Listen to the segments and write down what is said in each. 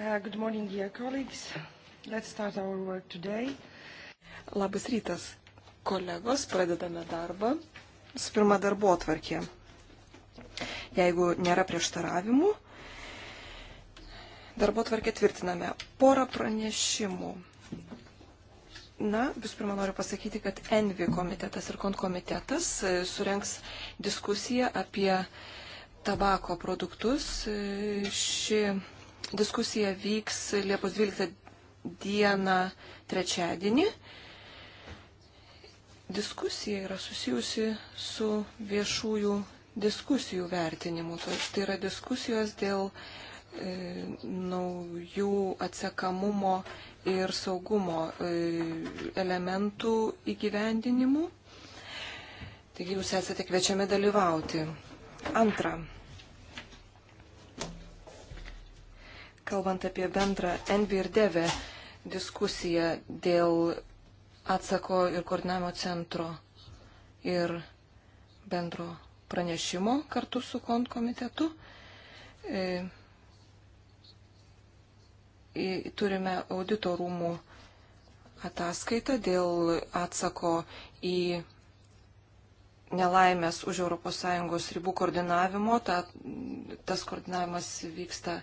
Uh, good morning, dear colleagues. Let's start our work today. Labas rytas, kolegos, pradedame darbą. Visų pirma, darbo atvarkė. Jeigu nėra prieštaravimų, darbo atvarkė tvirtiname. Porą pranešimų. Na, visų pirma, noriu pasakyti, kad Envi komitetas ir konkomitetas e, surenks diskusiją apie tabako produktus. E, ši Diskusija vyks Liepos 12 dieną trečiadienį. Diskusija yra susijusi su viešųjų diskusijų vertinimu. Tai, tai yra diskusijos dėl e, naujų atsekamumo ir saugumo e, elementų įgyvendinimu. Taigi jūs esate kviečiami dalyvauti. Antra. kalbant apie bendrą Envi ir Deve diskusiją dėl atsako ir koordinavimo centro ir bendro pranešimo kartu su KON komitetu. E, turime audito rūmų ataskaitą dėl atsako į nelaimės už ES ribų koordinavimo. Ta, tas koordinavimas vyksta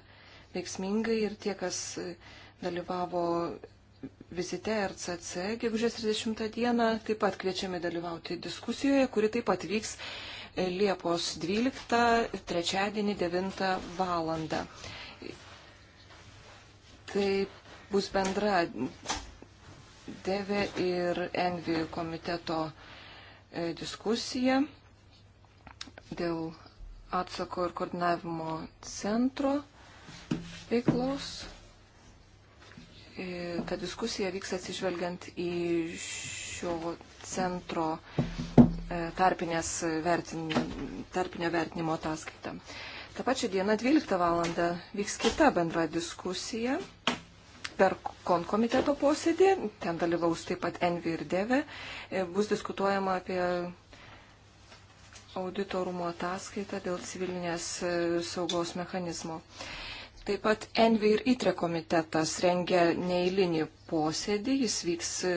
veiksmingai ir tie, kas dalyvavo vizite RCC gegužės 30 dieną, taip pat kviečiami dalyvauti diskusijoje, kuri taip pat vyks Liepos 12, trečiadienį 9 valandą. Tai bus bendra DV ir ENVI komiteto e, diskusija dėl atsako ir koordinavimo centro veiklos. Ta diskusija vyks atsižvelgiant į šio centro e, tarpinės vertin, tarpinio vertinimo ataskaitą. Ta pačia diena 12 val. vyks kita bendra diskusija per konkomiteto posėdį, ten dalyvaus taip pat Envi ir Deve, e, bus diskutuojama apie auditorumo ataskaitą dėl civilinės e, saugos mechanizmo. Taip pat Envi ir ITRE komitetas rengia neįlinį posėdį. Jis vyks e,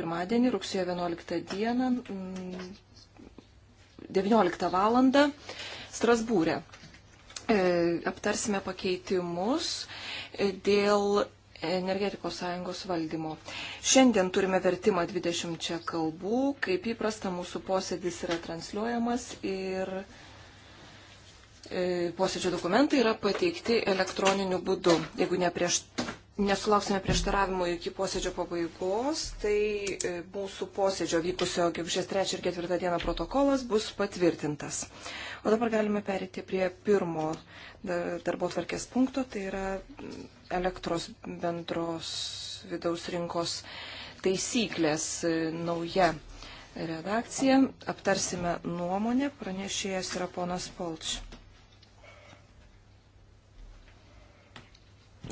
pirmadienį, rugsėjo 11 dieną, 19 val. Strasbūrė. Aptarsime pakeitimus e, dėl energetikos sąjungos valdymo. Šiandien turime vertimą 20 kalbų, kaip įprasta mūsų posėdis yra transliuojamas ir E, posėdžio dokumentai yra pateikti elektroniniu būdu. Jeigu neprieš, nesulauksime prieštaravimų iki posėdžio pabaigos, tai e, mūsų posėdžio vykusio gegužės 3 ir 4 dieną protokolas bus patvirtintas. O dabar galime perėti prie pirmo e, darbo tvarkės punkto, tai yra mm, elektros bendros vidaus rinkos taisyklės nauja redakcija. Aptarsime nuomonę, pranešėjas yra ponas Polč.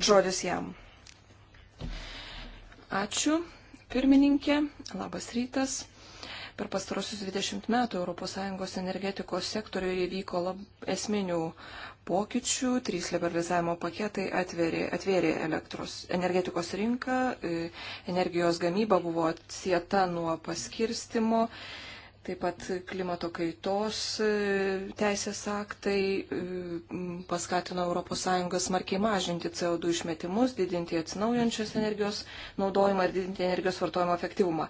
Žodis jam. Ačiū, pirmininkė. Labas rytas. Per pastarosius 20 metų ES energetikos sektoriuje įvyko lab, esminių pokyčių. Trys liberalizavimo paketai atverė, atvėrė elektros, energetikos rinką, e, energijos gamyba buvo atsieta nuo paskirstimo. E, Taip pat klimato kaitos e, teisės aktai e, paskatino ES smarkiai mažinti CO2 išmetimus, didinti atsinaujančios energijos naudojimą ir didinti energijos vartojimo efektyvumą.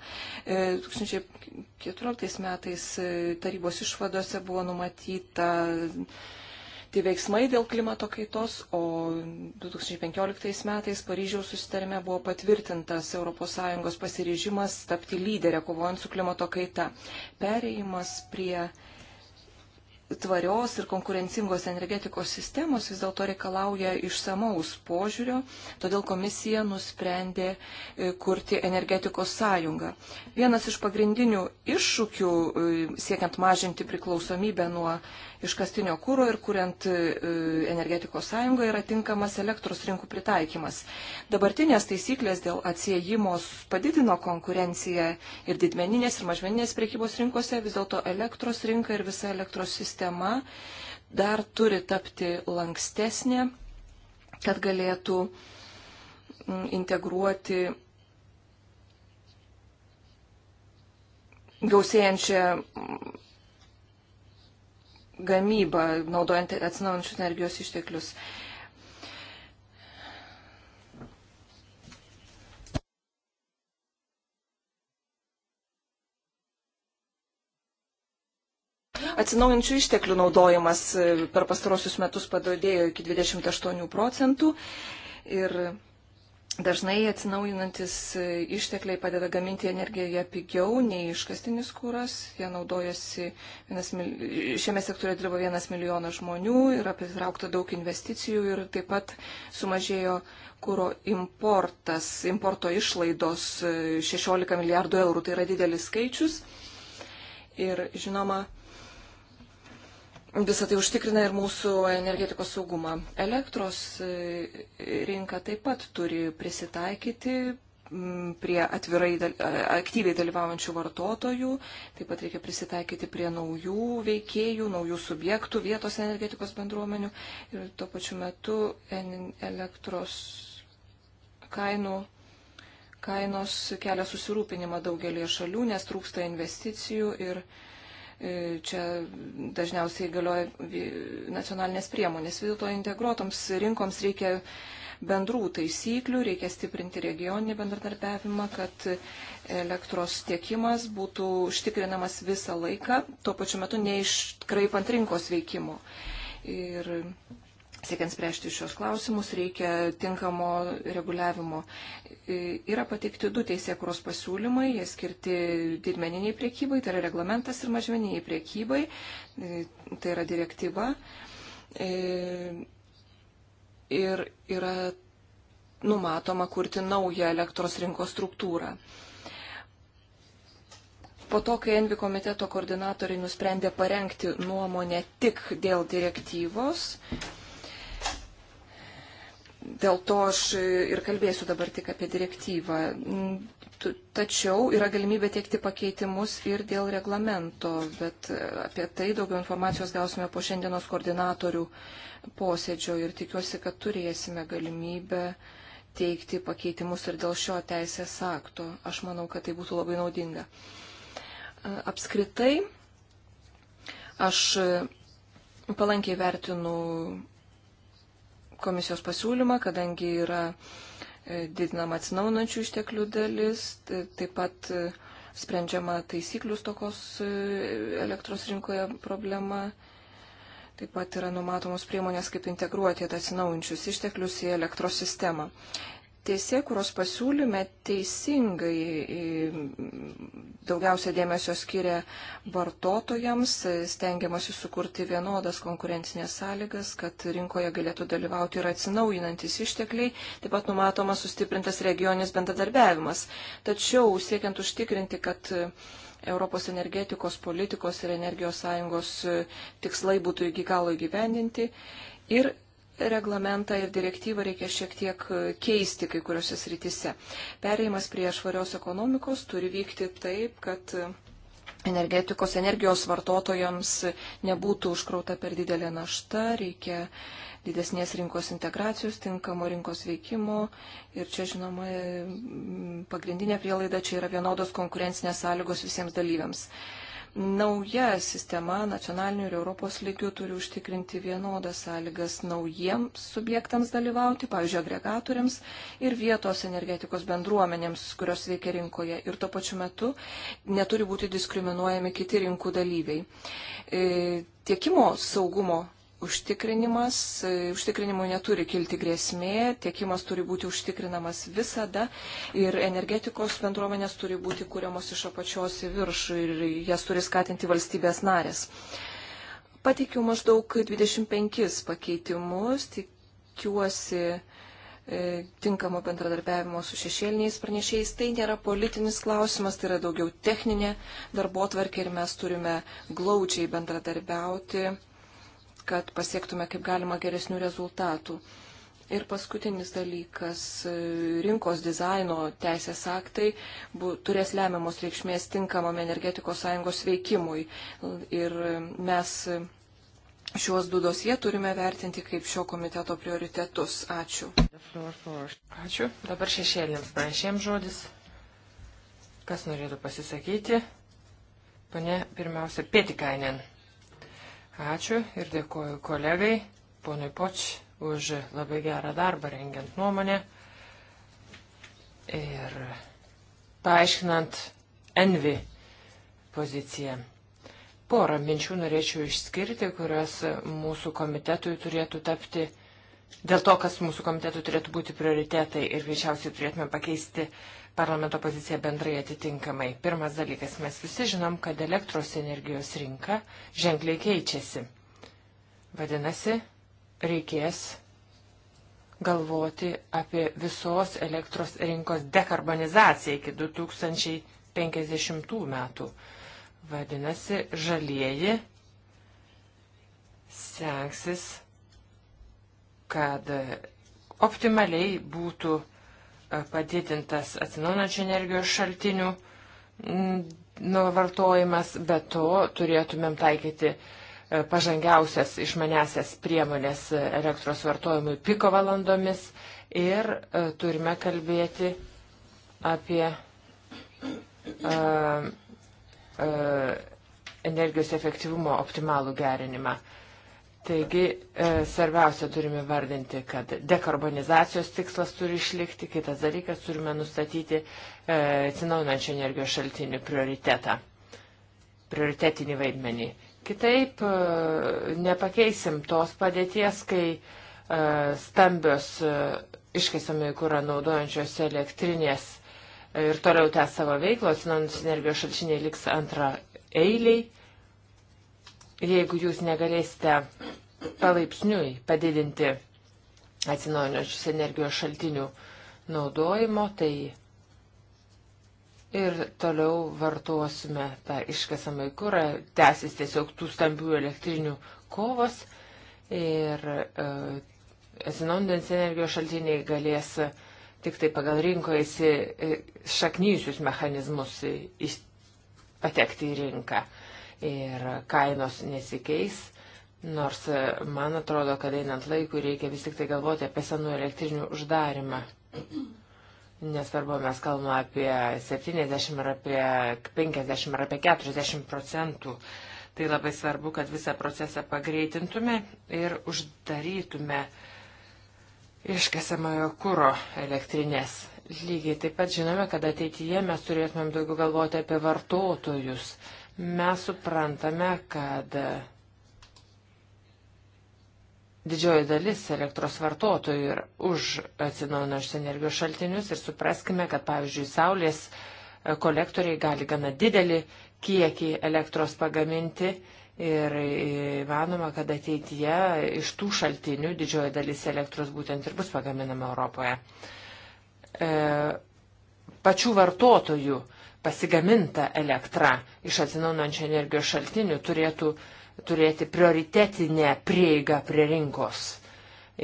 2014 e, metais tarybos išvadose buvo numatyta priimti veiksmai dėl klimato kaitos, o 2015 metais Paryžiaus susitarime buvo patvirtintas ES pasiryžimas tapti lyderę kovojant su klimato kaita. Pereimas prie tvarios ir konkurencingos energetikos sistemos vis dėlto reikalauja išsamaus požiūrio, todėl komisija nusprendė e, kurti energetikos sąjungą. Vienas iš pagrindinių iššūkių e, siekiant mažinti priklausomybę nuo iškastinio kūro ir kuriant e, energetikos sąjungą yra tinkamas elektros rinkų pritaikymas. Dabartinės taisyklės dėl atsiejimo padidino konkurenciją ir didmeninės ir mažmeninės priekybos rinkose, vis dėlto elektros rinka ir visa elektros sistema dar turi tapti lankstesnė, kad galėtų integruoti gausėjančią gamybą, naudojant atsinaujančius energijos išteklius. Atsinaujančių išteklių naudojimas e, per pastarosius metus padodėjo iki 28 procentų ir Dažnai atsinaujinantis e, ištekliai padeda gaminti energiją pigiau nei iškastinis kūras. Jie naudojasi, vienas, šiame sektoriuje dirba vienas milijonas žmonių, yra pritraukta daug investicijų ir taip pat sumažėjo kūro importas, importo išlaidos 16 e, milijardų eurų. Tai yra didelis skaičius. Ir žinoma, Visą tai užtikrina ir mūsų energetikos saugumą. Elektros e, rinka taip pat turi prisitaikyti prie atvirai aktyviai dalyvaujančių vartotojų, taip pat reikia prisitaikyti prie naujų veikėjų, naujų subjektų, vietos energetikos bendruomenių ir tuo pačiu metu elektros kainų kainos kelia susirūpinimą daugelie šalių, nes trūksta investicijų ir E, čia dažniausiai galioja nacionalinės priemonės. Vis dėlto integruotoms rinkoms reikia bendrų taisyklių, reikia stiprinti regioninį bendradarbiavimą, kad elektros tiekimas būtų užtikrinamas visą laiką, tuo pačiu metu neiškraipant rinkos veikimo. Ir Siekiant spręsti šios klausimus, reikia tinkamo reguliavimo. E, yra pateikti du teisėkuros pasiūlymai, jie skirti didmeniniai priekybai, tai yra reglamentas ir mažmeniniai priekybai, e, tai yra direktyva. E, ir yra numatoma kurti naują elektros rinkos struktūrą. Po to, kai Envi komiteto koordinatoriai nusprendė parengti nuomonę tik dėl direktyvos, Dėl to aš ir kalbėsiu dabar tik apie direktyvą. Mm, tačiau yra galimybė teikti pakeitimus ir dėl reglamento, bet e, apie tai daugiau informacijos gausime po šiandienos koordinatorių posėdžio ir tikiuosi, kad turėsime galimybę teikti pakeitimus ir dėl šio teisės akto. Aš manau, kad tai būtų labai naudinga. E, apskritai, aš e, palankiai vertinu komisijos pasiūlymą, kadangi yra e, didinama atsinaunančių išteklių dalis, taip pat e, sprendžiama taisyklių stokos e, elektros rinkoje problema. Taip pat yra numatomos priemonės, kaip integruoti atsinaujinčius išteklius į elektros sistemą. Teisė, kurios pasiūlyme teisingai daugiausia dėmesio skiria vartotojams, stengiamasi sukurti vienodas konkurencinės sąlygas, kad rinkoje galėtų dalyvauti ir atsinaujinantis ištekliai, taip pat numatomas sustiprintas regioninis bendradarbiavimas. Tačiau siekiant užtikrinti, kad Europos energetikos politikos ir energijos sąjungos tikslai būtų iki galo įgyvendinti ir reglamentą ir direktyvą reikia šiek tiek e, keisti kai kuriuose srityse. Pereimas prie švarios ekonomikos turi vykti taip, kad e, energetikos energijos vartotojams nebūtų užkrauta per didelė našta, reikia didesnės rinkos integracijos, tinkamo rinkos veikimo. Ir čia, žinoma, e, pagrindinė prielaida čia yra vienodos konkurencinės sąlygos visiems dalyviams. Nauja sistema nacionalinių ir Europos lygių turi užtikrinti vienodas sąlygas naujiems subjektams dalyvauti, pavyzdžiui, agregatoriams ir vietos energetikos bendruomenėms, kurios veikia rinkoje ir tuo pačiu metu neturi būti diskriminuojami kiti rinkų dalyviai. E, tiekimo saugumo užtikrinimas, užtikrinimui neturi kilti grėsmė, tiekimas turi būti užtikrinamas visada ir energetikos bendruomenės turi būti kūriamos iš apačios į viršų ir jas turi skatinti valstybės narės. Pateikiau maždaug 25 pakeitimus, tikiuosi e, tinkamo bendradarbiavimo su šešėliniais pranešėjais. Tai nėra politinis klausimas, tai yra daugiau techninė darbo tvarkė ir mes turime glaučiai bendradarbiauti kad pasiektume kaip galima geresnių rezultatų. Ir paskutinis dalykas - rinkos dizaino teisės aktai bu, turės lemiamos reikšmės tinkamam energetikos sąjungos veikimui. Ir mes šiuos du dosie turime vertinti kaip šio komiteto prioritetus. Ačiū. Ačiū. Dabar šešėlėms pranešėjams žodis. Kas norėtų pasisakyti? Pane, pirmiausia, Pietikainen. Ačiū ir dėkuoju kolegai, ponui Poč, už labai gerą darbą rengiant nuomonę ir paaiškinant Envi poziciją. Porą minčių norėčiau išskirti, kurios mūsų komitetui turėtų tapti, dėl to, kas mūsų komitetui turėtų būti prioritetai ir greičiausiai turėtume pakeisti uh, parlamento poziciją bendrai atitinkamai. Pirmas dalykas, mes visi žinom, kad elektros energijos rinka ženkliai keičiasi. Vadinasi, reikės galvoti apie visos elektros rinkos dekarbonizaciją iki 2050 metų. Vadinasi, žalieji stengsis, kad optimaliai būtų padidintas atsinaujančių energijos šaltinių mm, nu, vartojimas, bet to turėtumėm taikyti e, pažangiausias išmanesias priemonės elektros vartojimui piko valandomis ir e, turime kalbėti apie e, energijos efektyvumo optimalų gerinimą. Taigi, e, svarbiausia turime vardinti, kad dekarbonizacijos tikslas turi išlikti, kitas dalykas turime nustatyti e, atsinaujinančio energijos šaltinių prioritetą, prioritetinį vaidmenį. Kitaip e, nepakeisim tos padėties, kai stambios iškaisamai kūrą naudojančios elektrinės ir toliau tęs savo veiklą, atsinaujinančios energijos šaltiniai liks antra eiliai jeigu jūs negalėsite palaipsniui padidinti atsinaujinančius energijos šaltinių naudojimo, tai ir toliau vartosime tą iškasamą įkurą, tęsis tiesiog tų stambių elektrinių kovos ir e, atsinaujinantis energijos šaltiniai galės tik tai pagal rinkoje įsišaknyjusius e, mechanizmus į, patekti į rinką. E, ir kainos nesikeis. Nors e, man atrodo, kad einant laikui reikia vis tik tai galvoti apie senų elektrinių uždarimą. Nesvarbu, mes kalbame apie 70 ar apie 50 ar apie 40 procentų. Tai labai svarbu, kad visą procesą pagreitintume ir uždarytume iškesamojo kūro elektrinės. Lygiai taip pat žinome, kad ateityje mes turėtumėm daugiau galvoti apie vartotojus Mes suprantame, kad didžioji dalis elektros vartotojų yra už atsinaujinančius energijos šaltinius ir supraskime, kad pavyzdžiui saulės kolektoriai gali gana didelį kiekį elektros pagaminti ir manoma, kad ateityje iš tų šaltinių didžioji dalis elektros būtent ir bus pagaminama Europoje. E, pačių vartotojų pasigaminta elektra iš atsinaunančio energijos šaltinių turėtų turėti prioritetinę prieigą prie rinkos.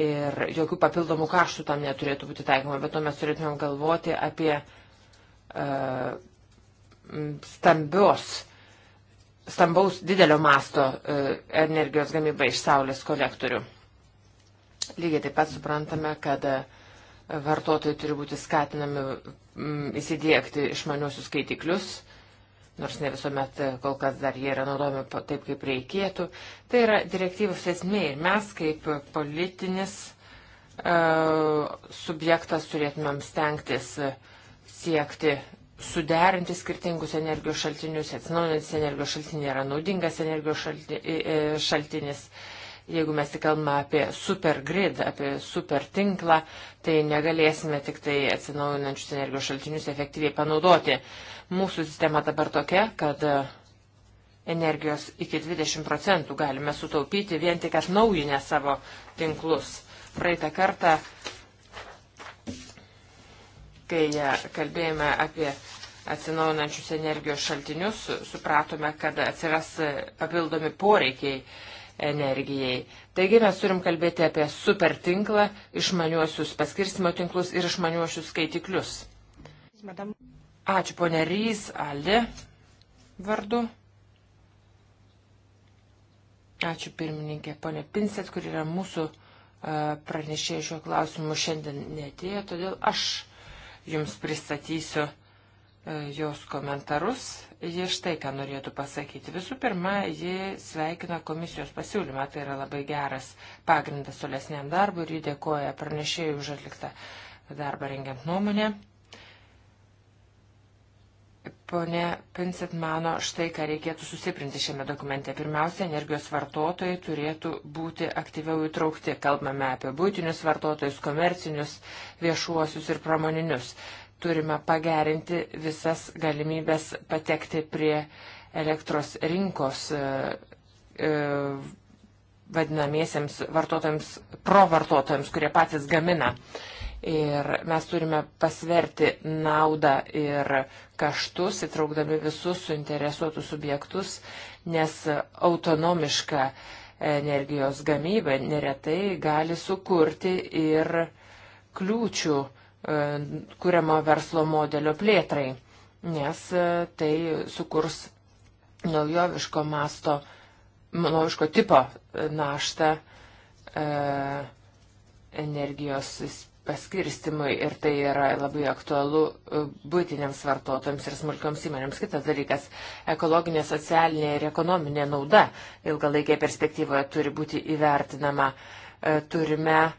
Ir jokių papildomų kaštų tam neturėtų būti taikoma, bet to mes turėtumėm galvoti apie uh, stambios, stambaus didelio masto uh, energijos gamybą iš saulės kolektorių. Lygiai taip pat suprantame, kad uh, vartotojai turi būti skatinami mm, įsidėkti išmaniuosius skaitiklius, nors ne visuomet e, kol kas dar jie yra naudojami taip, kaip reikėtų. Tai yra direktyvos esmė ir mes kaip politinis uh, subjektas turėtumėm stengtis e, siekti suderinti skirtingus energijos šaltinius, atsinaujinantis energijos šaltinį yra naudingas energijos šalti, šaltinis. šaltinis Jeigu mes tik kalbame apie supergrid, apie supertinklą, tai negalėsime tik tai atsinaujinančius energijos šaltinius efektyviai panaudoti. Mūsų sistema dabar tokia, kad e, energijos iki 20 procentų galime sutaupyti vien tik atnaujinę savo tinklus. Praeitą kartą, kai e, kalbėjome apie atsinaujinančius energijos šaltinius, supratome, kad atsiras e, papildomi poreikiai energijai. Taigi mes turim kalbėti apie super tinklą, išmaniuosius paskirstimo tinklus ir išmaniuosius skaitiklius. Ačiū ponė Rys, Ali vardu. Ačiū pirmininkė, ponė Pinsat, kur yra mūsų e, pranešėjų šiuo klausimu šiandien netėjo, todėl aš jums pristatysiu E, jos komentarus. Ji štai ką norėtų pasakyti. Visų pirma, ji sveikina komisijos pasiūlymą, tai yra labai geras pagrindas tolesniam darbui ir ji dėkoja pranešėjui už atliktą darbą rengiant nuomonę. Pone Pincet mano štai, ką reikėtų sustiprinti šiame dokumente. Pirmiausia, energijos vartotojai turėtų būti aktyviau įtraukti. Kalbame apie būtinius vartotojus, komercinius, viešuosius ir pramoninius turime pagerinti visas galimybės patekti prie elektros rinkos e, e, vadinamiesiems vartotojams, provartotojams, kurie patys gamina. Ir mes turime pasverti naudą ir kaštus, įtraukdami visus suinteresuotus subjektus, nes autonomiška energijos gamyba neretai gali sukurti ir kliūčių uh, E, kuriamo verslo modelio plėtrai, nes e, tai sukurs naujoviško masto, naujoviško tipo e, naštą energijos paskirstimui ir tai yra labai aktualu būtiniams vartotojams ir smulkioms įmonėms. Kitas dalykas - ekologinė, socialinė ir ekonominė nauda ilgalaikėje perspektyvoje turi būti įvertinama. Turime uh,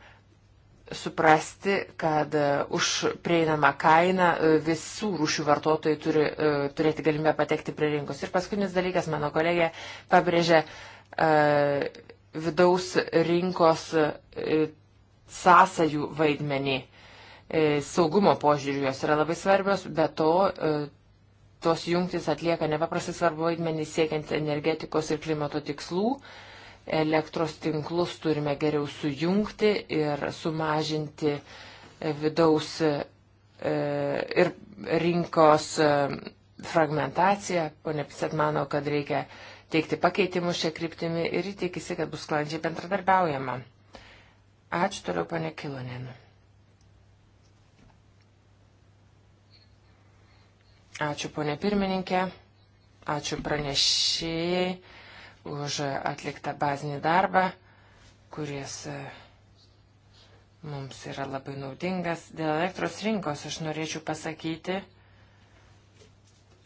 suprasti, kad e, už prieinamą kainą e, visų rūšių vartotojai turi e, turėti galimybę patekti prie rinkos. Ir paskutinis dalykas, mano kolegė pabrėžė vidaus rinkos sąsajų vaidmenį. Saugumo požiūrių jos yra labai svarbios, bet to tos jungtis atlieka nepaprastai svarbu vaidmenį siekiant energetikos ir klimato tikslų. Uh, Elektros tinklus turime geriau sujungti ir sumažinti e, vidaus e, ir rinkos e, fragmentaciją. Pone Pisat mano, kad reikia teikti pakeitimus šią kryptimį ir tikisi, kad bus sklandžiai bendradarbiaujama. Ačiū toliau, pane Kilonin. Ačiū, ponė pirmininkė. Ačiū pranešėjai už atliktą bazinį darbą, kuris e, mums yra labai naudingas. Dėl elektros rinkos aš norėčiau pasakyti,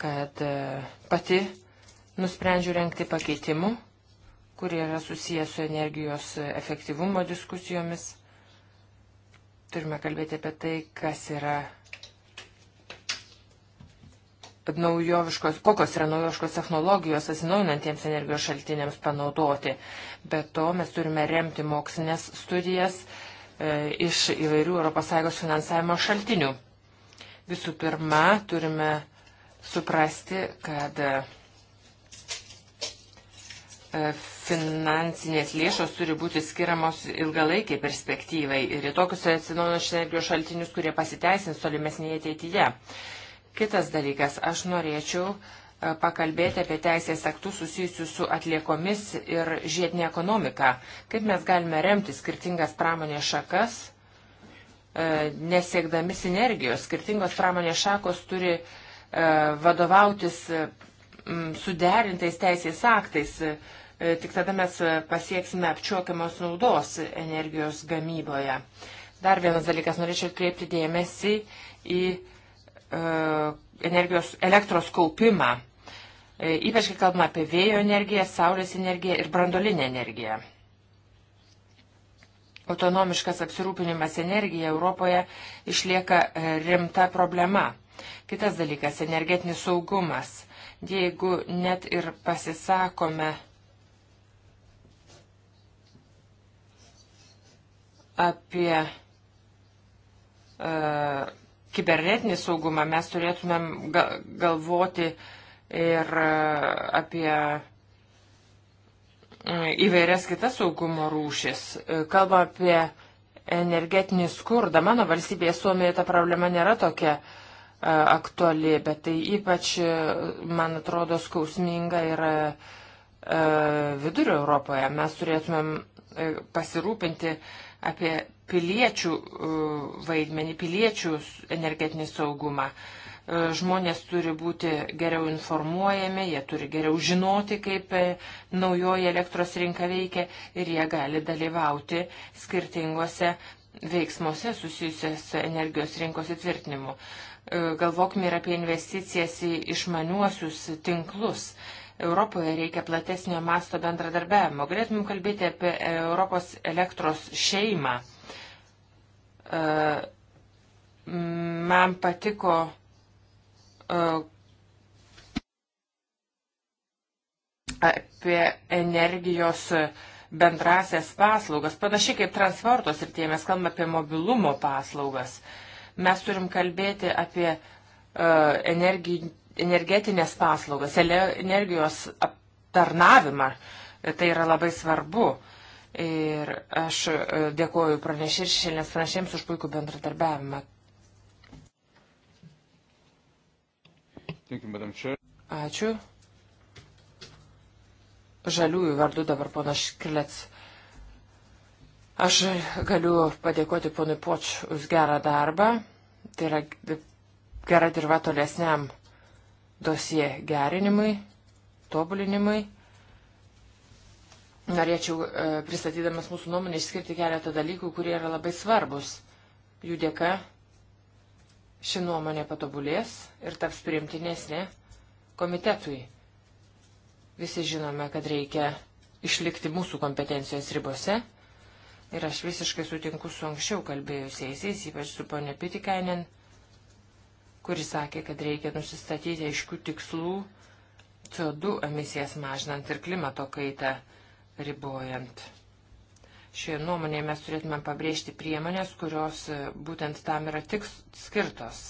kad e, pati nusprendžiu renkti pakeitimų, kurie yra susijęs su energijos efektyvumo diskusijomis. Turime kalbėti apie tai, kas yra naujoviškos, kokios yra naujoviškos technologijos atsinaujinantiems energijos šaltiniams panaudoti. Be to mes turime remti mokslinės studijas e, iš įvairių ES finansavimo šaltinių. Visų pirma, turime suprasti, kad e, finansinės lėšos turi būti skiriamos ilgalaikiai perspektyvai ir į tokius atsinaujinančius energijos šaltinius, kurie pasiteisins tolimesnėje ateityje. E, Kitas dalykas, aš norėčiau e, pakalbėti apie teisės aktus susijusius su atliekomis ir žiedinė ekonomika. Kaip mes galime remti skirtingas pramonės šakas, e, nesiekdami sinergijos. Skirtingos pramonės šakos turi e, vadovautis suderintais teisės aktais. Tik tada mes pasieksime apčiuokiamos naudos energijos gamyboje. Dar vienas dalykas, norėčiau atkreipti dėmesį į E, energijos, elektros kaupimą, e, ypač kai kalbame apie vėjo energiją, saulės energiją ir brandolinę energiją. Autonomiškas apsirūpinimas energija Europoje išlieka e, rimta problema. Kitas dalykas - energetinis saugumas. Jeigu net ir pasisakome apie uh, kibernetinį saugumą, mes turėtumėm galvoti ir e, apie mm, įvairias kitas saugumo rūšis. E, kalba apie energetinį skurdą. Mano valstybėje Suomijoje ta problema nėra tokia e, aktuali, bet tai ypač, man atrodo, skausminga yra vidurio Europoje. Mes turėtumėm pasirūpinti apie piliečių e, vaidmenį, piliečių energetinį saugumą. E, žmonės turi būti geriau informuojami, jie turi geriau žinoti, kaip e, naujoji elektros rinka veikia ir jie gali dalyvauti skirtingose veiksmuose susijusios energijos rinkos įtvirtinimu. Galvokime ir apie investicijas į išmaniuosius tinklus. Europoje reikia platesnio masto bendradarbiavimo. Galėtumėm kalbėti apie Europos elektros šeimą. E, man patiko e, apie energijos bendrasias paslaugas, panašiai kaip transportos ir tie mes kalbame apie mobilumo paslaugas. Mes turim kalbėti apie uh, e, energi, energetinės paslaugas, energijos aptarnavimą. Tai yra labai svarbu. Ir aš e, dėkuoju pranešė ir šiandien pranešėjams už puikų bendradarbiavimą. Ačiū. Žaliųjų vardu dabar ponas Škrilets. Aš galiu padėkoti ponui Poč už gerą darbą. Tai yra gera dirba tolesniam dosie gerinimui, tobulinimui norėčiau, e, pristatydamas mūsų nuomonę, išskirti keletą dalykų, kurie yra labai svarbus. Jų dėka ši nuomonė patobulės ir taps priimtinesnė komitetui. Visi žinome, kad reikia išlikti mūsų kompetencijos ribose. Ir aš visiškai sutinku su anksčiau kalbėjusiais, ypač su ponė Pitikainen, kuris sakė, kad reikia nusistatyti aiškių tikslų CO2 emisijas mažinant ir klimato kaitą ribojant. Šioje nuomonėje mes turėtume pabrėžti priemonės, kurios e, būtent tam yra tik skirtos.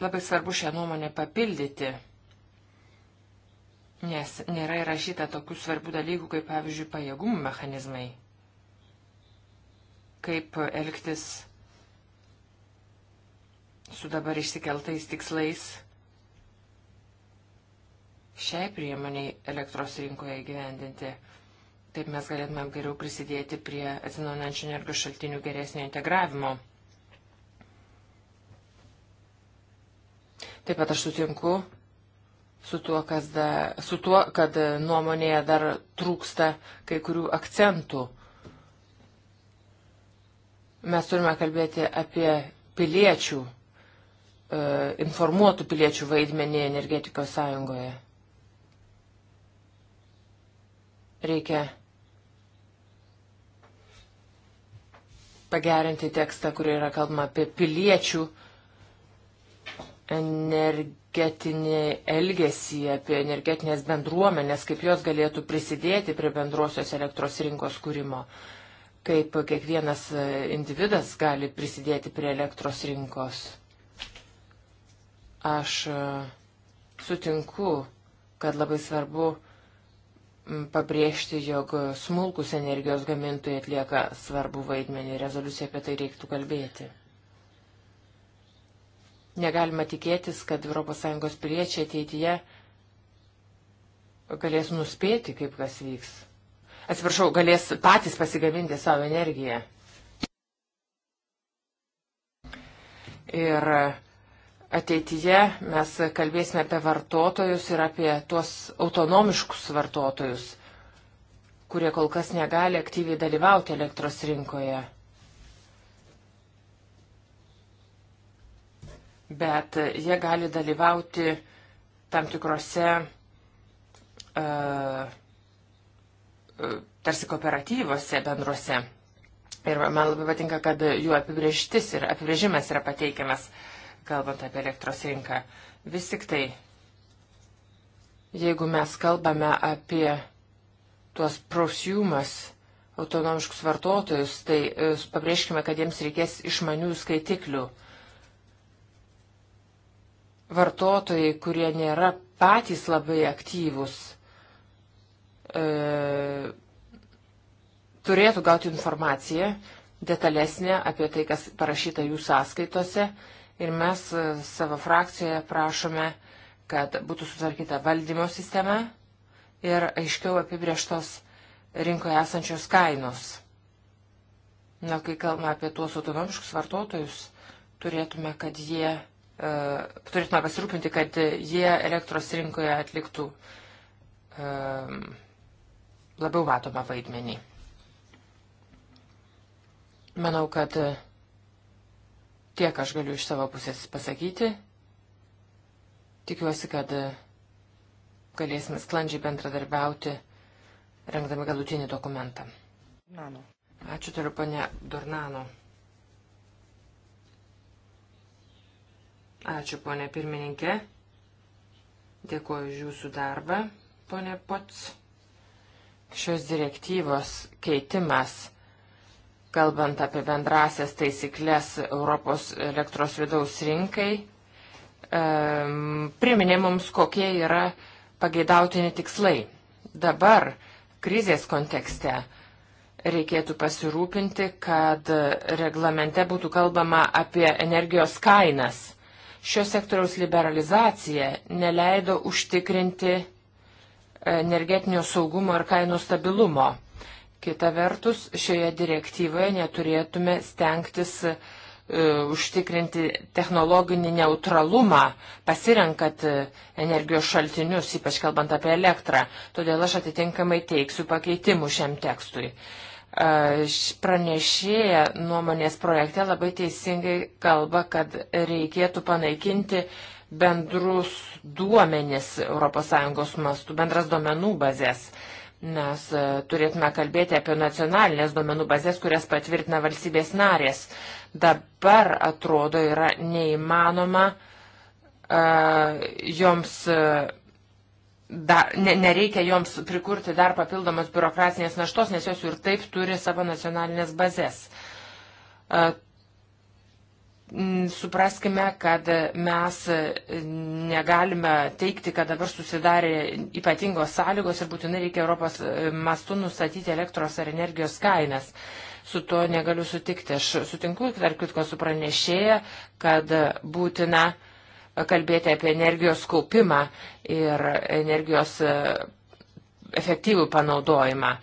Labai svarbu šią nuomonę papildyti, nes nėra įrašyta tokių svarbių dalykų, kaip pavyzdžiui, pajėgumų mechanizmai. Kaip elgtis su dabar išsikeltais tikslais šiai priemoniai elektros rinkoje įgyvendinti. Taip mes galėtumėm geriau prisidėti prie atsinaujinančių energijos šaltinių geresnio integravimo. Taip pat aš sutinku su tuo, da, su tuo kad nuomonėje dar trūksta kai kurių akcentų. Mes turime kalbėti apie piliečių E, informuotų piliečių vaidmenį energetikos sąjungoje. Reikia pagerinti tekstą, kur yra kalbama apie piliečių energetinį elgesį, apie energetinės bendruomenės, kaip jos galėtų prisidėti prie bendrosios elektros rinkos kūrimo, kaip kiekvienas individas gali prisidėti prie elektros rinkos. Aš e, sutinku, kad labai svarbu pabrėžti, jog smulkus energijos gamintojai atlieka svarbu vaidmenį. Rezoliucija apie tai reiktų kalbėti. Negalima tikėtis, kad ES piliečiai ateityje galės nuspėti, kaip kas vyks. Atsiprašau, galės patys pasigaminti savo energiją. Ir ateityje mes kalbėsime apie vartotojus ir apie tuos autonomiškus vartotojus, kurie kol kas negali aktyviai dalyvauti elektros rinkoje. Bet jie gali dalyvauti tam tikrose uh, tarsi kooperatyvose bendruose. Ir man labai patinka, kad jų apibrieštis ir apibrėžimas yra pateikiamas. Uh, kalbant apie elektros rinką. Vis tik tai, jeigu mes kalbame apie tuos prosumas, autonomiškus vartotojus, tai e, pabrėžkime, kad jiems reikės išmanių skaitiklių. Vartotojai, kurie nėra patys labai aktyvus, e, turėtų gauti informaciją detalesnė apie tai, kas parašyta jų sąskaitose ir mes e, savo frakcijoje prašome, kad būtų sutvarkyta valdymo sistema ir aiškiau apibrieštos rinkoje esančios kainos. Na, kai kalbame apie tuos autonomiškus vartotojus, turėtume, kad jie, e, turėtume pasirūpinti, kad jie elektros rinkoje atliktų e, labiau matomą vaidmenį. Manau, kad e, Tiek aš galiu iš savo pusės pasakyti. Tikiuosi, kad galėsime sklandžiai bendradarbiauti, rengdami galutinį dokumentą. Nano. Ačiū turiu, ponė Dornano. Ačiū, ponė pirmininkė. Dėkuoju už jūsų darbą, ponė Pots. Šios direktyvos keitimas kalbant apie bendrasias taisyklės Europos elektros vidaus rinkai, priminė mums, kokie yra pageidautini tikslai. Dabar krizės kontekste reikėtų pasirūpinti, kad reglamente būtų kalbama apie energijos kainas. Šio sektoriaus liberalizacija neleido užtikrinti energetinio saugumo ir kainų stabilumo. Kita vertus, šioje direktyvoje neturėtume stengtis uh, užtikrinti technologinį neutralumą, pasirenkat e, energijos šaltinius, ypač kalbant apie elektrą. Todėl aš atitinkamai teiksiu pakeitimų šiam tekstui. E, pranešėja nuomonės projekte labai teisingai kalba, kad reikėtų panaikinti bendrus duomenis ES mastų, bendras duomenų bazės. Mes e, turėtume kalbėti apie nacionalinės duomenų bazės, kurias patvirtina valstybės narės. Dabar, atrodo, yra neįmanoma uh, joms, e, da, ne, nereikia joms prikurti dar papildomas biurokratinės naštos, nes jos ir taip turi savo nacionalinės bazės. Uh, Mm, supraskime, kad mes negalime teikti, kad dabar susidarė ypatingos sąlygos ir būtinai reikia Europos e, mastu nustatyti elektros ar energijos kainas su tuo negaliu sutikti. Aš sutinku, tarp kitko, su pranešėja, kad būtina kalbėti apie energijos kaupimą ir energijos e, efektyvų panaudojimą.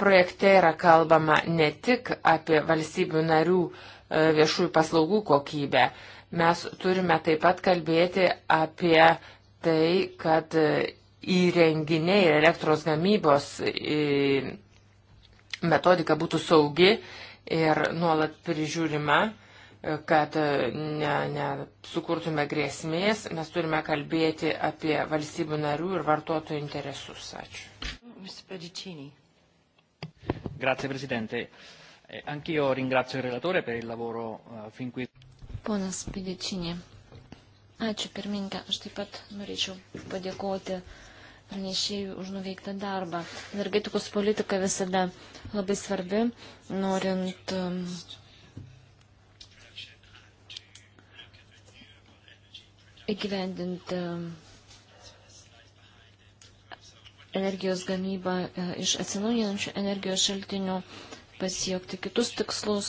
Projekte yra kalbama ne tik apie valstybių narių uh, viešųjų paslaugų kokybę. Mes turime taip pat kalbėti apie tai, kad įrenginiai ir elektros gamybos metodika būtų saugi ir nuolat prižiūrima kad nesukurtume ne, ne grėsmės, mes turime kalbėti apie valstybių narių ir vartotojų interesus. Ačiū. Grazie, Presidente. Eh, anch'io ringrazio il relatore per il lavoro uh, fin qui. Ponas Pidėčinė. Ačiū pirmininkė. Aš taip pat norėčiau padėkoti pranešėjų už nuveiktą darbą. Energetikos politika visada labai svarbi, norint um, įgyvendinti energijos gamybą e, iš atsinaujinančių energijos šaltinių. Um, pasiekti kitus tikslus.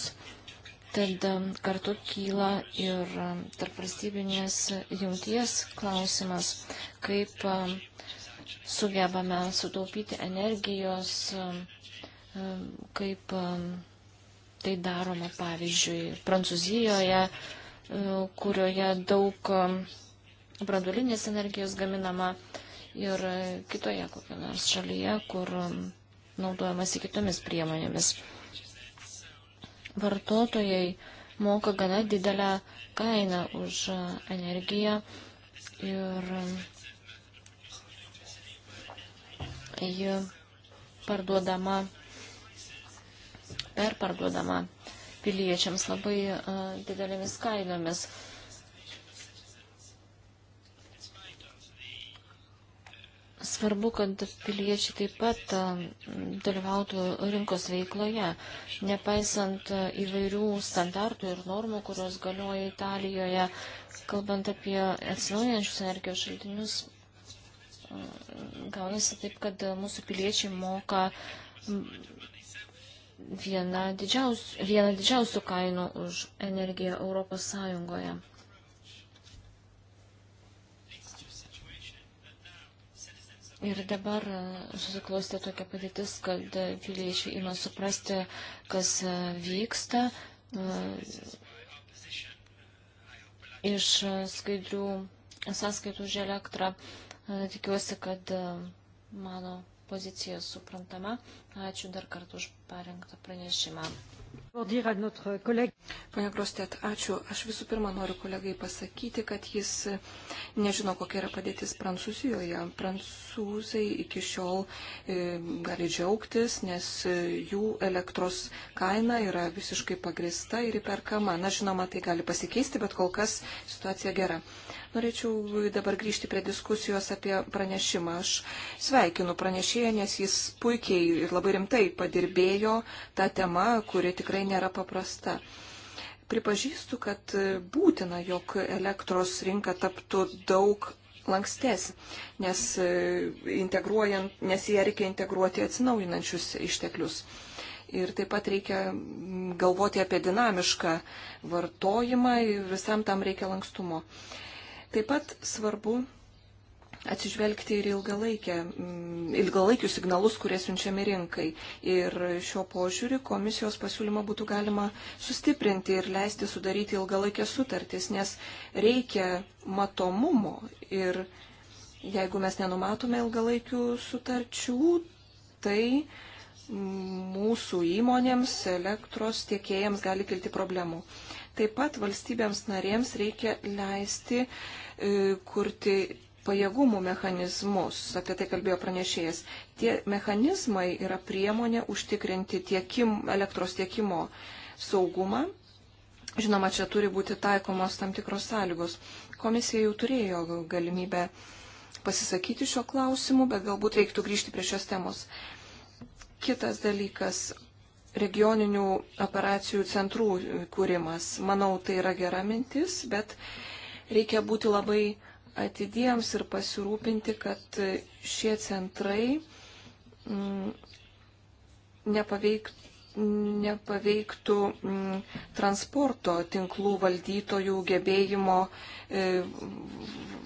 Tad kartu kyla ir e, tarpvalstybinės jungties klausimas, kaip e, sugebame sutaupyti energijos, e, kaip tai daroma, pavyzdžiui, Prancūzijoje, kurioje daug branduolinės energijos gaminama ir kitoje kokio nors šalyje, kur naudojamasi kitomis priemonėmis vartotojai moka gana didelę kainą už energiją ir ji parduodama, perparduodama piliečiams labai didelėmis kainomis. Svarbu, kad piliečiai taip pat dalyvautų rinkos veikloje, nepaisant įvairių standartų ir normų, kurios galioja Italijoje, kalbant apie atsinaujančius energijos šaltinius, gaunasi taip, kad mūsų piliečiai moka vieną didžiausių, vieną didžiausių kainų už energiją Europos Sąjungoje. Ir dabar susiklostė tokia padėtis, kad piliečiai ima suprasti, kas vyksta e, iš skaidrių sąskaitų už elektrą. E, tikiuosi, kad e, mano pozicija suprantama. Ačiū dar kartą už parengtą pranešimą. Pane Krostet, ačiū. Aš visų pirma noriu kolegai pasakyti, kad jis nežino, kokia yra padėtis Prancūzijoje. Prancūzai iki šiol e, gali džiaugtis, nes e, jų elektros kaina yra visiškai pagrista ir įperkama. Na, žinoma, tai gali pasikeisti, bet kol kas situacija gera. Norėčiau dabar grįžti prie diskusijos apie pranešimą. Aš sveikinu pranešėją, nes jis puikiai ir labai rimtai padirbėjo tą temą, kuri tikrai nėra paprasta. Pripažįstu, kad būtina, jog elektros rinka taptų daug lankstesnė, nes, e, nes į ją reikia integruoti atsinaujinančius išteklius. Ir taip pat reikia galvoti apie dinamišką vartojimą ir visam tam reikia lankstumo. Taip pat svarbu atsižvelgti ir mm, ilgalaikius signalus, kurie siunčiami rinkai. Ir šiuo požiūriu komisijos pasiūlymą būtų galima sustiprinti ir leisti sudaryti ilgalaikės sutartys, nes reikia matomumo. Ir jeigu mes nenumatome ilgalaikių sutarčių, tai mūsų įmonėms, elektros tiekėjams gali kilti problemų. Taip pat valstybėms narėms reikia leisti e, kurti pajėgumų mechanizmus, apie tai kalbėjo pranešėjas. Tie mechanizmai yra priemonė užtikrinti tiekim, elektros tiekimo saugumą. Žinoma, čia turi būti taikomos tam tikros sąlygos. Komisija jau turėjo galimybę pasisakyti šio klausimu, bet galbūt reiktų grįžti prie šios temos. Kitas dalykas regioninių operacijų centrų kūrimas. Manau, tai yra gera mintis, bet reikia būti labai atidiems ir pasirūpinti, kad šie centrai nepaveik, mm, nepaveiktų mm, transporto tinklų valdytojų gebėjimo e,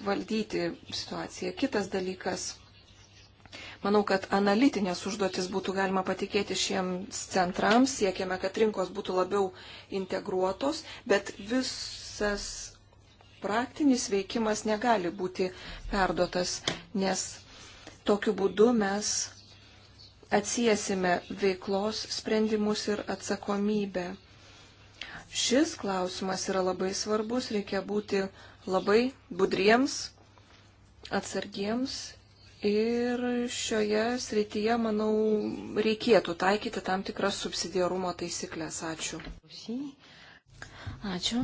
valdyti situaciją. Kitas dalykas Manau, kad analitinės užduotis būtų galima patikėti šiems centrams, siekiame, kad rinkos būtų labiau integruotos, bet visas praktinis veikimas negali būti perduotas, nes tokiu būdu mes atsijėsime veiklos sprendimus ir atsakomybę. Šis klausimas yra labai svarbus, reikia būti labai budriems, atsargiems Ir šioje srityje, manau, reikėtų taikyti tam tikras subsidiarumo taisyklės. Ačiū. Ačiū.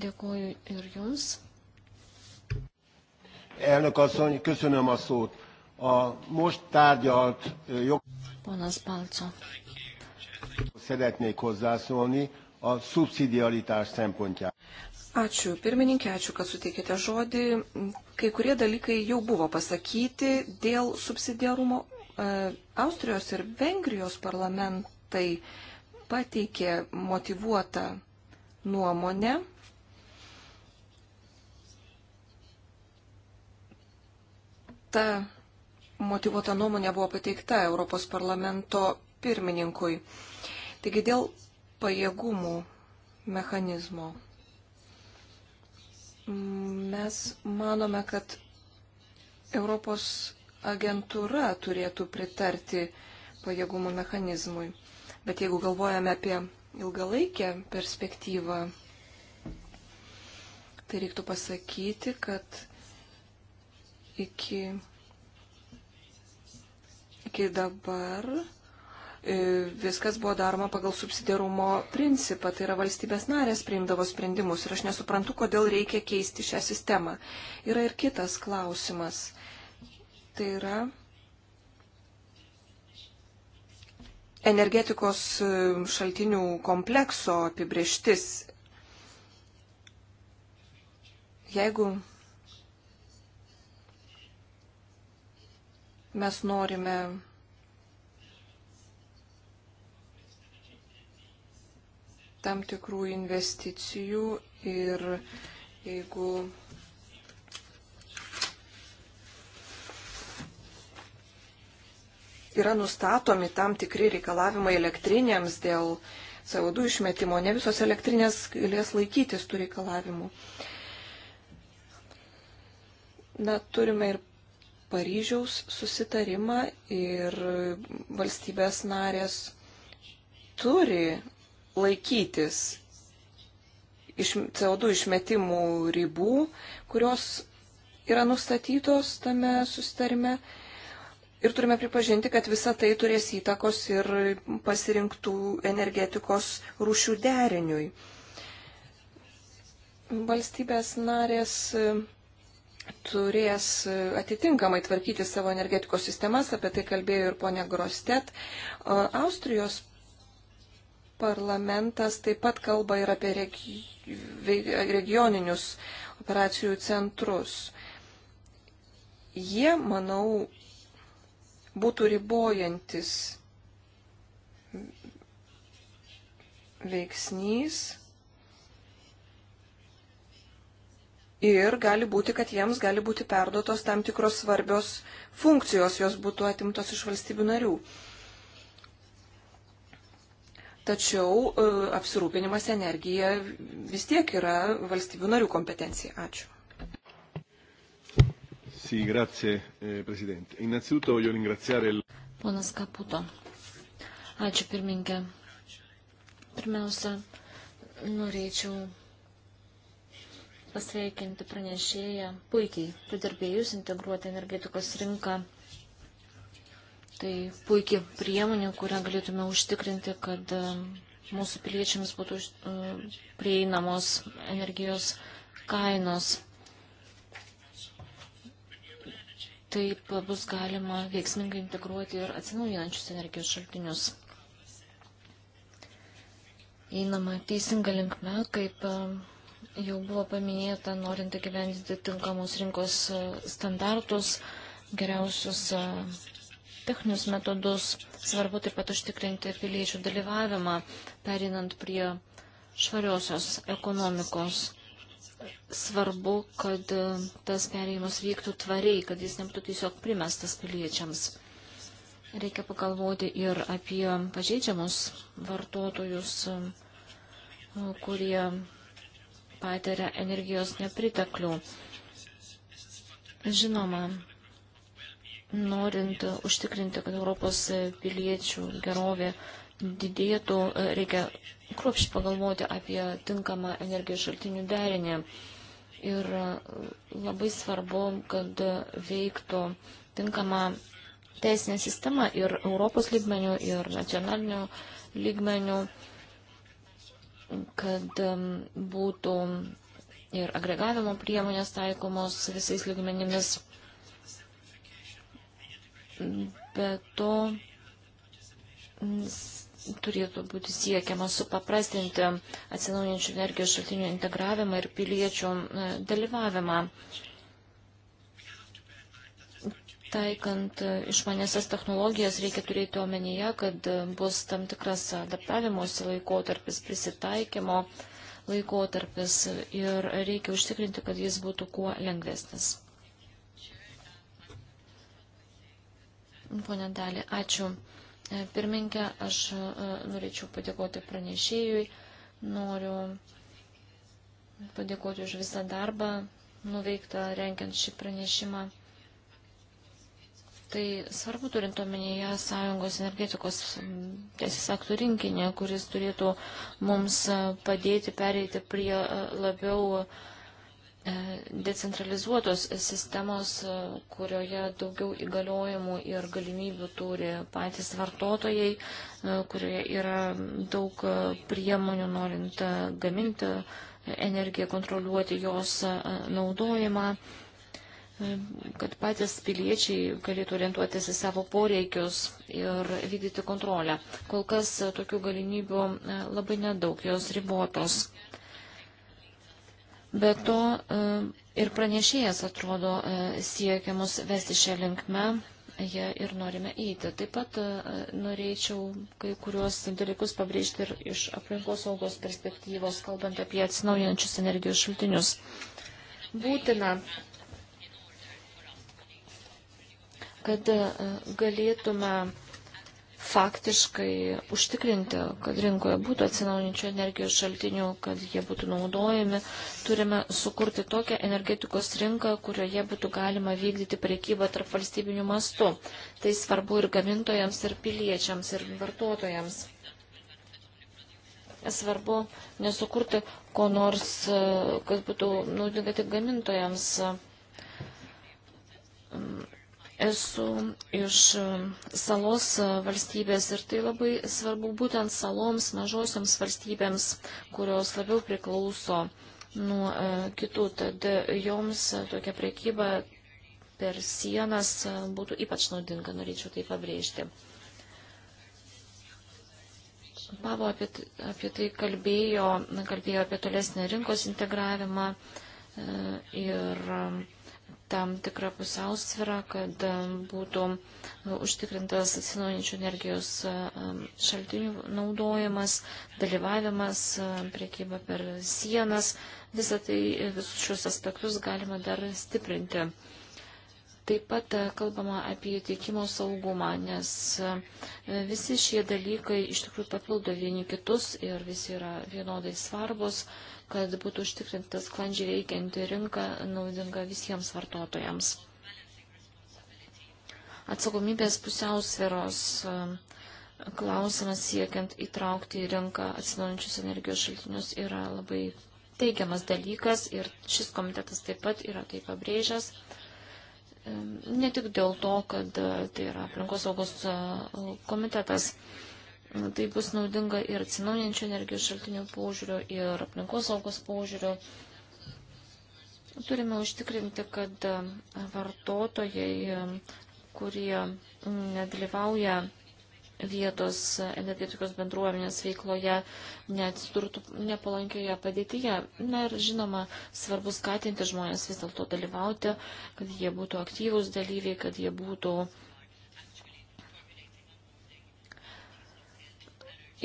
Dėkuoju ir jums. Elnök asszony, köszönöm a szót. A most tárgyalt jog... Ponas Balco. Szeretnék hozzászólni a szubszidiaritás szempontjából. Ačiū pirmininkė, ačiū, kad suteikėte žodį kai kurie dalykai jau buvo pasakyti dėl subsidiarumo. E, Austrijos ir Vengrijos parlamentai pateikė motivuotą nuomonę. Ta motivuota nuomonė buvo pateikta Europos parlamento pirmininkui. Taigi dėl pajėgumų mechanizmo Mes manome, kad Europos agentūra turėtų pritarti pajėgumų mechanizmui. Bet jeigu galvojame apie ilgalaikę perspektyvą, tai reiktų pasakyti, kad iki, iki dabar E, viskas buvo daroma pagal subsidiarumo principą, tai yra valstybės narės priimdavo sprendimus ir aš nesuprantu, kodėl reikia keisti šią sistemą. Yra ir kitas klausimas. Tai yra energetikos e, šaltinių komplekso apibrieštis. Jeigu mes norime tam tikrų investicijų ir jeigu yra nustatomi tam tikri reikalavimai elektrinėms dėl CO2 išmetimo, ne visos elektrinės galės laikytis tų reikalavimų. Na, turime ir Paryžiaus susitarimą ir valstybės narės turi laikytis iš CO2 išmetimų ribų, kurios yra nustatytos tame susitarime. Ir turime pripažinti, kad visa tai turės įtakos ir pasirinktų energetikos rūšių deriniui. Valstybės narės e, turės e, atitinkamai tvarkyti savo energetikos sistemas, apie tai kalbėjo ir ponia Grostet. E, Austrijos Parlamentas taip pat kalba ir apie regioninius operacijų centrus. Jie, manau, būtų ribojantis veiksnys ir gali būti, kad jiems gali būti perduotos tam tikros svarbios funkcijos, jos būtų atimtos iš valstybių narių tačiau e, apsirūpinimas energija vis tiek yra valstybių narių kompetencija. Ačiū. Sì, grazie eh, Presidente. Innanzitutto voglio ringraziare il... Ponas Kaputo. Ačiū pirmininkė. Pirmiausia, norėčiau pasveikinti pranešėją puikiai padirbėjus integruoti energetikos rinką Tai puikiai priemonė, kurią galėtume užtikrinti, kad e, mūsų piliečiams būtų e, prieinamos energijos kainos. Taip bus galima veiksmingai integruoti ir atsinaujinančius energijos šaltinius. Einama teisinga linkme, kaip e, jau buvo paminėta, norint įgyvendinti tinkamus rinkos standartus, geriausius techninius metodus. Svarbu taip pat užtikrinti piliečių dalyvavimą, perinant prie švariosios ekonomikos. Svarbu, kad e, tas perėjimas vyktų tvariai, kad jis nebūtų tiesiog primestas piliečiams. Reikia pagalvoti ir apie pažeidžiamus vartotojus, e, kurie patiria energijos nepriteklių. Žinoma, norint užtikrinti, kad Europos piliečių gerovė didėtų, reikia kruopščiai pagalvoti apie tinkamą energijos šaltinių derinį. Ir labai svarbu, kad veiktų tinkama teisinė sistema ir Europos lygmenių, ir nacionalinių lygmenių, kad um, būtų ir agregavimo priemonės taikomos visais lygmenimis Be to turėtų būti siekiama supaprastinti atsinaujančių energijos šaltinių integravimą ir piliečių e, dalyvavimą. Taikant e, išmanėsias technologijas reikia turėti omenyje, kad e, bus tam tikras adaptavimosi laikotarpis, prisitaikymo laikotarpis ir reikia užtikrinti, kad jis būtų kuo lengvesnis. Pone Dalį, ačiū. E, pirminkė, aš e, norėčiau padėkoti pranešėjui, noriu padėkoti už visą darbą nuveiktą renkiant šį pranešimą. Tai svarbu turint omenyje Sąjungos energetikos teisės aktų rinkinį, kuris turėtų mums e, padėti pereiti prie labiau uh, E, decentralizuotos sistemos, e, kurioje daugiau įgaliojimų ir galimybių turi patys vartotojai, e, kurioje yra daug priemonių norint gaminti energiją, kontroliuoti jos naudojimą, kad patys piliečiai galėtų orientuotis į savo poreikius ir vykdyti kontrolę. Kol kas tokių galimybių labai nedaug, jos ribotos. Be to e, ir pranešėjas atrodo e, siekiamus vesti šią linkmę, jie ir norime įti. Taip pat e, norėčiau kai kuriuos dalykus pabrėžti ir iš aplinkos saugos perspektyvos, kalbant apie atsinaujančius energijos šaltinius. Būtina, kad galėtume faktiškai užtikrinti, kad rinkoje būtų atsinaujinčių energijos šaltinių, kad jie būtų naudojami. Turime sukurti tokią energetikos rinką, kurioje būtų galima vykdyti priekybą tarp valstybinių mastų. Tai svarbu ir gamintojams, ir piliečiams, ir vartotojams. Svarbu nesukurti ko nors, kas būtų naudinga tik gamintojams Esu iš e, salos e, valstybės ir tai labai svarbu būtent saloms, mažosioms valstybėms, kurios labiau priklauso nuo e, kitų. Tad joms tokia priekyba per sienas būtų ypač naudinga, norėčiau tai pabrėžti. Pavo apie, apie tai kalbėjo, kalbėjo apie tolesnį rinkos integravimą ir tam tikrą pusiausvyrą, kad um, būtų uh, užtikrintas atsinaujančių energijos um, šaltinių naudojimas, dalyvavimas, um, priekyba per sienas. Visą tai, uh, visus šios aspektus galima dar stiprinti. Taip pat uh, kalbama apie tiekimo saugumą, nes visi šie dalykai iš tikrųjų papildo vieni kitus ir visi yra vienodai svarbus kad būtų užtikrinta sklandžiai veikianti rinka naudinga visiems vartotojams. Atsakomybės pusiausvėros e, klausimas siekiant įtraukti į rinką atsinaujančius energijos šaltinius yra labai teigiamas dalykas ir šis komitetas taip pat yra tai pabrėžęs. E, ne tik dėl to, kad e, tai yra aplinkosaugos komitetas. Tai bus naudinga ir atsinaujančio energijos šaltinių požiūrio, ir aplinkos saugos požiūrio. Turime užtikrinti, kad e, vartotojai, e, kurie nedalyvauja vietos energetikos bendruomenės veikloje neatsidurtų nepalankioje padėtyje. Na ir žinoma, svarbu skatinti žmonės vis dėlto dalyvauti, kad jie būtų aktyvūs dalyviai, kad jie būtų uh,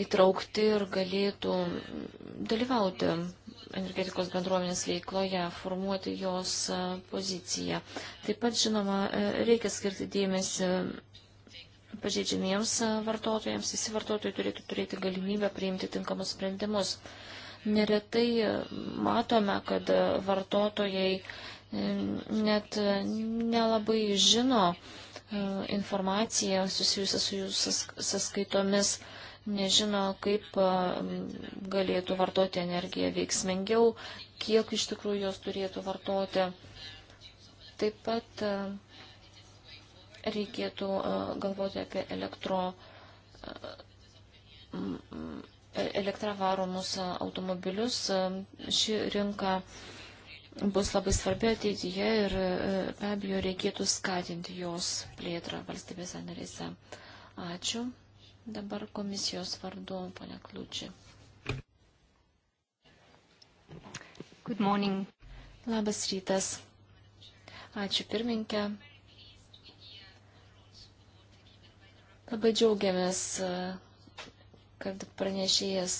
įtraukti ir galėtų dalyvauti energetikos bendruomenės veikloje, formuoti jos e, poziciją. Taip pat, žinoma, e, reikia skirti dėmesį pažeidžiamiems e, vartotojams, visi vartotojai turėtų turėti galimybę priimti tinkamus sprendimus. Neretai matome, kad vartotojai net nelabai žino informaciją susijusią su jų sąskaitomis. Sas nežino, kaip galėtų vartoti energiją veiksmingiau, kiek iš tikrųjų jos turėtų vartoti. Taip pat reikėtų galvoti apie elektro, elektravaromus automobilius. Ši rinka bus labai svarbi ateityje ir e, be abejo reikėtų skatinti jos plėtrą valstybėse narėse. Ačiū. Dabar komisijos vardu, ponia Kliūčiai. Good morning. Labas rytas. Ačiū pirminkė. Labai džiaugiamės, kad pranešėjas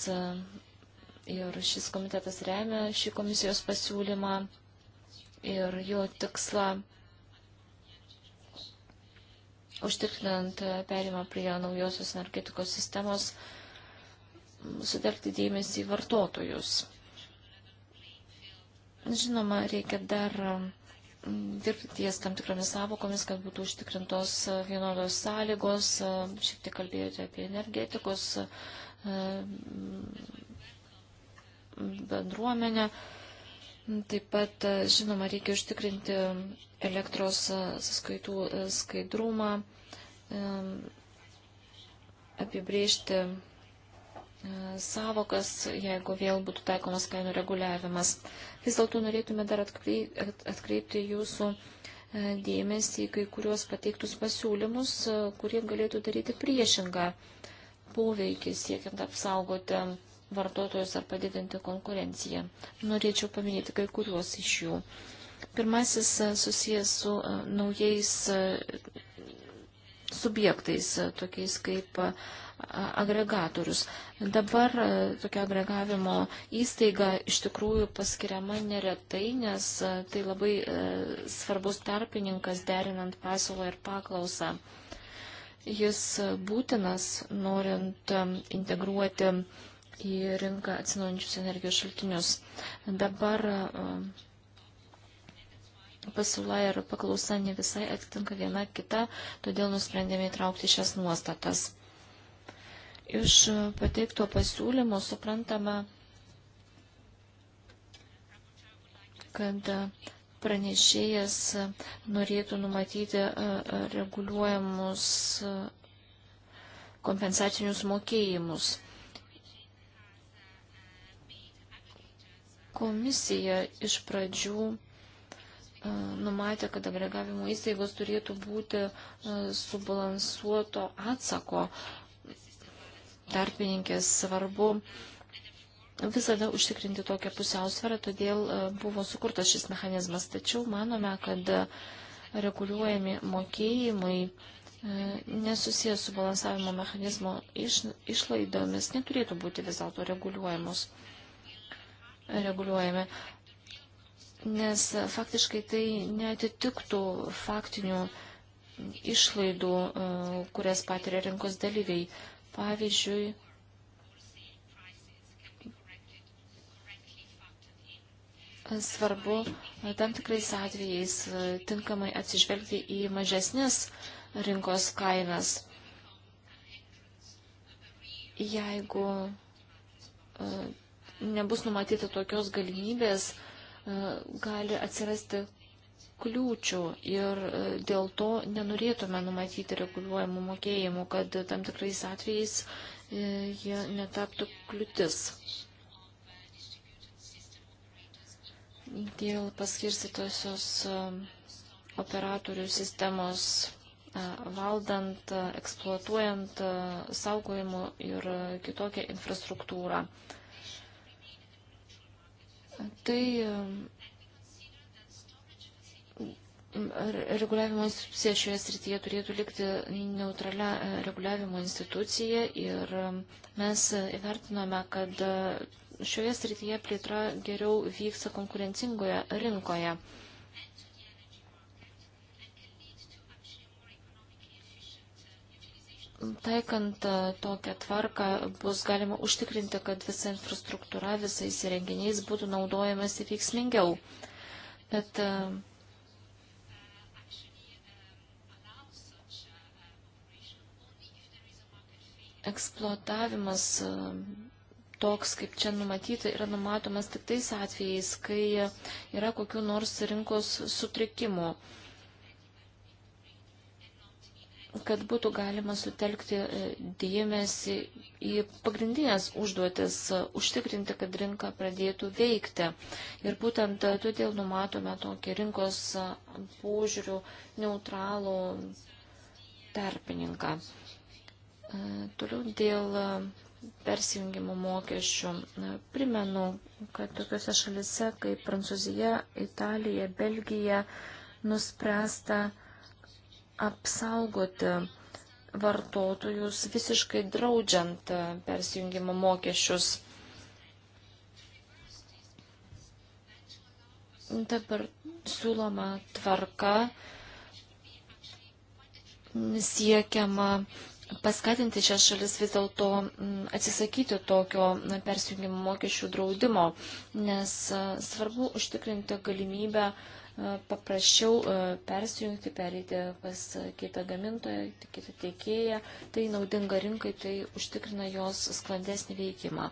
ir šis komitetas remia šį komisijos pasiūlymą ir jo tikslą užtikrinant perimą prie naujosios energetikos sistemos, sutelkti dėmesį į vartotojus. Žinoma, reikia dar dirbti ties tam tikromis savokomis, kad būtų užtikrintos vienodos sąlygos. Šiek tiek kalbėjote apie energetikos bendruomenę. E, Taip pat, e, žinoma, reikia užtikrinti elektros e, sąskaitų e, skaidrumą, apibriežti savokas, jeigu vėl būtų taikomas kainų reguliavimas. Vis dėlto norėtume dar atkreipti jūsų dėmesį į kai kuriuos pateiktus pasiūlymus, kurie galėtų daryti priešingą poveikį siekiant apsaugoti vartotojus ar padidinti konkurenciją. Norėčiau paminėti kai kuriuos iš jų. Pirmasis e, susijęs su e, naujais e, subjektais, tokiais kaip agregatorius. Dabar tokia agregavimo įstaiga iš tikrųjų paskiriama neretai, nes tai labai svarbus tarpininkas derinant pasiūlą ir paklausą jis būtinas, norint integruoti į rinką atsinaujančius energijos šaltinius. Dabar e, pasiūla ir paklausa ne visai atitinka viena kita, todėl nusprendėme įtraukti šias nuostatas. Iš e, pateikto pasiūlymo suprantame, kad e, pranešėjas norėtų numatyti reguliuojamus kompensacinius mokėjimus. Komisija iš pradžių e, numatė, kad agregavimo įstaigos turėtų būti e, subalansuoto atsako tarpininkės svarbu visada užtikrinti tokią pusiausvyrą, todėl e, buvo sukurtas šis mechanizmas. Tačiau manome, kad reguliuojami mokėjimai nesusijęs su balansavimo mechanizmo iš, išlaidomis neturėtų būti vis dėlto reguliuojamos reguliuojami, nes faktiškai tai netitiktų faktinių išlaidų, e, kurias patiria rinkos dalyviai. Pavyzdžiui, svarbu e, tam tikrais atvejais e, tinkamai atsižvelgti į mažesnės rinkos kainas. Jeigu nebus numatyta tokios galimybės, e, gali atsirasti kliūčių ir e, dėl to nenorėtume numatyti reguliuojamų mokėjimų, kad tam tikrais atvejais e, jie netaptų kliūtis. Dėl paskirstytosios operatorių sistemos valdant, eksploatuojant saugojimo ir kitokią infrastruktūrą. Tai reguliavimo institucija šioje srityje turėtų likti neutralia e, reguliavimo institucija ir mes įvertinome, kad e, šioje srityje plėtra geriau vyksta konkurencingoje rinkoje. Taikant e, tokią tvarką bus galima užtikrinti, kad visa infrastruktūra, visais įrenginiais būtų naudojamas veiksmingiau. Bet e, eksploatavimas e, toks, kaip čia numatyta, yra numatomas tik tais atvejais, kai yra kokiu nors rinkos sutrikimu kad būtų galima sutelkti e, dėmesį į pagrindinės užduotis, e, užtikrinti, kad rinka pradėtų veikti. Ir būtent e, todėl numatome tokį rinkos požiūrių neutralų tarpininką. Toliau dėl persijungimo mokesčių. Primenu, kad tokiuose šalise kaip Prancūzija, Italija, Belgija nuspręsta apsaugoti vartotojus visiškai draudžiant e, persijungimo mokesčius. Dabar siūloma tvarka siekiama paskatinti šias šalis vis dėlto atsisakyti tokio persijungimo mokesčių draudimo, nes e, svarbu užtikrinti galimybę paprasčiau persijungti, pereiti pas kitą gamintoją, kitą teikėją. Tai naudinga rinkai, tai užtikrina jos sklandesnį veikimą.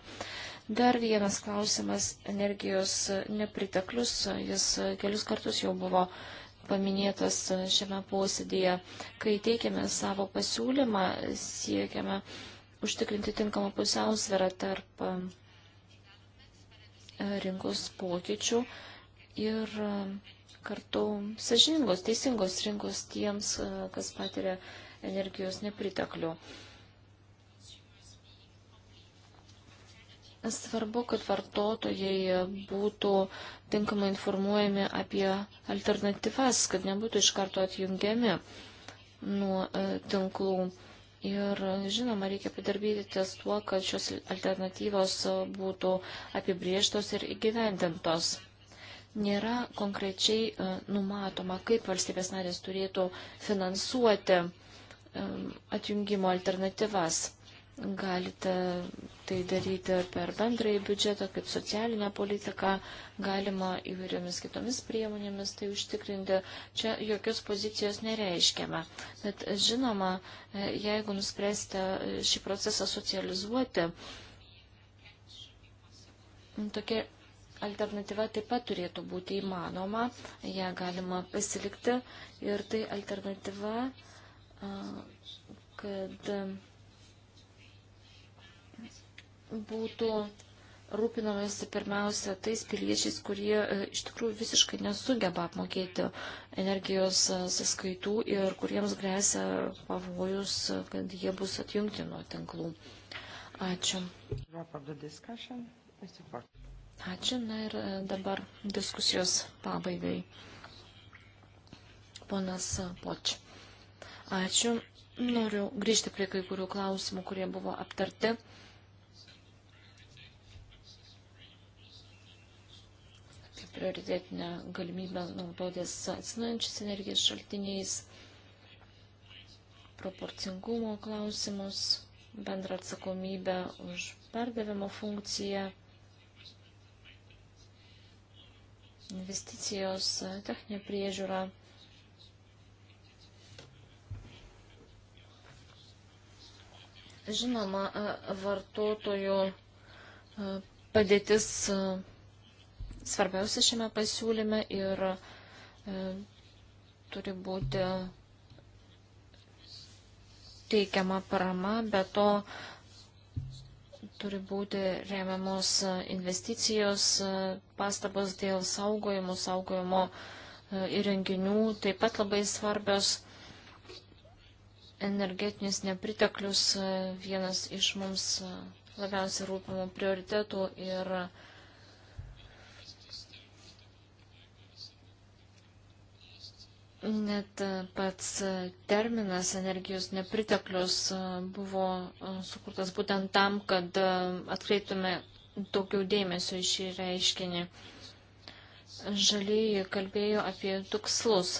Dar vienas klausimas - energijos nepriteklius. Jis kelius kartus jau buvo paminėtas šiame posėdėje. Kai teikiame savo pasiūlymą, siekiame užtikrinti tinkamą pusiausvyrą tarp rinkos pokyčių ir kartu sažiningos, teisingos rinkos tiems, e, kas patiria energijos nepriteklių. Svarbu, kad vartotojai būtų tinkamai informuojami apie alternatyvas, kad nebūtų iš karto atjungiami nuo e, tinklų. Ir žinoma, reikia padirbėti ties tuo, kad šios alternatyvos būtų apibrieštos ir įgyvendintos nėra konkrečiai e, numatoma, kaip valstybės narės turėtų finansuoti e, atjungimo alternatyvas. Galite tai daryti ir per bendrąjį biudžetą, kaip socialinę politiką, galima įvairiomis kitomis priemonėmis tai užtikrinti. Čia jokios pozicijos nereiškiame. Bet žinoma, e, jeigu nuspręsite šį procesą socializuoti, tokie alternatyva taip pat turėtų būti įmanoma, ją galima pasilikti ir tai alternatyva, kad būtų rūpinomasi pirmiausia tais piliečiais, kurie e, iš tikrųjų visiškai nesugeba apmokėti energijos sąskaitų ir kuriems grėsia pavojus, kad jie bus atjungti nuo tinklų. Ačiū. Ačiū. Na ir e, dabar diskusijos pabaigai. Ponas e, Poč. Ačiū. Noriu grįžti prie kai kurių klausimų, kurie buvo aptarti. Apie prioritetinę galimybę naudotis atsinaujančiais energijos šaltiniais, proporcingumo klausimus, bendrą atsakomybę už perdavimo funkciją investicijos, techninė priežiūra. Žinoma, vartotojų padėtis svarbiausia šiame pasiūlyme ir turi būti teikiama parama, bet to Turi būti remiamos e, investicijos, e, pastabos dėl saugojimų, saugojimo e, įrenginių, taip pat labai svarbios energetinis nepriteklius vienas iš mums labiausiai rūpimų prioritetų ir uh, Net e, pats e, terminas energijos nepriteklius e, buvo sukurtas būtent tam, kad atkreiptume daugiau dėmesio į šį reiškinį. Žalieji kalbėjo apie tikslus.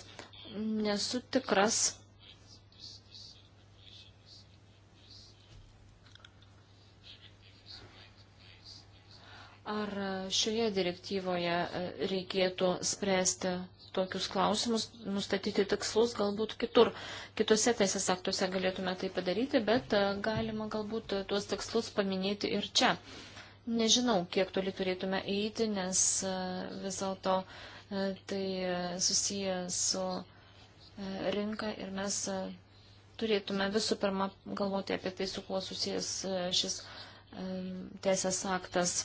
Nesu tikras, Ar šioje direktyvoje reikėtų spręsti tokius klausimus, nustatyti tikslus galbūt kitur. Kitose teisės aktuose galėtume tai padaryti, bet e, galima galbūt tuos tikslus paminėti ir čia. Nežinau, kiek toli turėtume eiti, nes e, vis dėlto e, tai susiję su rinka ir mes turėtume visų pirma galvoti apie tai, su kuo susijęs šis teisės aktas.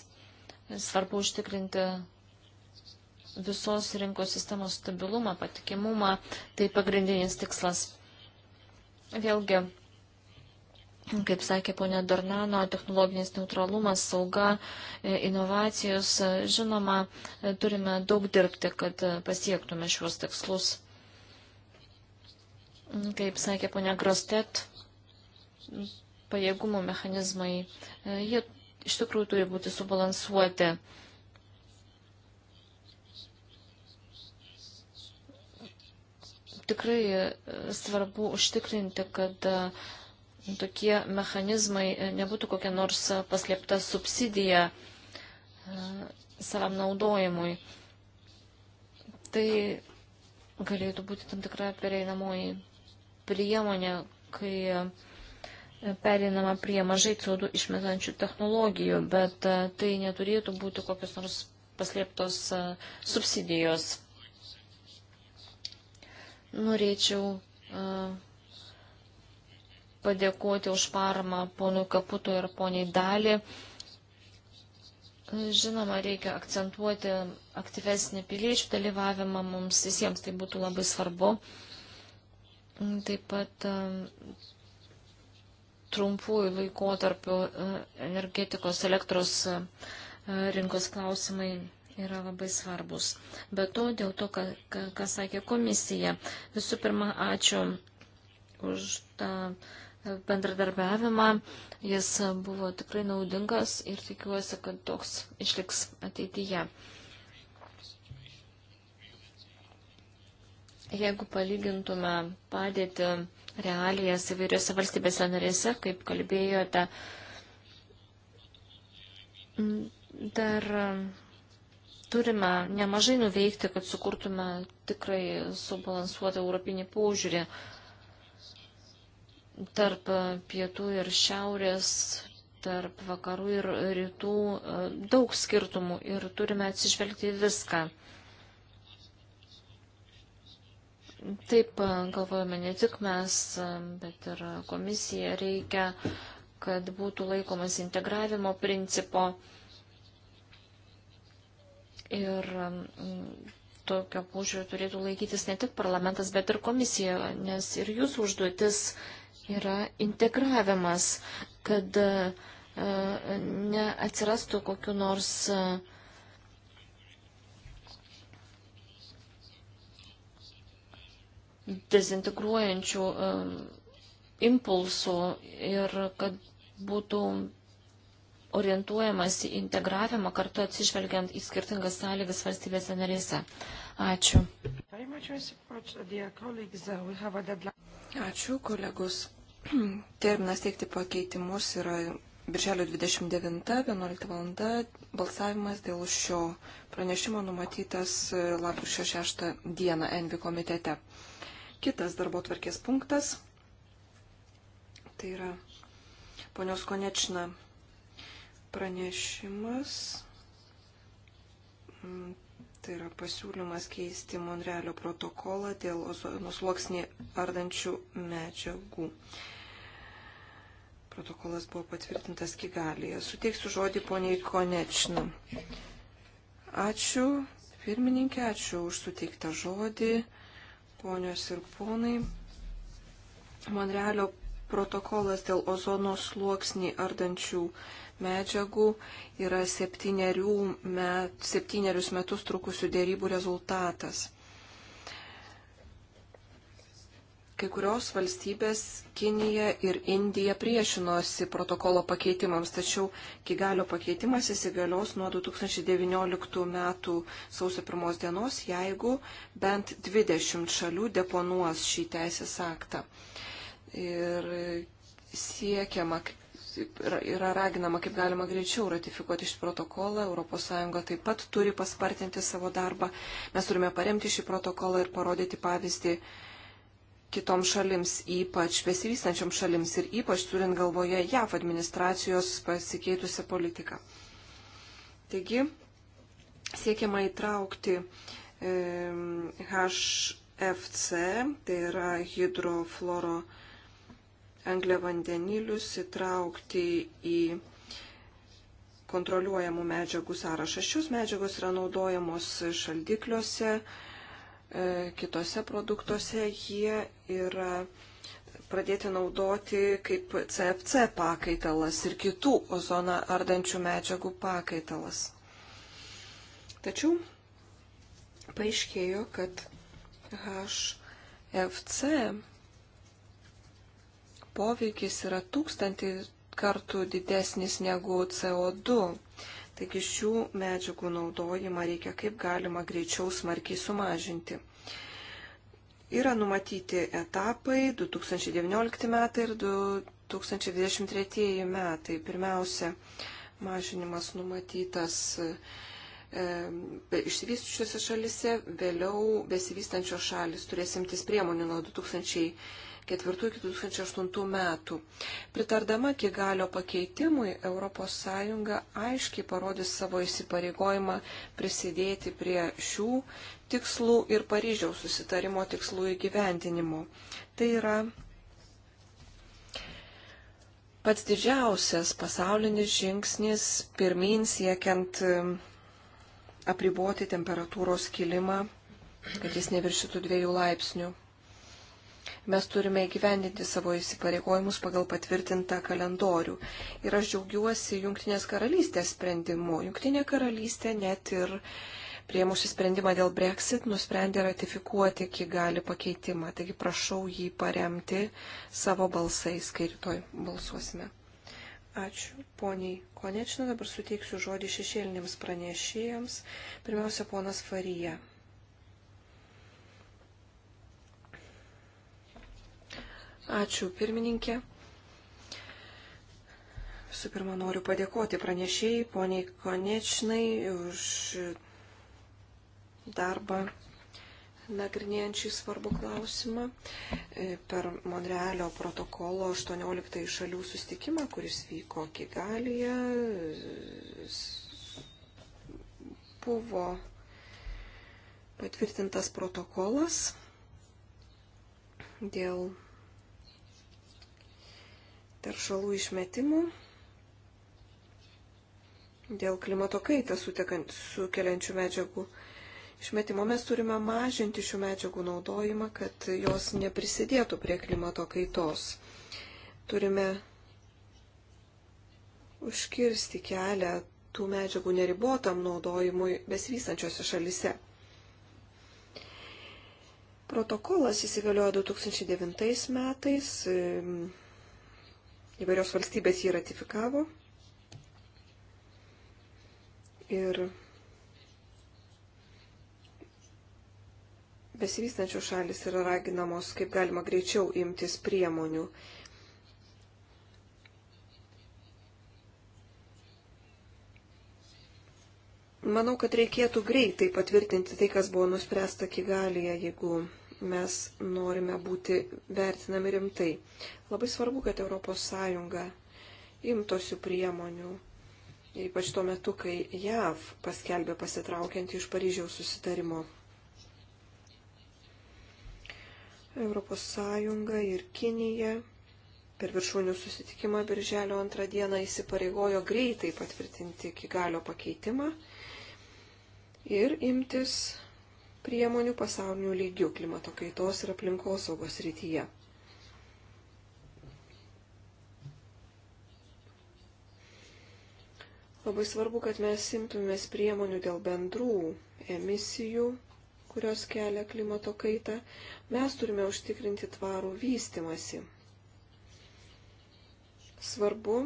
Svarbu užtikrinti visos rinkos sistemos stabilumą, patikimumą, tai pagrindinis tikslas. Vėlgi, kaip sakė ponė Dornano, technologinis neutralumas, sauga, e, inovacijos, e, žinoma, e, turime daug dirbti, kad pasiektume šiuos tikslus. Kaip sakė ponė Grostet, pajėgumo mechanizmai, jie iš tikrųjų turi būti subalansuoti. tikrai e, svarbu užtikrinti, kad e, tokie mechanizmai e, nebūtų kokia nors paslėpta subsidija savam naudojimui. Tai galėtų būti tam tikra pereinamoji priemonė, kai pereinama prie mažai CO2 išmetančių technologijų, bet tai neturėtų būti kokios nors paslėptos subsidijos. Norėčiau uh, padėkoti už paramą ponui Kaputo ir poniai Dali. Žinoma, reikia akcentuoti aktyvesnį piliečių dalyvavimą, mums visiems tai būtų labai svarbu. Taip pat trumpųjų laikotarpių energetikos elektros rinkos klausimai yra labai svarbus. Be to, dėl to, ką, ką, ką sakė komisija, visų pirma, ačiū už tą bendradarbiavimą. Jis buvo tikrai naudingas ir tikiuosi, kad toks išliks ateityje. Jeigu palygintume padėti realijas įvairiose valstybėse narėse, kaip kalbėjote, dar turime nemažai nuveikti, kad sukurtume tikrai subalansuotą europinį požiūrį tarp pietų ir šiaurės, tarp vakarų ir rytų daug skirtumų ir turime atsižvelgti viską. Taip galvojame ne tik mes, bet ir komisija reikia, kad būtų laikomas integravimo principo. Ir um, tokio požiūrio turėtų laikytis ne tik parlamentas, bet ir komisija, nes ir jūsų užduotis yra integravimas, kad uh, neatsirastų kokiu nors uh, dezintegruojančių um, impulsų ir kad būtų orientuojamas į integravimą kartu atsižvelgiant į skirtingas sąlygas valstybėse narėse. Ačiū. Ačiū, kolegos. Terminas teikti pakeitimus yra birželio 29.11 val. Balsavimas dėl šio pranešimo numatytas e, lapkričio 6 dieną Envi komitete. Kitas darbo tvarkės punktas. Tai yra ponios Konečna pranešimas. Mm, tai yra pasiūlymas keisti Monrealio protokolą dėl nusloksnį ardančių medžiagų. Protokolas buvo patvirtintas Kigalėje. Suteiksiu žodį poniai Konečnu. Ačiū, pirmininkė, ačiū už suteiktą žodį. Ponios ir ponai, Monrealio protokolas dėl ozono sluoksnį ardančių medžiagų medžiagų yra met, septynerius metus trukusių dėrybų rezultatas. Kai kurios valstybės Kinija ir Indija priešinosi protokolo pakeitimams, tačiau Kigalio pakeitimas įsigalios nuo 2019 m. sausio 1 dienos, jeigu bent 20 šalių deponuos šį teisės aktą. Ir siekiama yra raginama kaip galima greičiau ratifikuoti šį protokolą. ES taip pat turi paspartinti savo darbą. Mes turime paremti šį protokolą ir parodyti pavyzdį kitoms šalims, ypač besivystančioms šalims ir ypač turint galvoje JAF administracijos pasikeitusią politiką. Taigi, siekiama įtraukti e, HFC, tai yra hidrofloro angliavandenilius įtraukti į kontroliuojamų medžiagų sąrašą. Šios medžiagos yra naudojamos šaldikliuose, e, kitose produktuose. Jie yra pradėti naudoti kaip CFC pakaitalas ir kitų ozoną ardančių medžiagų pakaitalas. Tačiau paaiškėjo, kad HFC poveikis yra tūkstantį kartų didesnis negu CO2. Taigi šių medžiagų naudojimą reikia kaip galima greičiau smarkiai sumažinti. Yra numatyti etapai 2019 metai ir 2023 metai. Pirmiausia, mažinimas numatytas e, išsivystusiuose šalise, vėliau besivystančios šalis turės imtis priemonių nuo 2020 2004-2008 metų. Pritardama Kigalio pakeitimui, ES aiškiai parodys savo įsipareigojimą prisidėti prie šių tikslų ir Paryžiaus susitarimo tikslų įgyvendinimo. Tai yra pats didžiausias pasaulinis žingsnis pirmin siekiant um, apriboti temperatūros kilimą, kad jis neviršytų dviejų laipsnių. Mes turime įgyvendinti savo įsipareigojimus pagal patvirtintą kalendorių. Ir aš džiaugiuosi Junktinės karalystės sprendimu. Junktinė karalystė net ir prieimusi sprendimą dėl Brexit nusprendė ratifikuoti iki gali pakeitimą. Taigi prašau jį paremti savo balsais, kai rytoj balsuosime. Ačiū, poniai Konečina, dabar suteiksiu žodį šešėlinėms pranešėjams. Pirmiausia, ponas Farija. Ačiū pirmininkė. Visų pirma, noriu padėkoti pranešėjai, poniai Konečnai, už darbą nagrinėjant šį svarbų klausimą. Per Monrealio protokolo 18 šalių sustikimą, kuris vyko Kigalyje, buvo patvirtintas protokolas dėl teršalų išmetimų, dėl klimato kaitą sukeliančių medžiagų išmetimo mes turime mažinti šių medžiagų naudojimą, kad jos neprisidėtų prie klimato kaitos. Turime užkirsti kelią tų medžiagų neribotam naudojimui besivystančiose šalise. Protokolas įsigaliojo 2009 metais, Įvairios valstybės jį ratifikavo. Ir besivystančios šalis yra raginamos kaip galima greičiau imtis priemonių. Manau, kad reikėtų greitai patvirtinti tai, kas buvo nuspręsta Kigalyje, jeigu mes norime būti vertinami rimtai. Labai svarbu, kad ES imtosių priemonių, ypač tuo metu, kai JAV paskelbė pasitraukiantį iš Paryžiaus susitarimo. ES ir Kinija per viršūnių susitikimą Birželio antrą dieną įsipareigojo greitai patvirtinti Kigalio pakeitimą ir imtis priemonių pasaulinių lygių klimato kaitos ir aplinkosaugos rytyje. Labai svarbu, kad mes simtumės priemonių dėl bendrų emisijų, kurios kelia klimato kaitą. Mes turime užtikrinti tvarų vystimasi. Svarbu,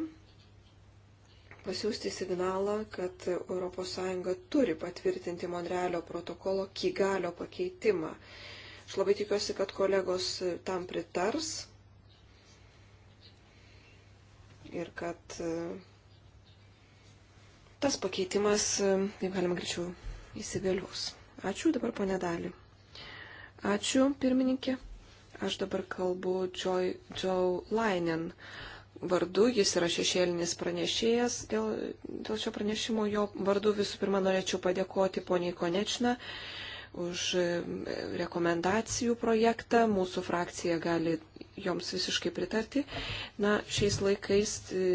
pasiūsti signalą, kad ES turi patvirtinti Monrealio protokolo Kigalio pakeitimą. Aš labai tikiuosi, kad kolegos tam pritars ir kad e, tas pakeitimas, e, kaip galima greičiau, įsigalios. Ačiū dabar ponė Dali. Ačiū pirmininkė. Aš dabar kalbu Joe Lainen. Uh, vardu, jis yra šešėlinis pranešėjas dėl, dėl šio pranešimo. Jo vardu visų pirma norėčiau padėkoti poniai Konečna už e, rekomendacijų projektą. Mūsų frakcija gali joms visiškai pritarti. Na, šiais laikais. E,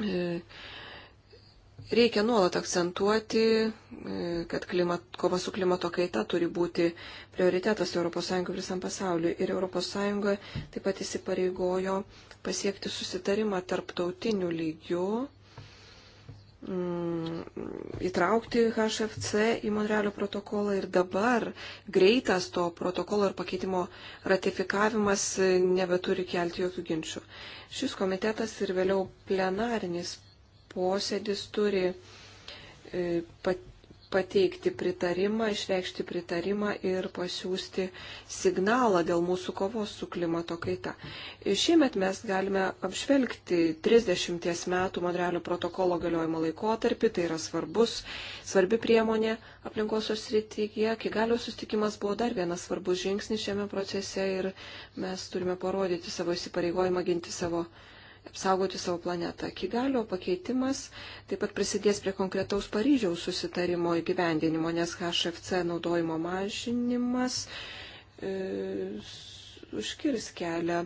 e, Reikia nuolat akcentuoti, e, kad klimat, kova su klimato kaita turi būti prioritetas ES ir visam pasauliu. Ir ES taip pat įsipareigojo pasiekti susitarimą tarptautinių lygių, mm, įtraukti HFC į Monrealio protokolą ir dabar greitas to protokolo ir pakeitimo ratifikavimas e, nebeturi kelti jokių ginčių. Šis komitetas ir vėliau plenarinis posėdis turi e, pateikti pritarimą, išreikšti pritarimą ir pasiūsti signalą dėl mūsų kovos su klimato kaita. E, šiemet mes galime apžvelgti 30 metų Madrelio protokolo galiojimo laikotarpį, tai yra svarbus, svarbi priemonė aplinkosos srityje. Kigalio sustikimas buvo dar vienas svarbus žingsnis šiame procese ir mes turime parodyti savo įsipareigojimą ginti savo apsaugoti savo planetą. Kigalio pakeitimas taip pat prisidės prie konkretaus Paryžiaus susitarimo įgyvendinimo, nes HFC naudojimo mažinimas e, užkirs kelią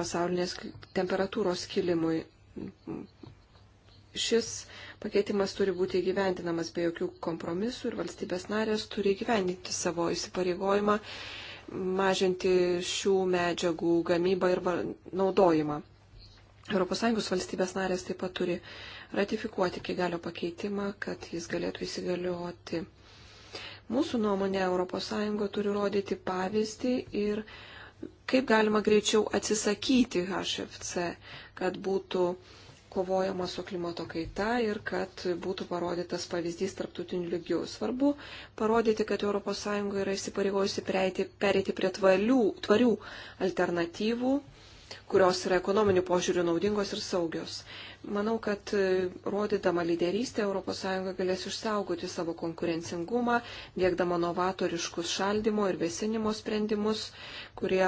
pasaulinės temperatūros kilimui. Šis pakeitimas turi būti įgyvendinamas be jokių kompromisų ir valstybės narės turi įgyvendinti savo įsipareigojimą mažinti šių medžiagų gamybą ir naudojimą. ES valstybės narės taip pat turi ratifikuoti iki galio pakeitimą, kad jis galėtų įsigalioti. Mūsų nuomonė ES turi rodyti pavyzdį ir kaip galima greičiau atsisakyti HFC, kad būtų kovojama su klimato kaita ir kad būtų parodytas pavyzdys tarptautinių lygių. Svarbu parodyti, kad ES yra įsipareigojusi pereiti prie tvalių, tvarių alternatyvų kurios yra ekonominių požiūrių naudingos ir saugios. Manau, kad e, rodydama lyderystę ES galės išsaugoti savo konkurencingumą, dėkdama novatoriškus šaldimo ir vėsinimo sprendimus, kurie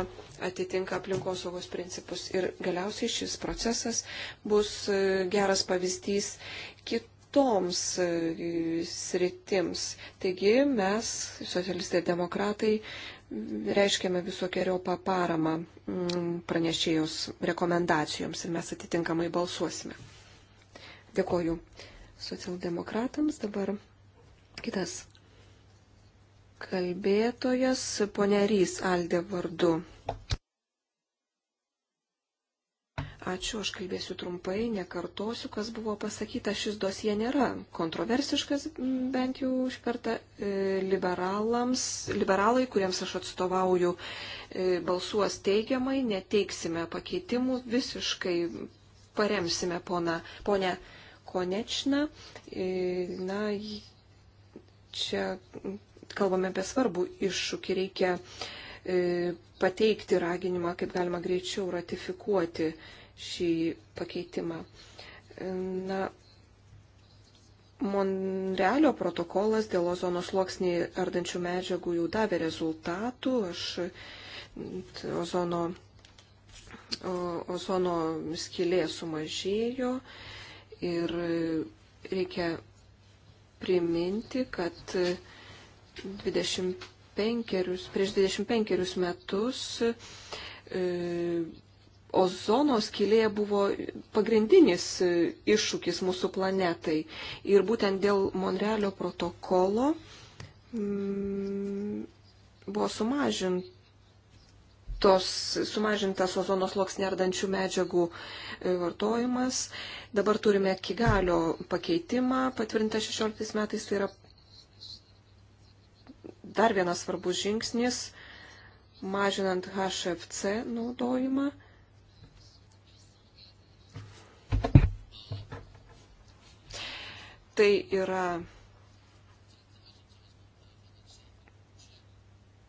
atitinka aplinkosaugos principus. Ir galiausiai šis procesas bus e, geras pavyzdys kitų kitoms e, sritims. Taigi mes, socialistai ir demokratai, reiškiame visokiojo paparamą mm, pranešėjos rekomendacijoms ir mes atitinkamai balsuosime. Dėkoju socialdemokratams. Dabar kitas kalbėtojas, ponė Rys Aldė vardu. Ačiū, aš kalbėsiu trumpai, nekartosiu, kas buvo pasakyta. Šis dosie nėra kontroversiškas, bent jau šį kartą e, liberalams. Liberalai, kuriems aš atstovauju, e, balsuos teigiamai, neteiksime pakeitimų, visiškai paremsime poną, ponę Konečną. E, na, čia kalbame apie svarbų iššūkį. Reikia pateikti raginimą, kaip galima greičiau ratifikuoti uh, šį pakeitimą. Na, Monrealio protokolas dėl ozono sluoksnį ardančių medžiagų jau davė rezultatų. Aš ozono, o, ozono skilė sumažėjo ir reikia priminti, kad 25, prieš 25 metus e, ozono skylė buvo pagrindinis iššūkis mūsų planetai. Ir būtent dėl Monrealio protokolo mm, buvo sumažintos, sumažintas ozono sluoksnį ardančių medžiagų e, vartojimas. Dabar turime Kigalio pakeitimą, patvirtintą 16 metais, tai yra dar vienas svarbus žingsnis mažinant HFC naudojimą. Tai yra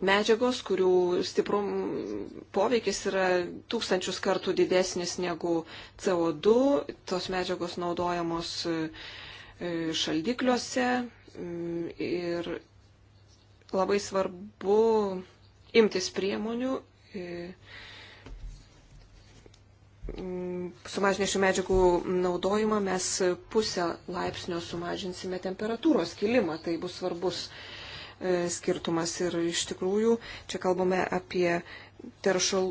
medžiagos, kurių stiprum poveikis yra tūkstančius kartų didesnis negu CO2. Tos medžiagos naudojamos e, šaldikliuose mm, ir labai svarbu imtis priemonių e, Mm, sumažinę šių medžiagų naudojimą mes pusę laipsnio sumažinsime temperatūros kilimą. Tai bus svarbus e, skirtumas ir iš tikrųjų čia kalbame apie teršal,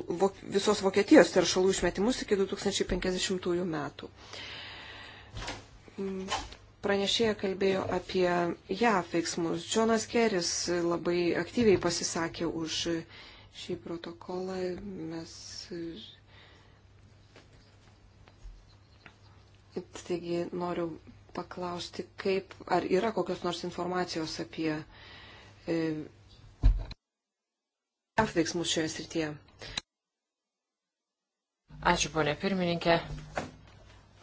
visos Vokietijos teršalų išmetimus iki 2050 metų. Mm, pranešėja kalbėjo apie JAV veiksmus. Džonas Keris labai aktyviai pasisakė už šį protokolą. Mes Taigi noriu paklausti, kaip, ar yra kokios nors informacijos apie e, JAF veiksmus šioje srityje. Ačiū, ponė pirmininkė.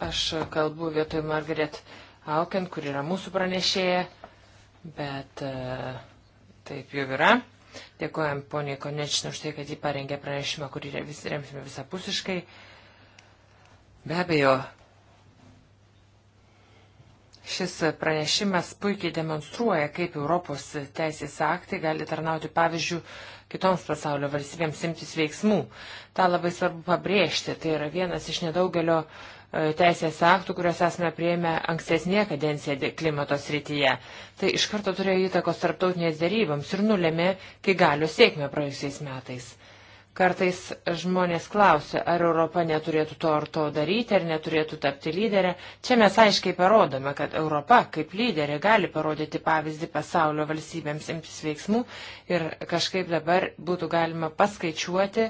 Aš kalbu vietoj Margaret Auken, kur yra mūsų pranešėja, bet e, taip jau yra. Dėkojam poniai Konečinai už tai, kad jį parengė pranešimą, kurį vis remsime visapusiškai. Be abejo, Šis pranešimas puikiai demonstruoja, kaip Europos teisės aktai gali tarnauti pavyzdžių kitoms pasaulio valstybėms imtis veiksmų. Ta labai svarbu pabrėžti. Tai yra vienas iš nedaugelio e, teisės aktų, kuriuos esame prieėmę ankstesnėje kadencijoje klimato srityje. Tai iš karto turėjo įtakos tarptautinės dėryboms ir nulėmė, kai galių sėkmę praėjusiais metais. Kartais žmonės klausia, ar Europa neturėtų to ar to daryti, ar neturėtų tapti lyderę. Čia mes aiškiai parodome, kad Europa kaip lyderė gali parodyti pavyzdį pasaulio valstybėms imtis veiksmų ir kažkaip dabar būtų galima paskaičiuoti,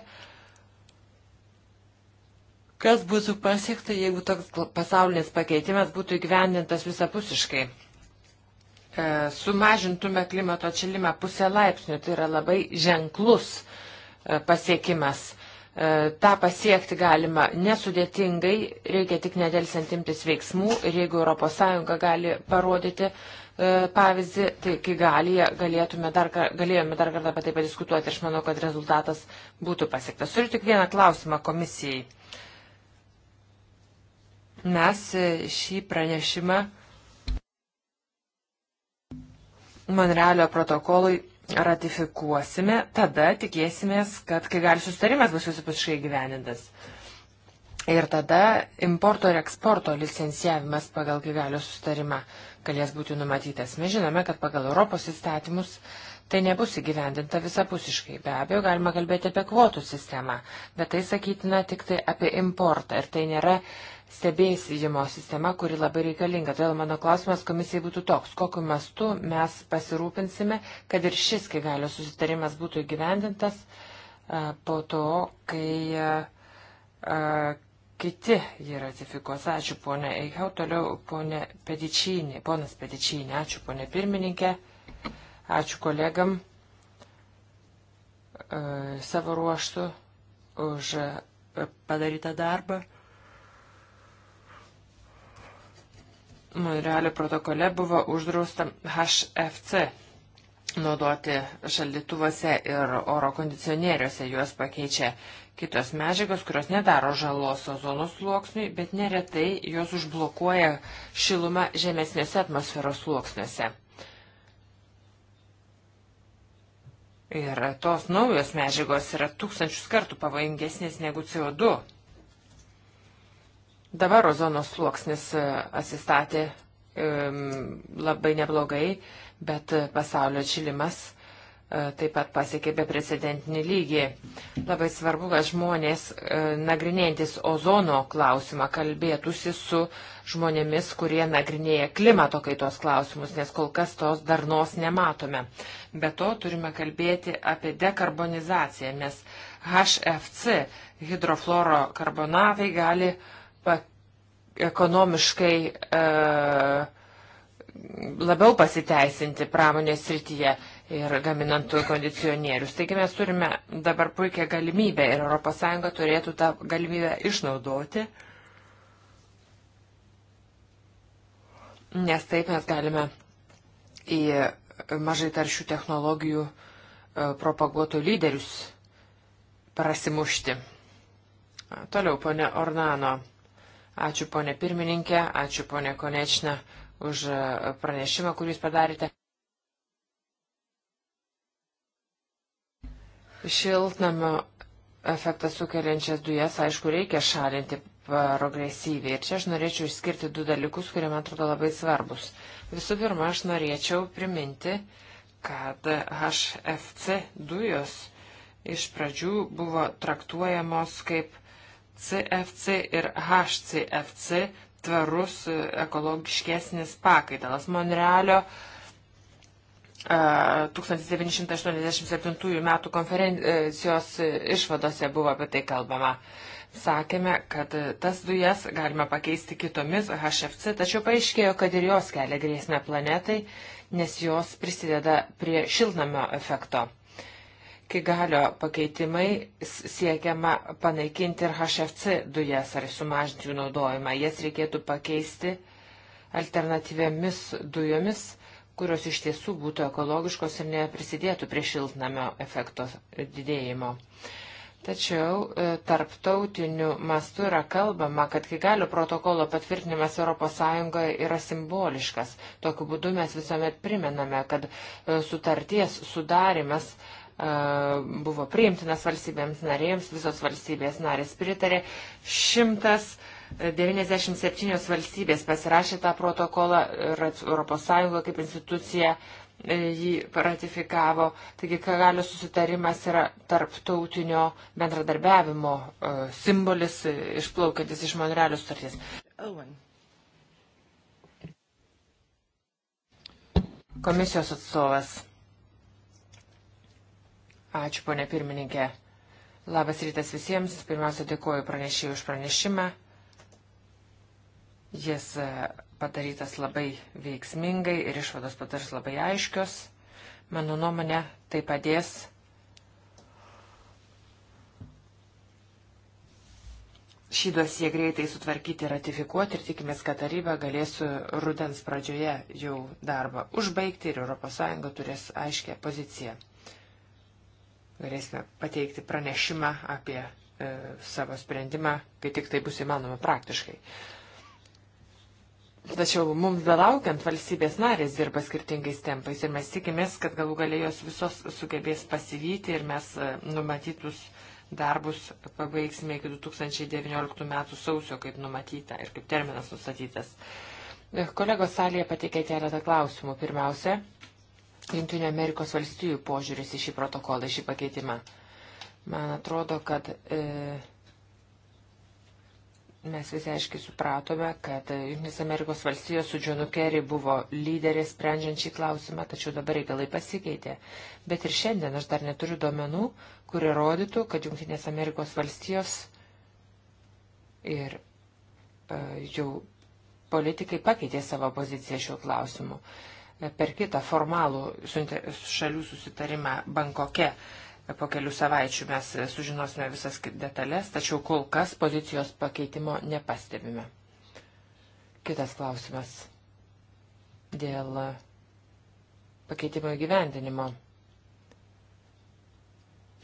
kas būtų pasiekta, jeigu toks pasaulinis pakeitimas būtų įgyvendintas visapusiškai. E, sumažintume klimato atšilimą pusę laipsnių, tai yra labai ženklus E, pasiekimas. E, Ta pasiekti galima nesudėtingai, reikia tik nedelsiant imtis veiksmų ir jeigu ES gali parodyti e, pavyzdį, tai kai gali, galėtume dar, galėjome dar kartą apie tai padiskutuoti ir aš manau, kad rezultatas būtų pasiektas. Turiu tik vieną klausimą komisijai. Mes šį pranešimą Monrealio protokolui ratifikuosime, tada tikėsimės, kad kai gali sustarimas bus visapuškai gyvenintas. Ir tada importo ir eksporto licencijavimas pagal kai galio sustarimą galės būti numatytas. Mes žinome, kad pagal Europos įstatymus tai nebus įgyvendinta visapusiškai. Be abejo, galima kalbėti apie kvotų sistemą, bet tai sakytina tik tai apie importą ir tai nėra stebėjimo sistema, kuri labai reikalinga. Todėl mano klausimas komisijai būtų toks, kokiu mastu mes pasirūpinsime, kad ir šis, kai galio susitarimas būtų įgyvendintas e, po to, kai a, e, e, kiti jį ratifikuos. Ačiū, ponė Eichau, toliau ponė Pedičinė, ponas Pedičinė, ačiū, ponė pirmininkė, ačiū kolegam a, savo ruoštų už padarytą darbą. Monrealio protokole buvo uždrausta HFC naudoti šaldytuvuose ir oro kondicionieriuose. Juos pakeičia kitos medžiagos, kurios nedaro žalos ozonos sluoksniui, bet neretai jos užblokuoja šilumą žemesnėse atmosferos sluoksniuose. Ir tos naujos medžiagos yra tūkstančius kartų pavojingesnės negu CO2. Dabar ozonos sluoksnis e, asistatė e, labai neblogai, bet pasaulio atšilimas e, taip pat pasiekė beprecedentinį lygį. Labai svarbu, kad žmonės, nagrinėjantis ozono klausimą, kalbėtųsi su žmonėmis, kurie nagrinėja klimato kaitos klausimus, nes kol kas tos darnos nematome. Be to turime kalbėti apie dekarbonizaciją, nes HFC hidrofloro karbonavai gali uh, ekonomiškai e, labiau pasiteisinti pramonės srityje ir gaminant kondicionierius. Taigi mes turime dabar puikią galimybę ir ES turėtų tą galimybę išnaudoti, nes taip mes galime į mažai taršių technologijų e, propaguotų lyderius prasimušti. Toliau, ponė Ornano. Ačiū ponė pirmininkė, ačiū ponė Konečna už e, pranešimą, kurį jūs padarėte. Šiltnamio efektą sukeliančias dujas, aišku, reikia šalinti progresyviai. Ir čia aš norėčiau išskirti du dalykus, kurie man atrodo labai svarbus. Visų pirma, aš norėčiau priminti, kad HFC dujos iš pradžių buvo traktuojamos kaip CFC ir HCFC tvarus e, ekologiškesnis pakaitalas. Monrealio 1987 e, metų konferencijos išvadose buvo apie tai kalbama. Sakėme, kad tas dujas galima pakeisti kitomis HFC, tačiau paaiškėjo, kad ir jos kelia grėsmę planetai, nes jos prisideda prie šiltnamio efekto. Kigalio pakeitimai siekiama panaikinti ir HFC dujas ar sumažinti jų naudojimą. Jas reikėtų pakeisti alternatyviamis dujomis, kurios iš tiesų būtų ekologiškos ir neprisidėtų prie šiltnamio efekto didėjimo. Tačiau e, tarptautiniu mastu yra kalbama, kad Kigalio protokolo patvirtinimas ES yra simboliškas. Tokiu būdu mes visuomet primename, kad e, sutarties sudarimas uh, buvo priimtinas valstybėms narėms, visos valstybės narės pritarė. 197 valstybės pasirašė tą protokolą ir ES kaip institucija e, jį ratifikavo. Taigi, ką galio susitarimas yra tarptautinio bendradarbiavimo e, simbolis e, išplaukantis iš Monrealio sutarties. Owen. Komisijos atstovas. Ačiū, ponė pirmininkė. Labas rytas visiems. Pirmiausia, dėkuoju pranešėjui už pranešimą. Jis e, padarytas labai veiksmingai ir išvados patars labai aiškios. Mano nuomonė, tai padės šį dosiją greitai sutvarkyti ir ratifikuoti ir tikimės, kad taryba galės rudens pradžioje jau darbą užbaigti ir ES turės aiškę poziciją. Galėsime pateikti pranešimą apie e, savo sprendimą, kai tik tai bus įmanoma praktiškai. Tačiau mums belaukiant valstybės narės dirba skirtingais tempais ir mes tikimės, kad galų galėjos visos sugebės pasivyti ir mes e, numatytus darbus pabaigsime iki 2019 metų sausio, kaip numatyta ir kaip terminas nustatytas. E, kolegos salėje pateikė keletą klausimų. Pirmiausia, Junktinio Amerikos valstijų požiūris į šį protokolą, į šį pakeitimą. Man atrodo, kad e, mes visi aiškiai supratome, kad Junktinės Amerikos valstijos su Johnu Kerry buvo lyderė sprendžiant šį klausimą, tačiau dabar reikalai pasikeitė. Bet ir šiandien aš dar neturiu duomenų, kurie rodytų, kad Junktinės Amerikos valstijos ir e, jau politikai pakeitė savo poziciją šiuo klausimu. E, per kitą formalų šalių susitarimą Bankoke po kelių savaičių mes sužinosime visas detalės, tačiau kol kas pozicijos pakeitimo nepastebime. Kitas klausimas dėl pakeitimo įgyvendinimo.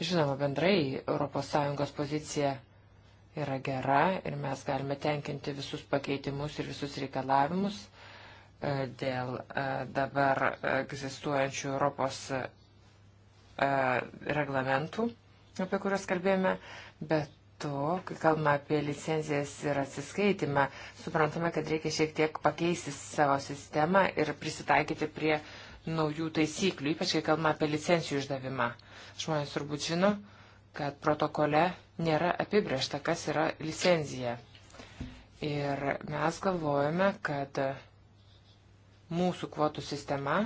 Žinoma, bendrai ES pozicija yra gera ir mes galime tenkinti visus pakeitimus ir visus reikalavimus E, dėl e, dabar egzistuojančių Europos e, reglamentų, apie kuriuos kalbėjome, bet to, kai kalbame apie licenzijas ir atsiskaitimą, suprantame, kad reikia šiek tiek pakeisti savo sistemą ir prisitaikyti prie naujų taisyklių, ypač kai kalbame apie licencijų išdavimą. Žmonės turbūt žino, kad protokole nėra apibriešta, kas yra licenzija. Ir mes galvojame, kad mūsų kvotų sistema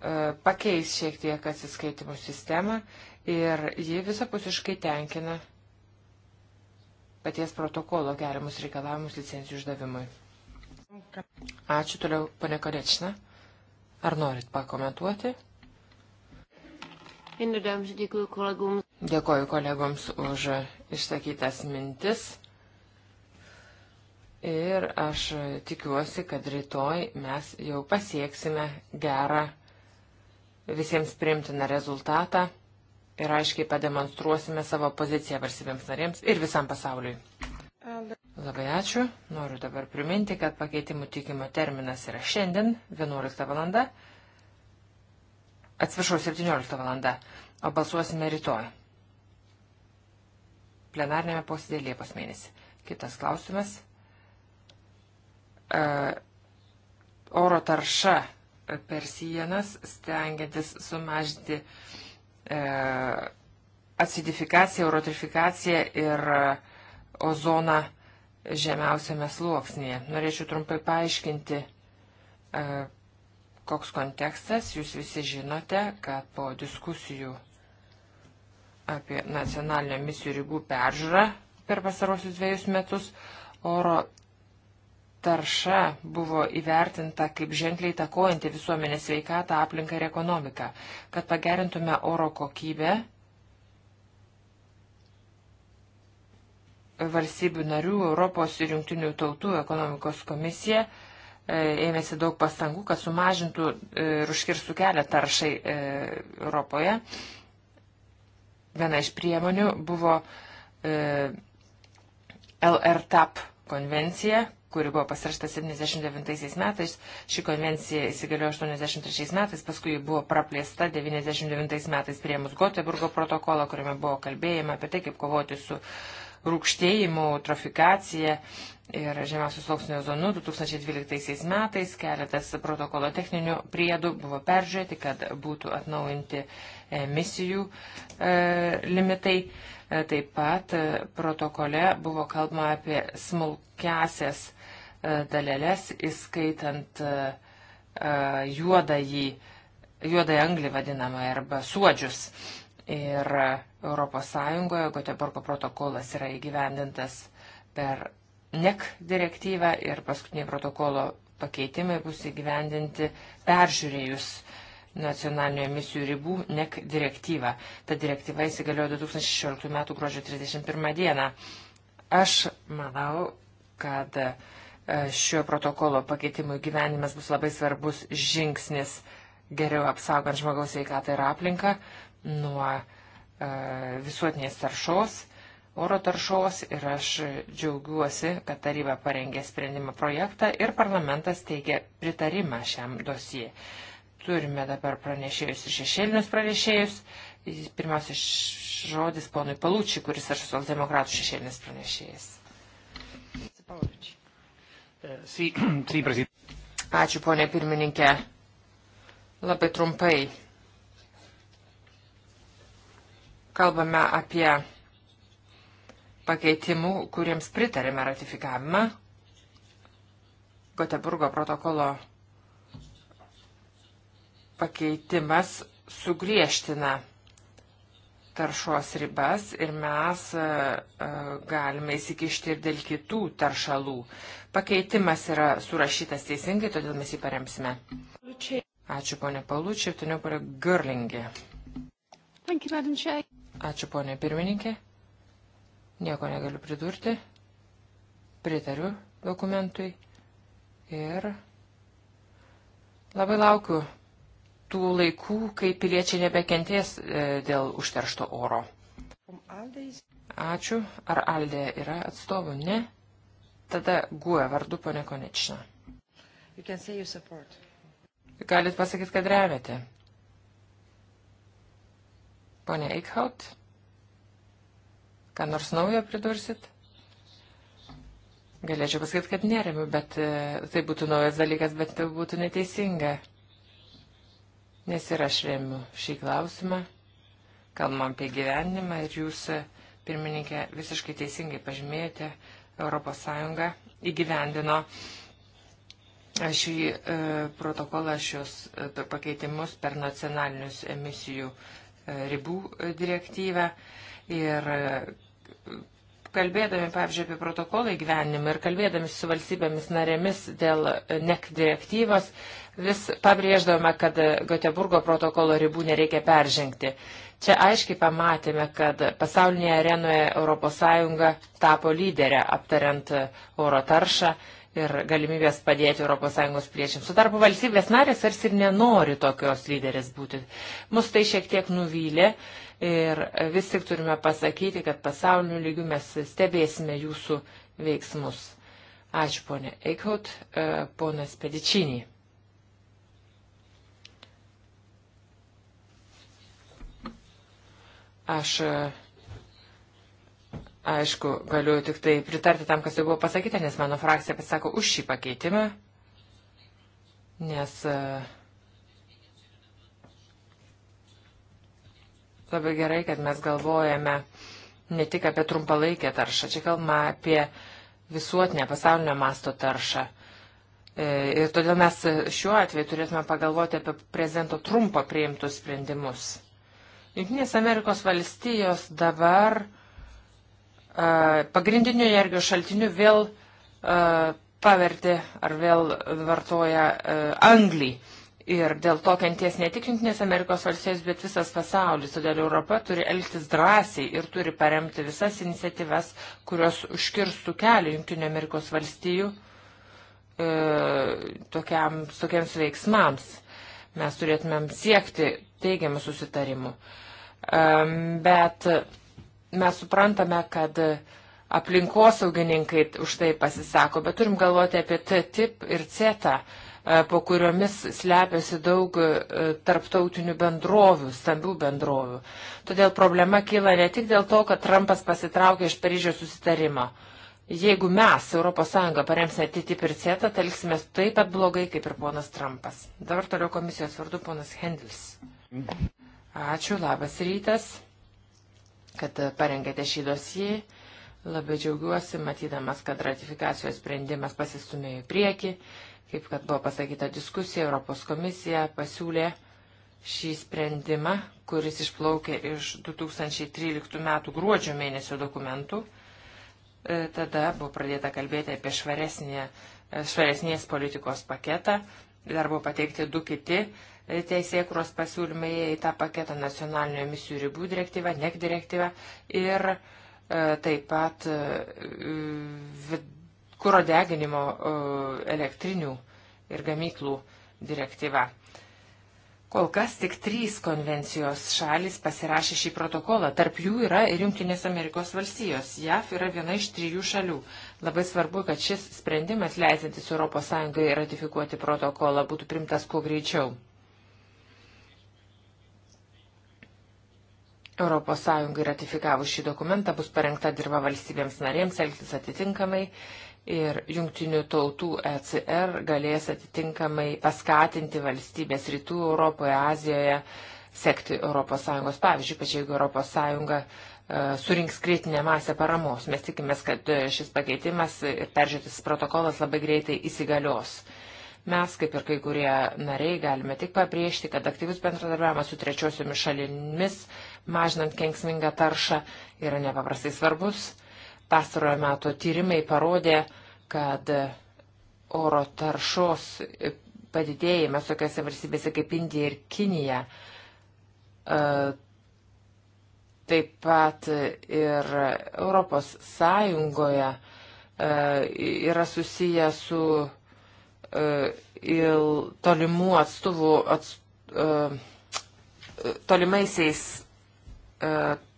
e, pakeis šiek tiek atsiskaitimų sistemą ir ji visapusiškai tenkina paties protokolo geriamus reikalavimus licencijų išdavimui. Ačiū toliau, pane Korečna. Ar norit pakomentuoti? Dėkoju kolegoms už išsakytas mintis. Ir aš tikiuosi, kad rytoj mes jau pasieksime gerą visiems primtiną rezultatą ir aiškiai pademonstruosime savo poziciją varsybėms narėms ir visam pasauliui. Labai ačiū. Noriu dabar priminti, kad pakeitimų tikimo terminas yra šiandien 11 valanda. Atsiprašau, 17 valanda, o balsuosime rytoj. Plenarnėme posėdėje Liepos mėnesį. Kitas klausimas. E, oro tarša per sienas, stengiantis sumažinti e, acidifikaciją, eurotrifikaciją ir ozoną žemiausiame sluoksnėje. Norėčiau trumpai paaiškinti, e, koks kontekstas. Jūs visi žinote, kad po diskusijų apie nacionalinio misijų ribų peržiūrą per pasarosius dviejus metus oro tarša buvo įvertinta kaip ženkliai takojanti visuomenės sveikatą, aplinką ir ekonomiką. Kad pagerintume oro kokybę, valstybių narių, Europos ir jungtinių tautų ekonomikos komisija e, ėmėsi daug pastangų, kad sumažintų e, ir užkirstų kelią taršai e, Europoje. Viena iš priemonių buvo LRTAP konvencija, kuri buvo pasirašta 79 metais, ši konvencija įsigaliojo 83 metais, paskui buvo praplėsta 99 metais prieimus Goteburgo protokolą, kuriame buvo kalbėjama apie tai, kaip kovoti su rūkštėjimu, trofikacija ir žemiausių sluoksnio zonų 2012 metais keletas protokolo techninių priedų buvo peržiūrėti, kad būtų atnaujinti emisijų e, limitai. E, taip pat e, protokole buvo kalbama apie smulkesias dalelės, įskaitant e, e, juodąjį, juodąją anglį vadinamą arba suodžius. Ir ES Goteborgo protokolas yra įgyvendintas per NEC direktyvą ir paskutiniai protokolo pakeitimai bus įgyvendinti peržiūrėjus nacionalinių emisijų ribų NEC direktyvą. Ta direktyva įsigaliojo 2016 m. gruodžio 31 d. Aš manau, kad uh, E, šio protokolo pakeitimų gyvenimas bus labai svarbus žingsnis geriau apsaugant žmogaus veikatą ir aplinką nuo e, visuotinės taršos, oro taršos ir aš džiaugiuosi, kad taryba parengė sprendimą projektą ir parlamentas teigia pritarimą šiam dosijai. Turime dabar pranešėjus ir šešėlinius pranešėjus. Pirmiausia žodis ponui Palūčiui, kuris aš socialdemokratų šešėlinis pranešėjas. Palūčiui. Ačiū, ponė pirmininkė. Labai trumpai. Kalbame apie pakeitimų, kuriems pritarėme ratifikavimą. Goteburgo protokolo pakeitimas sugriežtina taršos ribas ir mes e, e, galime įsikišti ir dėl kitų taršalų. Pakeitimas yra surašytas teisingai, todėl mes jį paremsime. Ačiū ponė Palučiai, tu neparė Girlingė. Ačiū ponė pirmininkė. Nieko negaliu pridurti. Pritariu dokumentui. Ir labai laukiu tų laikų, kai piliečiai nebekentės e, dėl užteršto oro. Ačiū. Ar Aldė yra atstovų? Ne. Tada guoja vardu ponė Konečina. Galit pasakyti, kad remiate. Pone Eichhaut, ką nors naujo pridursit? Galėčiau pasakyti, kad neremiu, bet e, tai būtų naujas dalykas, bet tai būtų neteisinga nes ir aš remiu šį klausimą. Kalbam apie gyvenimą ir jūs, pirmininkė, visiškai teisingai pažymėjote, ES įgyvendino šį e, protokolą, šios e, pakeitimus per nacionalinius emisijų e, ribų e, direktyvą ir e, kalbėdami, pavyzdžiui, apie protokolą įgyvenimą ir kalbėdami su valstybėmis narėmis dėl NEC direktyvos, vis pabrėždavome, kad Goteburgo protokolo ribų nereikia peržengti. Čia aiškiai pamatėme, kad pasaulinėje arenoje ES tapo lyderę aptariant oro taršą ir galimybės padėti ES priešėms. Su tarpu valstybės narės tarsi ir nenori tokios lyderės būti. Mus tai šiek tiek nuvylė Ir vis tik turime pasakyti, kad pasauliniu lygiu mes stebėsime jūsų veiksmus. Ačiū, ponė Eichhout, e, ponas Pedičinį. Aš, e, aišku, galiu tik tai pritarti tam, kas jau buvo pasakyta, nes mano frakcija pasako už šį pakeitimą, nes uh, Labai gerai, kad mes galvojame ne tik apie trumpalaikę taršą, čia kalbama apie visuotinę pasaulinio masto taršą. E, ir todėl mes šiuo atveju turėtume pagalvoti apie prezidento Trumpo priimtus sprendimus. Junktinės Amerikos valstijos dabar e, pagrindiniu energijos šaltiniu vėl e, pavertė ar vėl vartoja anglį. Ir dėl to kenties ne tik Junktinės Amerikos valstijos, bet visas pasaulis. Todėl Europa turi elgtis drąsiai ir turi paremti visas iniciatyvas, kurios užkirstų kelią Junktinio Amerikos valstijų e, tokiams, tokiems veiksmams. Mes turėtumėm siekti teigiamų susitarimų. E, bet mes suprantame, kad aplinkosaugininkai už tai pasisako, bet turim galvoti apie T-tip ir C-tą. -tip E, po kuriomis slepiasi daug e, tarptautinių bendrovių, stambių bendrovių. Todėl problema kyla ne tik dėl to, kad Trumpas pasitraukė iš Paryžiaus susitarimo. Jeigu mes, ES, paremsime TTIP ir CETA, telksime tai taip pat blogai, kaip ir ponas Trumpas. Dabar toliau komisijos vardu ponas Hendlis. Ačiū, labas rytas, kad parengėte šį dosiją. Labai džiaugiuosi, matydamas, kad ratifikacijos sprendimas pasistumėjo į priekį. Kaip kad buvo pasakyta diskusija, Europos komisija pasiūlė šį sprendimą, kuris išplaukė iš 2013 m. gruodžio mėnesio dokumentų. E, tada buvo pradėta kalbėti apie švaresnė, e, švaresnės politikos paketą. Dar buvo pateikti du kiti e, teisėkuros pasiūlymai į tą paketą nacionalinio emisijų ribų direktyvą, NEC direktyvą ir taip pat kūro deginimo e, elektrinių ir gamyklų direktyva. Kol kas tik trys konvencijos šalis pasirašė šį protokolą. Tarp jų yra ir Junktinės Amerikos valstijos. JAF yra viena iš trijų šalių. Labai svarbu, kad šis sprendimas leisantis ES ratifikuoti protokolą būtų primtas kuo greičiau. ES ratifikavus šį dokumentą bus parengta dirba valstybėms narėms elgtis atitinkamai ir jungtinių tautų ECR galės atitinkamai paskatinti valstybės rytų Europoje, Azijoje sekti ES pavyzdžių, pačiai jeigu ES e, surinks kritinę masę paramos. Mes tikimės, kad e, šis pakeitimas ir peržiūrėtis protokolas labai greitai įsigalios. Mes, kaip ir kai kurie nariai, galime tik pabrėžti, kad aktyvus bendradarbiavimas su trečiosiomis šalimis, mažinant kenksmingą taršą, yra nepaprastai svarbus Pastarojo meto tyrimai parodė, kad oro taršos padidėjimas tokiuose valstybėse kaip Indija ir Kinija, e, taip pat ir Europos Sąjungoje e, yra susiję su e, tolimų atstovų atst, tolimaisiais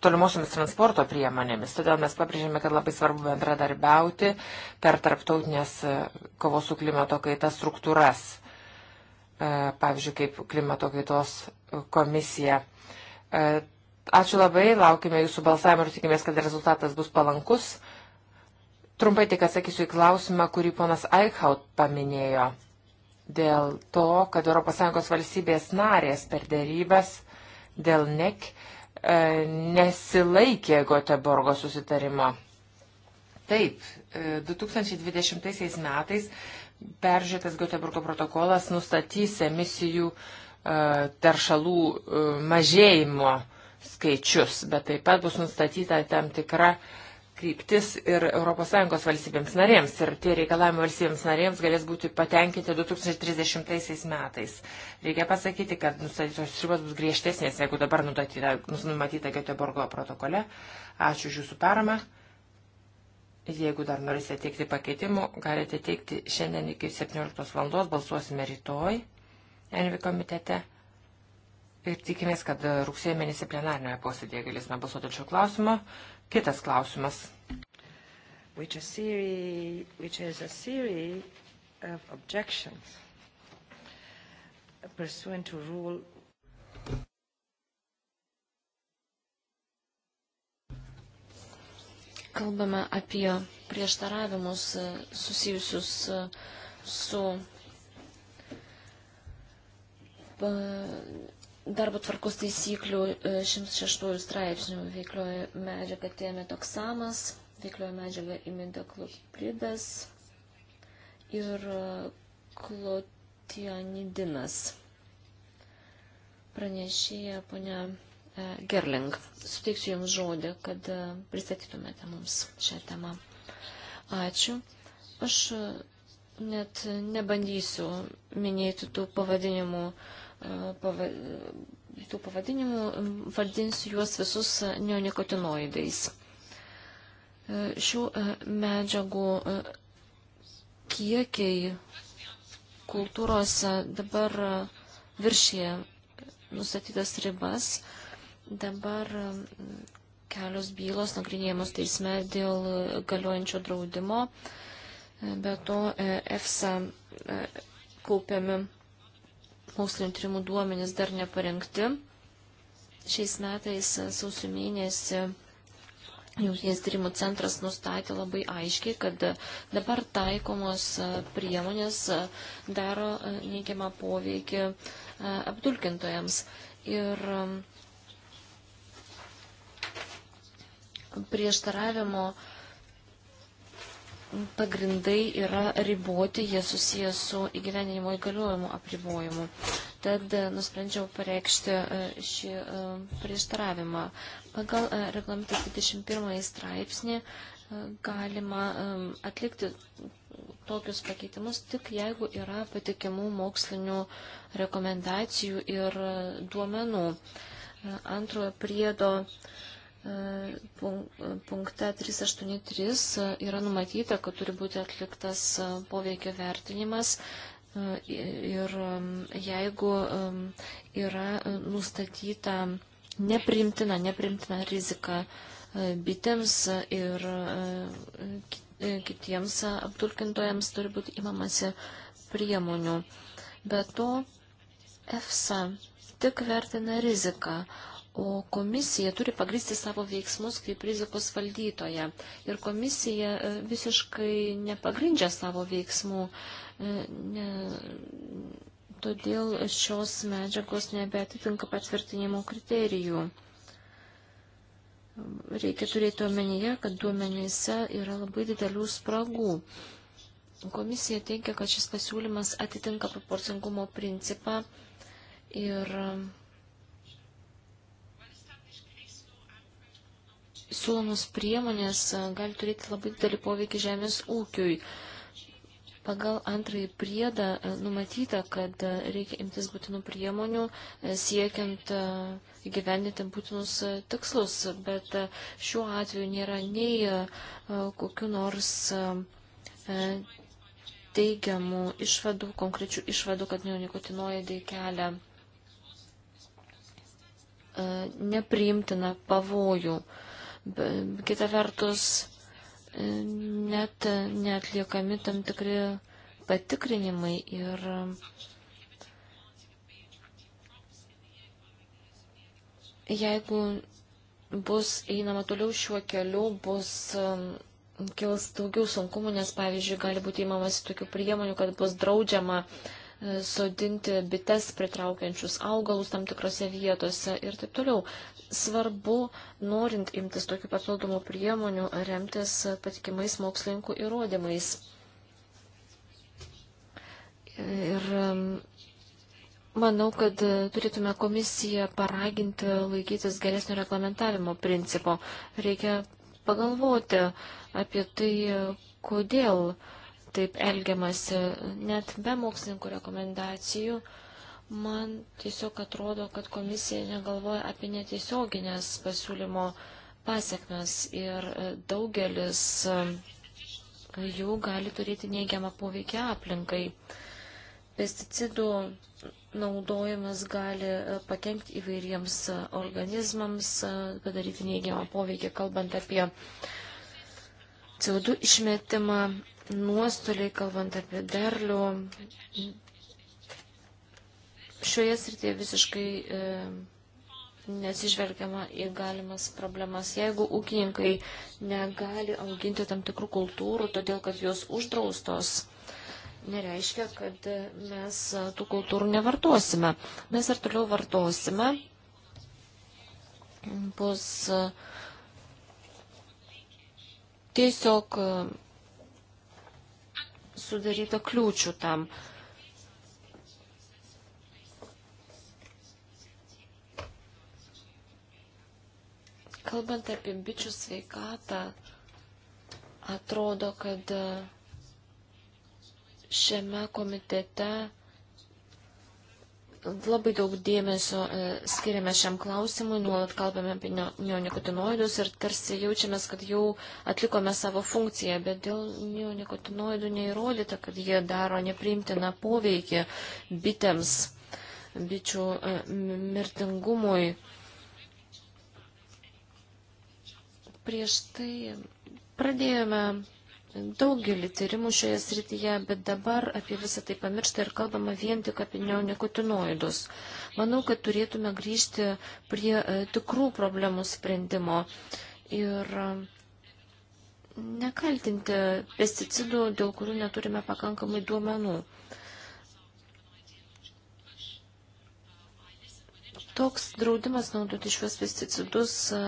tolimuosiamis transporto priemonėmis. Todėl mes pabrėžėme, kad labai svarbu bendradarbiauti per tarptautinės e, kovos su klimato kaita struktūras, e, pavyzdžiui, kaip klimato kaitos komisija. E, ačiū labai, laukime jūsų balsavimo ir tikimės, kad rezultatas bus palankus. Trumpai tik atsakysiu į klausimą, kurį ponas Eichhaut paminėjo dėl to, kad ES valstybės narės per dėrybas dėl NEC E, nesilaikė Goteborgo susitarimo. Taip, 2020 e, metais peržiūrėtas Goteborgo protokolas nustatys emisijų e, teršalų mažėjimo skaičius, bet taip pat bus nustatyta tam tikra uh, kryptis ir ES valstybėms narėms. Ir tie reikalavimai valstybėms narėms galės būti patenkinti 2030 metais. Reikia pasakyti, kad nustatytos ribos bus griežtesnės, jeigu dabar numatyta, numatyta Göteborgo protokole. Ačiū už Jūsų paramą. Jeigu dar norite teikti pakeitimų, galite teikti šiandien iki 17 valandos, balsuosime rytoj Envi komitete. Ir tikimės, kad rugsėjo mėnesį plenarinėje posėdėje galėsime balsuoti dėl šio klausimo. Kitas klausimas. Which a series, which is a series of objections pursuant to rule kalbame apie prieštaravimus e, susijusius e, su e, darbo tvarkos taisyklių 106 e, straipsnių veiklioja medžiaga tėmetoksamas, veiklioja medžiaga imidaklopridas ir e, klotionidinas. Pranešėja ponia e, Gerling. Suteiksiu Jums žodį, kad pristatytumėte mums šią temą. Ačiū. Aš net nebandysiu minėti tų pavadinimų, uh, E, pava, tų pavadinimų vadinsiu juos visus neonikotinoidais. E, šių e, medžiagų kiekiai kultūrose dabar viršė nustatytas ribas. Dabar kelios bylos nagrinėjamos teisme dėl galiojančio draudimo. Be to, EFSA kaupiami Mokslinio tyrimų duomenys dar neparengti. Šiais metais e, sausio mėnesį Jungtinis tyrimų centras nustatė labai aiškiai, kad dabar taikomos e, priemonės e, daro neigiamą poveikį apdulkintojams. Ir prieštaravimo uh, pagrindai yra riboti, jie susijęs su įgyveninimo įgaliojimu apribojimu. Tad e, nusprendžiau pareikšti e, šį e, prieštaravimą. Pagal reglamentą 21 straipsnį galima atlikti tokius pakeitimus tik jeigu yra patikimų mokslinių rekomendacijų ir duomenų. Antrojo priedo E, e, punkte 383 e, yra numatyta, kad turi būti atliktas poveikio vertinimas ir jeigu yra nustatyta neprimtina, neprimtina rizika bitėms ir kitiems apdulkintojams turi būti imamasi priemonių. Be to, EFSA tik vertina riziką, O komisija turi pagristi savo veiksmus kaip rizikos valdytoja. Ir komisija e, visiškai nepagrindžia savo veiksmų. E, ne, todėl šios medžiagos nebeatitinka patvirtinimo kriterijų. Reikia turėti omenyje, kad duomenyse yra labai didelių spragų. Komisija teigia, kad šis pasiūlymas atitinka proporcingumo principą ir siūlomos priemonės e, gali turėti labai didelį poveikį žemės ūkiui. Pagal antrąjį priedą e, numatyta, kad e, reikia imtis būtinų priemonių siekiant įgyvendinti būtinus tikslus, bet šiuo atveju nėra nei kokiu nors teigiamų išvadų, konkrečių išvadų, kad neonikotinoidai kelia nepriimtina pavojų. Kita vertus, e, net netliekami tam tikri patikrinimai ir jeigu bus einama toliau šiuo keliu, bus e, kils daugiau sunkumų, nes, pavyzdžiui, gali būti įmamas tokių priemonių, kad bus draudžiama uh, sodinti bites pritraukiančius augalus tam tikrose vietose ir taip toliau. Svarbu, norint imtis tokių papildomų priemonių, remtis patikimais mokslininkų įrodymais. Ir manau, kad turėtume komisiją paraginti laikytis geresnio reglamentavimo principo. Reikia pagalvoti apie tai, kodėl uh, taip elgiamasi, net be mokslininkų rekomendacijų. Man tiesiog atrodo, kad komisija negalvoja apie netiesioginės pasiūlymo pasiekmes ir daugelis e, jų gali turėti neigiamą poveikį aplinkai. Pesticidų naudojimas gali e, pakengti įvairiems e, organizmams, padaryti neigiamą poveikį, kalbant apie CO2 išmetimą nuostoliai, kalbant apie derlių, šioje srityje visiškai e, nesižvelgiama į galimas problemas. Jeigu ūkininkai negali auginti tam tikrų kultūrų, todėl kad jos uždraustos, nereiškia, kad mes tų kultūrų nevartosime. Mes ir toliau vartosime. Bus e, tiesiog sudaryta kliūčių tam. Kalbant apie bičių sveikatą, atrodo, kad e, šiame komitete Labai daug dėmesio e, skiriame šiam klausimui, nuolat kalbame apie neonikotinoidus ir tarsi jaučiamės, kad jau atlikome savo funkciją, bet dėl neonikotinoidų neįrodyta, kad jie daro nepriimtiną poveikį bitėms, bičių e, mirtingumui. Prieš tai pradėjome daugelį tyrimų šioje srityje, bet dabar apie visą tai pamiršta ir kalbama vien tik apie neonikotinoidus. Manau, kad turėtume grįžti prie e, tikrų problemų sprendimo ir e, nekaltinti pesticidų, dėl kurių neturime pakankamai duomenų. Toks draudimas naudoti šiuos pesticidus e,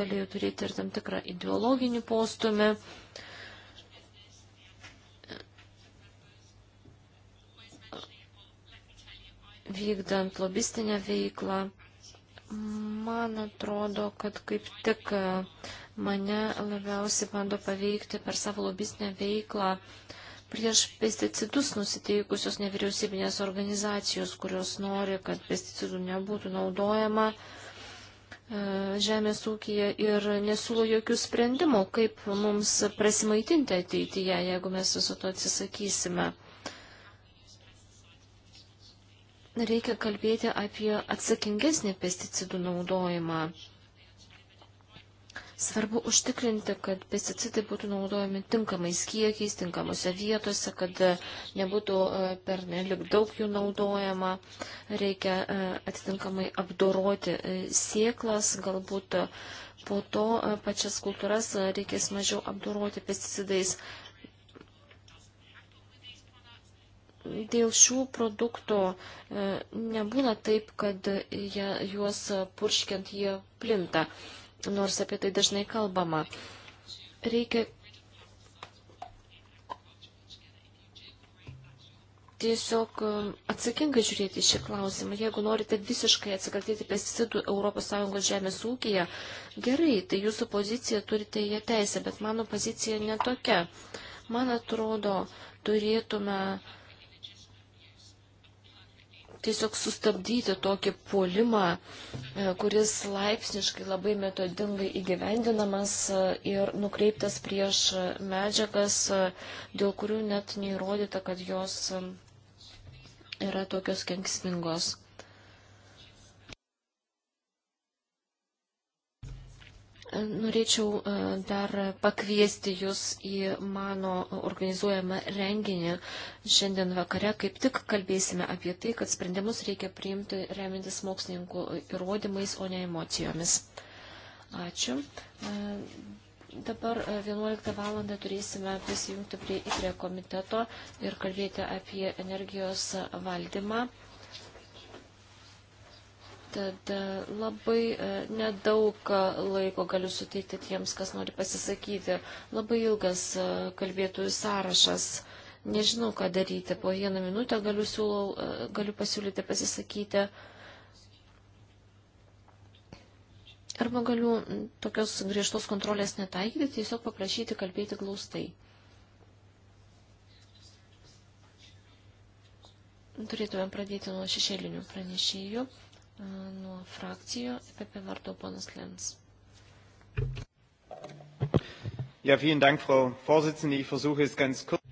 galėjo turėti ir tam tikrą ideologinį postumį. vykdant lobistinę veiklą. Man atrodo, kad kaip tik mane labiausiai bando paveikti per savo lobistinę veiklą prieš pesticidus nusiteikusios nevyriausybinės organizacijos, kurios nori, kad pesticidų nebūtų naudojama e, žemės ūkija ir nesiūlo jokių sprendimų, kaip mums prasimaitinti ateityje, jeigu mes viso to atsisakysime reikia kalbėti apie atsakingesnį pesticidų naudojimą. Svarbu užtikrinti, kad pesticidai būtų naudojami tinkamais kiekiais, tinkamose vietose, kad nebūtų e, per nelik daug jų naudojama. Reikia e, atitinkamai apdoroti e, sieklas, galbūt po to pačias kultūras reikės mažiau apdoroti pesticidais. Dėl šių produktų e, nebūna taip, kad jie, juos purškiant jie plinta, nors apie tai dažnai kalbama. Reikia tiesiog e, atsakingai žiūrėti šį klausimą. Jeigu norite visiškai atsikratyti pesticidų ES žemės ūkija, gerai, tai jūsų pozicija turite ją teisę, bet mano pozicija netokia. Man atrodo, turėtume tiesiog sustabdyti tokį puolimą, e, kuris laipsniškai labai metodingai įgyvendinamas e, ir nukreiptas prieš medžiagas, e, dėl kurių net neįrodyta, kad jos yra tokios kenksmingos. Norėčiau e, dar pakviesti Jūs į mano organizuojamą renginį. Šiandien vakare kaip tik kalbėsime apie tai, kad sprendimus reikia priimti remintis mokslininkų įrodymais, o ne emocijomis. Ačiū. E, dabar 11 e, val. turėsime prisijungti prie ITRE komiteto ir kalbėti apie energijos valdymą. Tad e, labai e, nedaug e, laiko galiu suteikti tiems, kas nori pasisakyti. Labai ilgas kalbėtųjų sąrašas. Nežinau, ką daryti. Po vieną minutę galiu, siūlau, galiu pasiūlyti pasisakyti. Arba galiu tokios griežtos kontrolės netaikyti, tiesiog paprašyti kalbėti glaustai. Turėtume pradėti nuo šešėlinių pranešėjų nuo frakcijų apie vardu ponas Lins. Ja, vielen Dank, Frau Vorsitzende. Ich versuche es ganz kurz.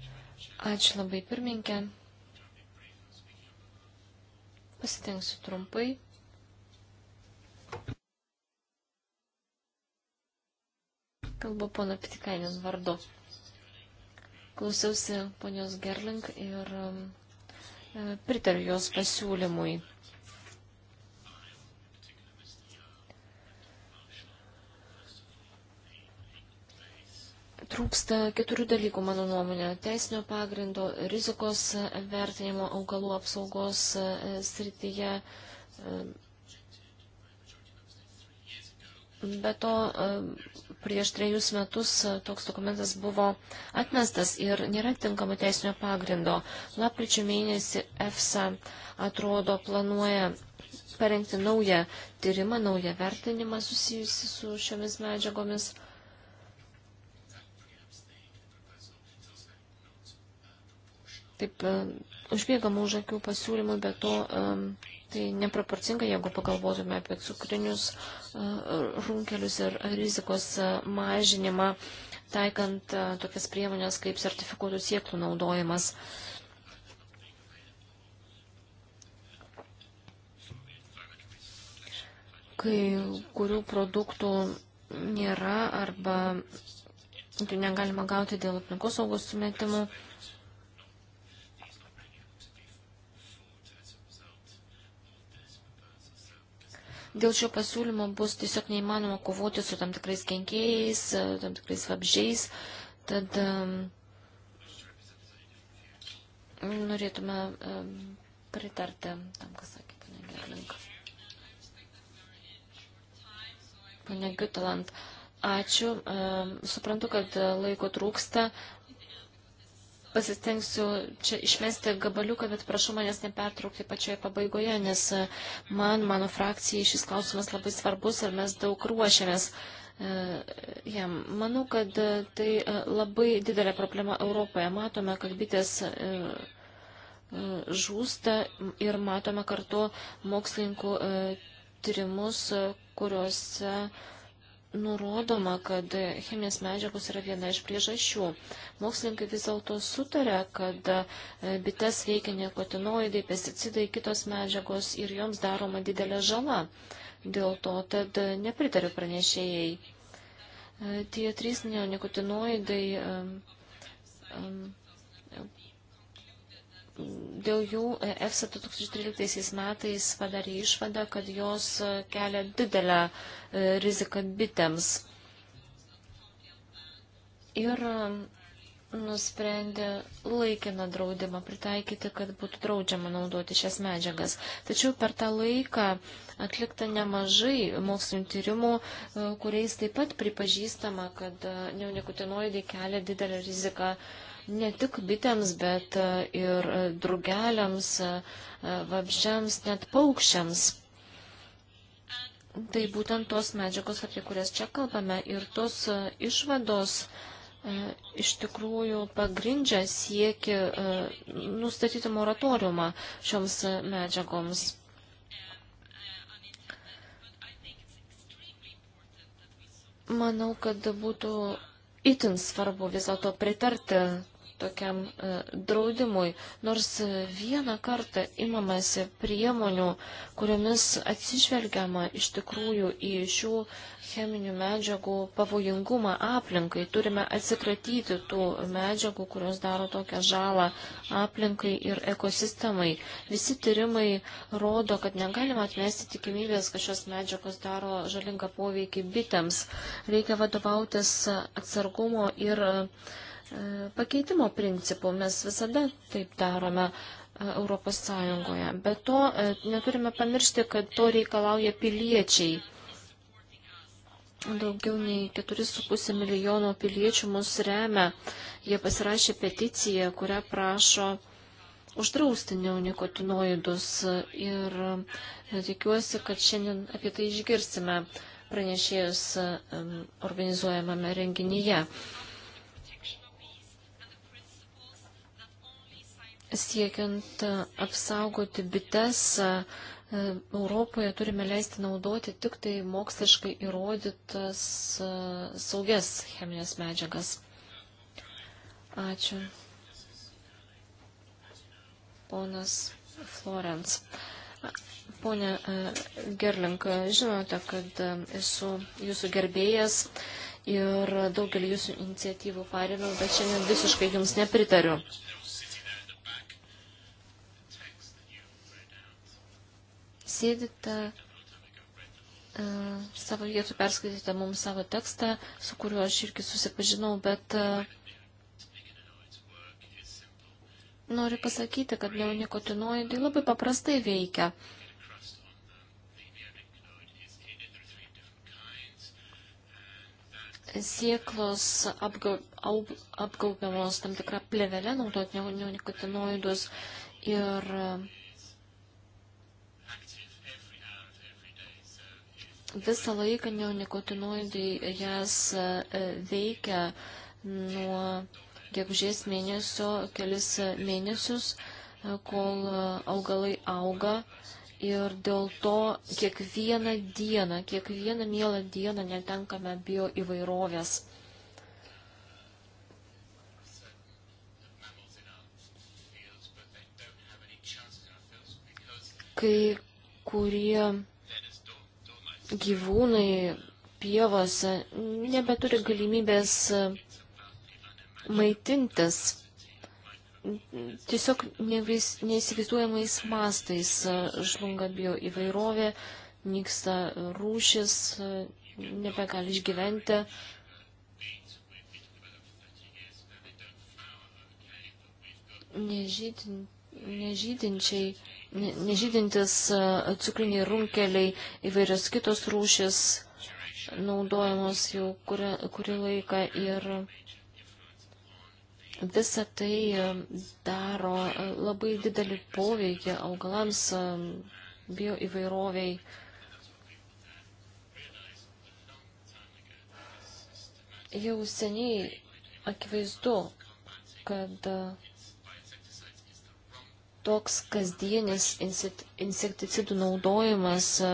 Ačiū labai pirmininkė. Pasitengsiu trumpai. Kalbu pono Pitikainės vardu. Klausiausi ponios Gerling ir um, e, pritariu jos pasiūlymui. Trūksta keturių dalykų, mano nuomonė - teisinio pagrindo, rizikos vertinimo augalų apsaugos e, srityje. E, be to, e, prieš trejus metus toks dokumentas buvo atmestas ir nėra tinkamo teisinio pagrindo. Lapkričio mėnesį EFSA atrodo planuoja parengti naują tyrimą, naują vertinimą susijusi su šiomis medžiagomis. taip e, užbėgama už akių pasiūlymų, bet to e, tai neproporcinga, jeigu pagalvotume apie cukrinius e, runkelius ir rizikos mažinimą, taikant tokias priemonės kaip sertifikuotų sieklų naudojimas. kai kurių produktų nėra arba jų negalima gauti dėl aplinkosaugos sumetimų. Dėl šio pasiūlymo bus tiesiog neįmanoma kovoti su tam tikrais kenkėjais, e, tam tikrais vabžiais. Tad norėtume pritarti tam, kas sakė, pane Gerlink. Pane Gutalant, ačiū. Suprantu, kad laiko trūksta pasistengsiu čia išmesti gabaliuką, bet prašau manęs nepertraukti pačioje pabaigoje, nes man, mano frakcijai šis klausimas labai svarbus ir mes daug ruošiamės. E, jam. Manau, kad tai labai didelė problema Europoje. Matome, kad bitės e, e, žūsta ir matome kartu mokslininkų tyrimus, kuriuose nurodoma, kad cheminės medžiagos yra viena iš priežasčių. Mokslininkai vis dėlto sutarė, kad e, bites veikia nikotinoidai, pesticidai, kitos medžiagos ir joms daroma didelė žala. Dėl to tad e, nepritariu pranešėjai. E, tie trys neonikotinoidai dėl jų EFSA 2013 metais padarė išvadą, kad jos e, kelia didelę e, riziką bitėms. Ir e, nusprendė laikiną draudimą pritaikyti, kad būtų draudžiama naudoti šias medžiagas. Tačiau per tą laiką atlikta nemažai mokslinių tyrimų, kuriais taip pat pripažįstama, kad neonikotinoidai kelia didelę riziką uh, ne tik bitėms, bet e, ir e, drugeliams, e, vabžiams, net paukščiams. Tai būtent tos medžiagos, apie kurias čia kalbame, ir tos išvados iš tikrųjų pagrindžia sieki nustatyti moratoriumą šioms medžiagoms. Manau, kad būtų itin svarbu vis dėlto pritarti tokiam e, draudimui. Nors e, vieną kartą imamasi priemonių, kuriomis atsižvelgiama iš tikrųjų į šių cheminių medžiagų pavojingumą aplinkai. Turime atsikratyti tų medžiagų, kurios daro tokią žalą aplinkai ir ekosistemai. Visi tyrimai rodo, kad negalima atmesti tikimybės, kad šios medžiagos daro žalingą poveikį bitėms. Reikia vadovautis atsargumo ir uh, E, pakeitimo principų. Mes visada taip darome e, Europos Sąjungoje. Be to e, neturime pamiršti, kad to reikalauja piliečiai. Daugiau nei 4,5 milijono piliečių mus remia. Jie pasirašė peticiją, kurią prašo uždrausti neonikotinoidus ir tikiuosi, kad šiandien apie tai išgirsime pranešėjus organizuojamame renginyje. Siekiant e, apsaugoti bites, e, e, Europoje turime leisti naudoti tik tai moksliškai įrodytas saugias cheminės medžiagas. Ačiū. Ponas Florence. Pone Gerlink, žinote, kad esu jūsų gerbėjas ir daugelį jūsų iniciatyvų parėmiau, bet šiandien visiškai jums nepritariu. sėdite e, savo vietų perskaitėte mums savo tekstą, su kuriuo aš irgi susipažinau, bet e, noriu pasakyti, kad neonikotinoidai labai paprastai veikia. Sieklos apgaubiamos tam tikrą plevelę naudoti neonikotinoidus ir uh, visą laiką neonikotinoidai jas e, veikia nuo gegužės mėnesio kelis mėnesius, e, kol augalai auga. Ir dėl to kiekvieną dieną, kiekvieną mielą dieną netenkame bio įvairovės. Kai kurie gyvūnai pievose nebeturi galimybės maitintis tiesiog nevis, neįsivaizduojamais mastais žlunga bio įvairovė, nyksta rūšis, nebegali išgyventi. Nežydin, nežydinčiai Nežydintis e, cukriniai runkeliai, įvairios kitos rūšis naudojamos jau kurį, kurį laiką ir visa tai e, daro e, labai didelį poveikį augalams, bio įvairoviai. Jau seniai akivaizdu, kad uh, toks kasdienis insekticidų naudojimas e,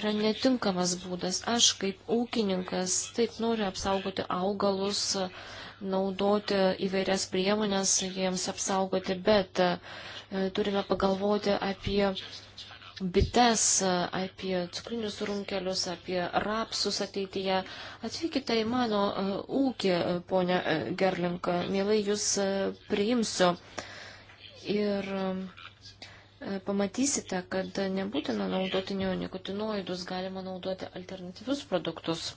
yra netinkamas būdas. Aš kaip ūkininkas taip noriu apsaugoti augalus, naudoti įvairias priemonės jiems apsaugoti, bet e, turime pagalvoti apie bites, apie cukrinius runkelius, apie rapsus ateityje. Atvykite į mano e, ūkį, ponia Gerlinka, mielai jūs priimsiu. Ir e, pamatysite, kad nebūtina naudoti neonikotinoidus, galima naudoti alternatyvius produktus.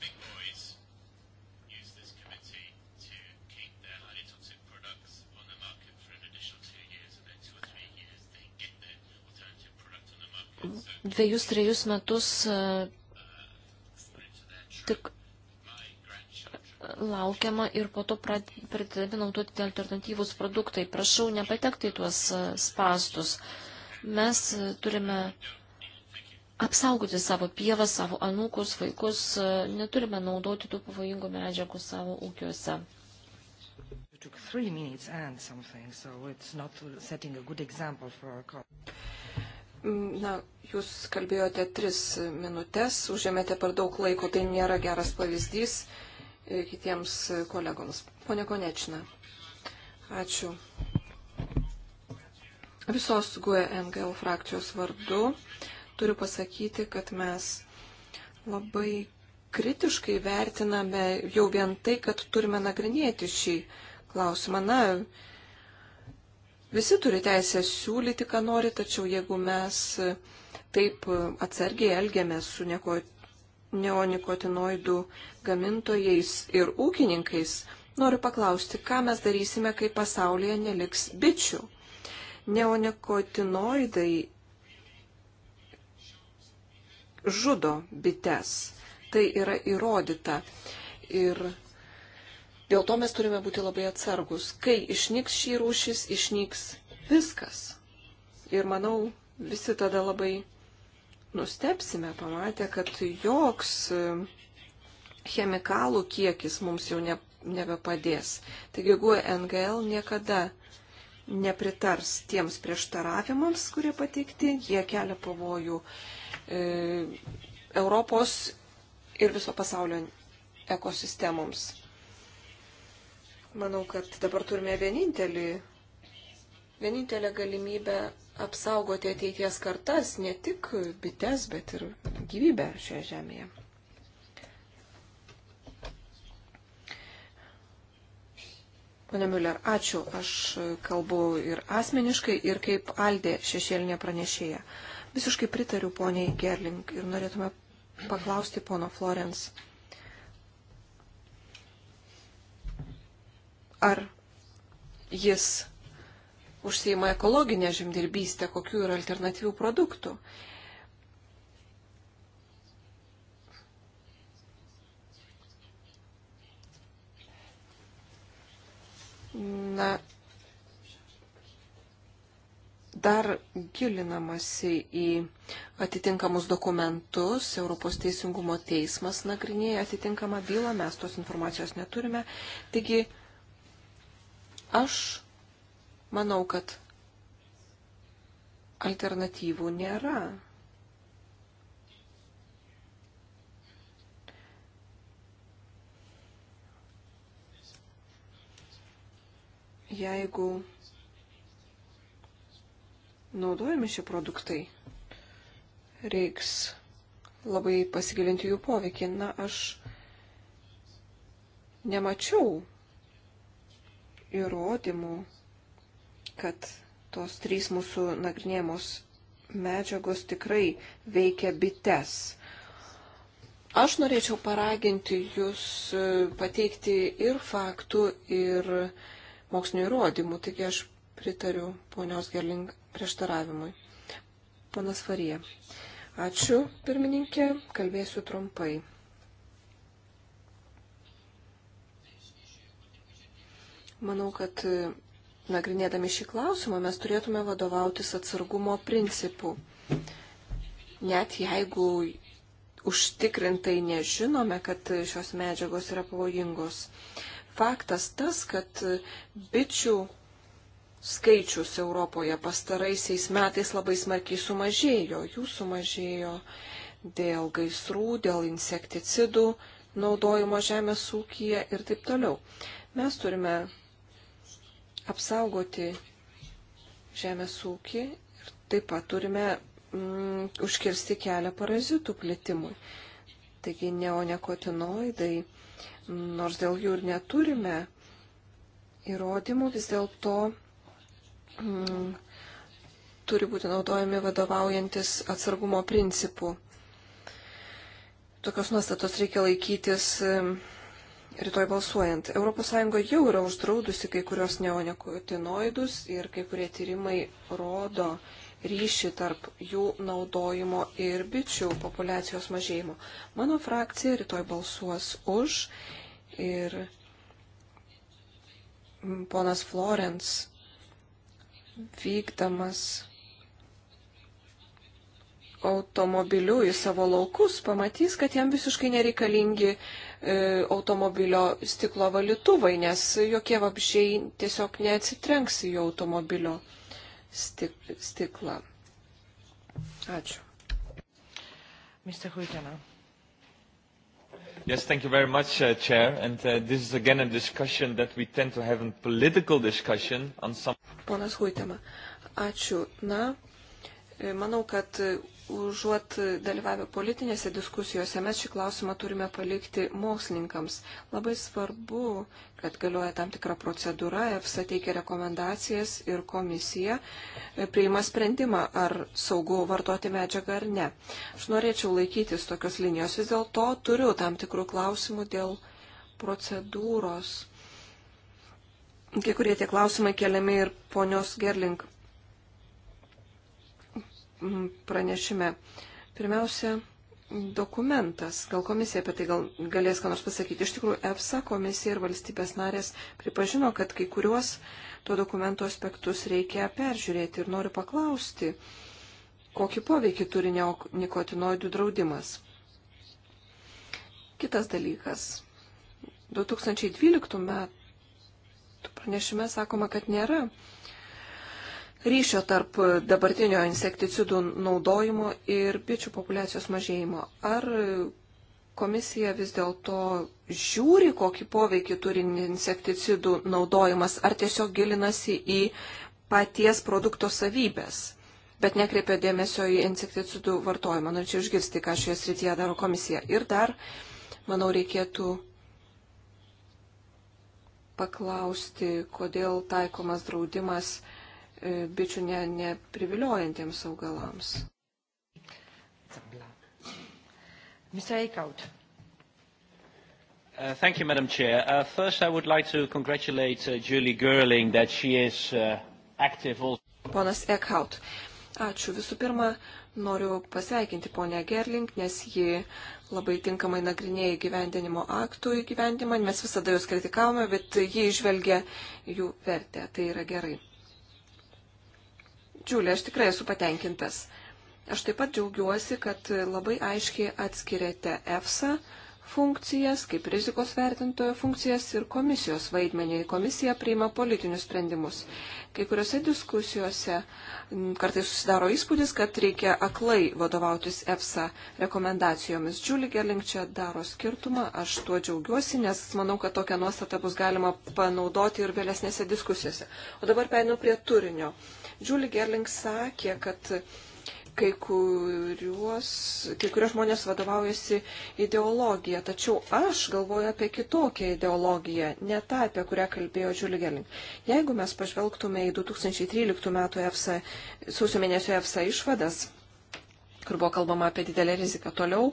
Dviejus, trejus metus e, tik laukiama ir po to pradedami naudoti alternatyvus produktai. Prašau, nepatekti į tuos e, spastus. Mes e, turime apsaugoti savo pievą, savo anūkus, vaikus. E, neturime naudoti tų pavojingų medžiagų savo ūkiuose. Mm, na, jūs kalbėjote tris minutės, užėmėte per daug laiko, tai nėra geras pavyzdys. Uh, E, kitiems kolegoms. Pone Konečina, ačiū. Visos GUE NGL frakcijos vardu turiu pasakyti, kad mes labai kritiškai vertiname jau vien tai, kad turime nagrinėti šį klausimą. Na, visi turi teisę siūlyti, ką nori, tačiau jeigu mes taip atsargiai elgiamės su nieko neonikotinoidų gamintojais ir ūkininkais, noriu paklausti, ką mes darysime, kai pasaulyje neliks bičių. Neonikotinoidai žudo bites. Tai yra įrodyta. Ir dėl to mes turime būti labai atsargus. Kai išnyks šį rūšis, išnyks viskas. Ir manau, visi tada labai nustepsime pamatę, kad joks e, chemikalų kiekis mums jau ne, nebepadės. Taigi GUE NGL niekada nepritars tiems prieštaravimams, kurie pateikti, jie kelia pavojų e, Europos ir viso pasaulio ekosistemoms. Manau, kad dabar turime vienintelį vienintelė galimybė apsaugoti ateities kartas, ne tik bites, bet ir gyvybę šioje žemėje. Pane Miller, ačiū. Aš kalbu ir asmeniškai, ir kaip Aldė šešėlinė pranešėja. Visiškai pritariu poniai Gerling ir norėtume paklausti pono Florence. Ar jis užsieima ekologinę žemdirbystę, kokių yra alternatyvių produktų. Na, dar gilinamasi į atitinkamus dokumentus, Europos Teisingumo teismas nagrinėja atitinkamą bylą, mes tos informacijos neturime. Taigi, aš Manau, kad alternatyvų nėra. Jeigu naudojami šie produktai, reiks labai pasigilinti jų poveikį. Na, aš nemačiau įrodymų kad tos trys mūsų nagrinėjamos medžiagos tikrai veikia bites. Aš norėčiau paraginti jūs e, pateikti ir faktų, ir mokslinio įrodymų, taigi aš pritariu ponios Gerling prieštaravimui. Ponas Farija. Ačiū, pirmininkė, kalbėsiu trumpai. Manau, kad nagrinėdami šį klausimą, mes turėtume vadovautis atsargumo principu. Net jeigu užtikrintai nežinome, kad šios medžiagos yra pavojingos. Faktas tas, kad bičių skaičius Europoje pastaraisiais metais labai smarkiai sumažėjo. Jų sumažėjo dėl gaisrų, dėl insekticidų naudojimo žemės ūkyje ir taip toliau. Mes turime apsaugoti žemės ūkį ir taip pat turime mm, užkirsti kelią parazitų plitimui. Taigi neonekotinoidai, nors dėl jų ir neturime įrodymų, vis dėlto mm, turi būti naudojami vadovaujantis atsargumo principu. Tokios nuostatos reikia laikytis. Mm, rytoj balsuojant. ES jau yra uždraudusi kai kurios neonekotinoidus ir kai kurie tyrimai rodo ryšį tarp jų naudojimo ir bičių populacijos mažėjimo. Mano frakcija rytoj balsuos už ir ponas Florence vykdamas automobiliu į savo laukus pamatys, kad jam visiškai nereikalingi uh, E, automobilio stiklo valytuvai, nes jokie vabžiai tiesiog neatsitrenks į jo automobilio stik, stiklą. Ačiū. Mr. Huitema. Yes, thank you very much, uh, Chair. And uh, this is again a discussion that we tend to have a political discussion on some. Ponas Huitema, ačiū. Na, e, manau, kad užuot dalyvavę politinėse diskusijose, mes šį klausimą turime palikti mokslininkams. Labai svarbu, kad galioja tam tikra procedūra, EFSA teikia rekomendacijas ir komisija e, priima sprendimą, ar saugu vartoti medžiagą ar ne. Aš norėčiau laikytis tokios linijos, vis dėlto turiu tam tikrų klausimų dėl procedūros. Kai kurie tie klausimai keliami ir ponios Gerling pranešime. Pirmiausia, dokumentas. Gal komisija apie tai gal, galės ką nors pasakyti. Iš tikrųjų, EFSA komisija ir valstybės narės pripažino, kad kai kuriuos to dokumento aspektus reikia peržiūrėti ir noriu paklausti, kokį poveikį turi neonikotinoidų draudimas. Kitas dalykas. 2012 metų pranešime sakoma, kad nėra ryšio tarp dabartinio insekticidų naudojimo ir bičių populacijos mažėjimo. Ar komisija vis dėlto žiūri, kokį poveikį turi insekticidų naudojimas, ar tiesiog gilinasi į paties produkto savybės, bet nekreipia dėmesio į insekticidų vartojimą. Norėčiau išgirsti, ką šioje srityje daro komisija. Ir dar, manau, reikėtų paklausti, kodėl taikomas draudimas E, bičių nepriviliojantiems ne augalams. Mr. Eichhout. Uh, thank you, Madam Chair. Uh, first, I would like to congratulate uh, Julie Gerling that she is uh, active also. Ponas Eichhout. Ačiū. Visų pirma, noriu pasveikinti ponę Gerling, nes ji labai tinkamai nagrinėja gyvendinimo aktų įgyvendimą. Mes visada jūs kritikavome, bet ji išvelgia jų vertę. Tai yra gerai. Džiulė, aš tikrai esu patenkintas. Aš taip pat džiaugiuosi, kad labai aiškiai atskiriate EFSA funkcijas, kaip rizikos vertintojo funkcijas ir komisijos vaidmenį. Komisija priima politinius sprendimus. Kai kuriuose diskusijose mm, kartais susidaro įspūdis, kad reikia aklai vadovautis EFSA rekomendacijomis. Džiulį Gerling čia daro skirtumą, aš tuo džiaugiuosi, nes manau, kad tokią nuostatą bus galima panaudoti ir vėlesnėse diskusijose. O dabar peinu prie turinio. Julie Gerling sakė, kad kai, kuriuos, kai kurie žmonės vadovaujasi ideologija, tačiau aš galvoju apie kitokią ideologiją, ne tą, apie kurią kalbėjo Julie Gerling. Jeigu mes pažvelgtume į 2013 metų EFSA, sausio mėnesio EFSA išvadas, kur buvo kalbama apie didelę riziką toliau,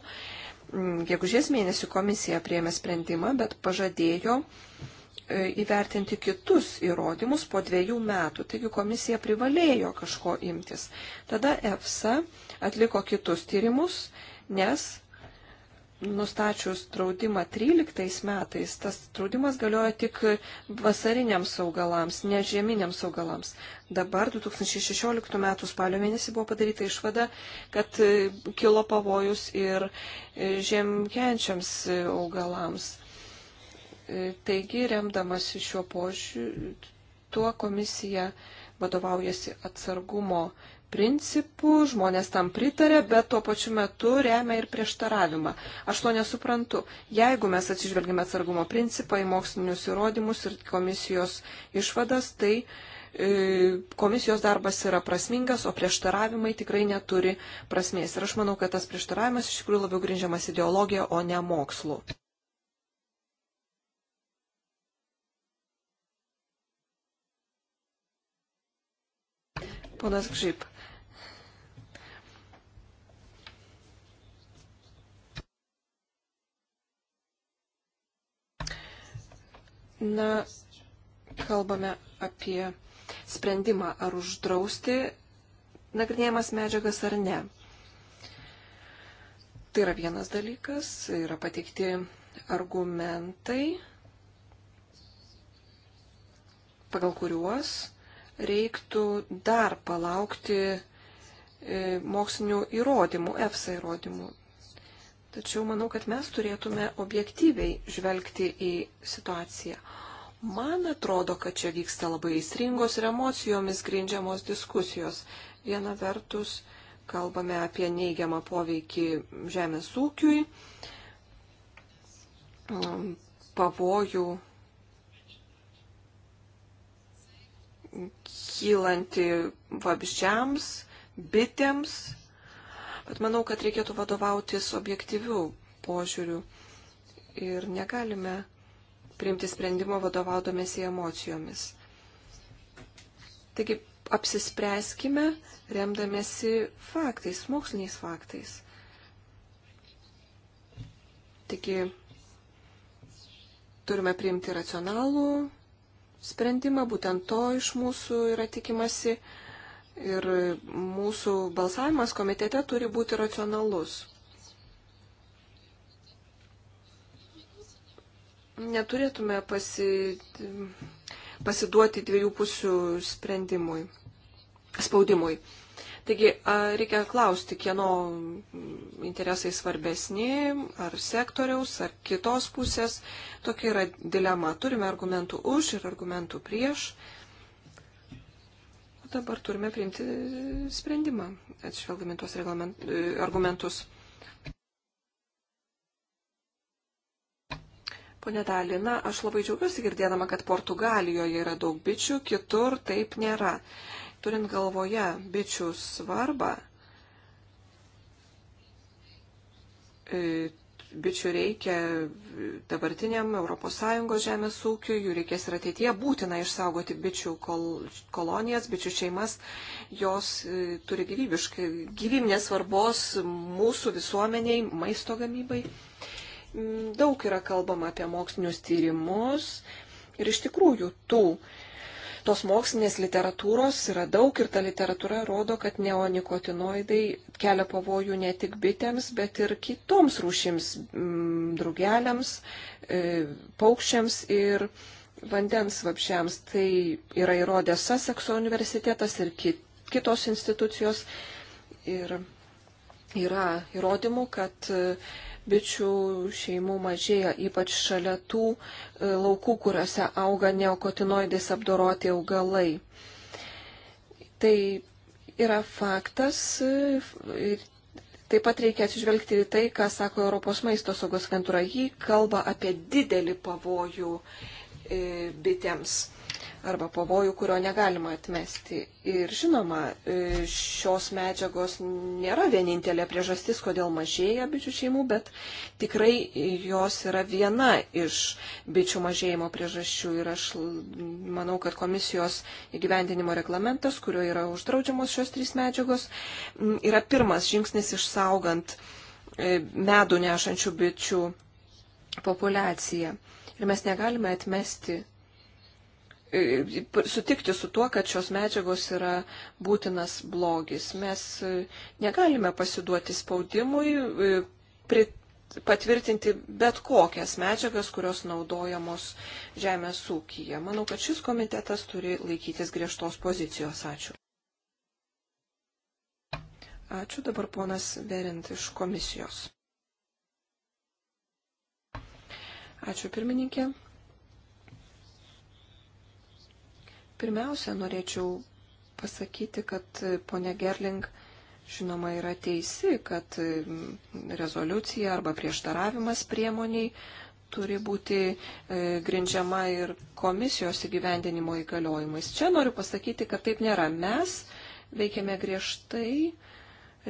mm, gegužės mėnesį komisija priėmė sprendimą, bet pažadėjo E, įvertinti kitus įrodymus po dviejų metų. Taigi komisija privalėjo kažko imtis. Tada EFSA atliko kitus tyrimus, nes nustačius draudimą 13 metais, tas draudimas galioja tik vasariniams augalams, ne žieminiams augalams. Dabar 2016 m. spalio mėnesį buvo padaryta išvada, kad e, kilo pavojus ir e, žiemkenčiams augalams. E, taigi, remdamasi šiuo požiūriu, tuo komisija vadovaujasi atsargumo principų, žmonės tam pritarė, bet tuo pačiu metu remia ir prieštaravimą. Aš to nesuprantu. Jeigu mes atsižvelgime atsargumo principą į mokslinius įrodymus ir komisijos išvadas, tai e, komisijos darbas yra prasmingas, o prieštaravimai tikrai neturi prasmės. Ir aš manau, kad tas prieštaravimas iš tikrųjų labiau grindžiamas ideologija, o ne mokslu. Ponas Gžyp. Na, kalbame apie sprendimą, ar uždrausti nagrinėjamas medžiagas ar ne. Tai yra vienas dalykas, yra pateikti argumentai, pagal kuriuos reiktų dar palaukti e, mokslinių įrodymų, EFSA įrodymų. Tačiau manau, kad mes turėtume objektyviai žvelgti į situaciją. Man atrodo, kad čia vyksta labai įstringos ir emocijomis grindžiamos diskusijos. Viena vertus, kalbame apie neigiamą poveikį žemės ūkiui, mm, pavojų kylanti vabžiams, bitėms, bet manau, kad reikėtų vadovautis objektyvių požiūrių ir negalime priimti sprendimo vadovaudomėsi emocijomis. Taigi apsispręskime remdamėsi faktais, moksliniais faktais. Taigi turime priimti racionalų sprendimą, būtent to iš mūsų yra tikimasi ir mūsų balsavimas komitete turi būti racionalus. Neturėtume pasi, pasiduoti dviejų pusių sprendimui, spaudimui. Taigi reikia klausti, kieno interesai svarbesni, ar sektoriaus, ar kitos pusės. Tokia yra dilema. Turime argumentų už ir argumentų prieš. O dabar turime priimti sprendimą, atšvelgdami tuos e, argumentus. Pone Dalina, aš labai džiaugiuosi girdėdama, kad Portugalijoje yra daug bičių, kitur taip nėra. Turint galvoje bičių svarbą, e, bičių reikia dabartiniam ES žemės ūkiui, jų reikės ir ateityje būtina išsaugoti bičių kol, kolonijas, bičių šeimas, jos e, turi gyvybiškai, gyvybinės svarbos mūsų visuomeniai, maisto gamybai. Mm, daug yra kalbama apie mokslinius tyrimus ir iš tikrųjų tų tos mokslinės literatūros yra daug ir ta literatūra rodo, kad neonikotinoidai kelia pavojų ne tik bitėms, bet ir kitoms rūšims, mm, drugeliams, e, paukščiams ir vandens vapšiams. Tai yra įrodęs Sasekso universitetas ir kitos institucijos. Ir yra įrodymų, kad bičių šeimų mažėja, ypač šalia tų e, laukų, kuriuose auga neokotinoidais apdoroti augalai. Tai yra faktas e, ir Taip pat reikia atsižvelgti į tai, ką sako Europos maisto saugos agentūra. Ji kalba apie didelį pavojų e, bitėms arba pavojų, kurio negalima atmesti. Ir žinoma, e, šios medžiagos nėra vienintelė priežastis, kodėl mažėja bičių šeimų, bet tikrai jos yra viena iš bičių mažėjimo priežasčių. Ir aš manau, kad komisijos įgyvendinimo reglamentas, kurio yra uždraudžiamos šios trys medžiagos, yra pirmas žingsnis išsaugant e, medų nešančių bičių populiaciją. Ir mes negalime atmesti sutikti su tuo, kad šios medžiagos yra būtinas blogis. Mes e, negalime pasiduoti spaudimui, e, patvirtinti bet kokias medžiagas, kurios naudojamos žemės ūkyje. Manau, kad šis komitetas turi laikytis griežtos pozicijos. Ačiū. Ačiū dabar ponas Berint iš komisijos. Ačiū pirmininkė. Pirmiausia, norėčiau pasakyti, kad e, ponia Gerling žinoma yra teisi, kad e, rezoliucija arba prieštaravimas priemoniai turi būti e, grindžiama ir komisijos įgyvendinimo įgaliojimais. Čia noriu pasakyti, kad taip nėra. Mes veikiame griežtai,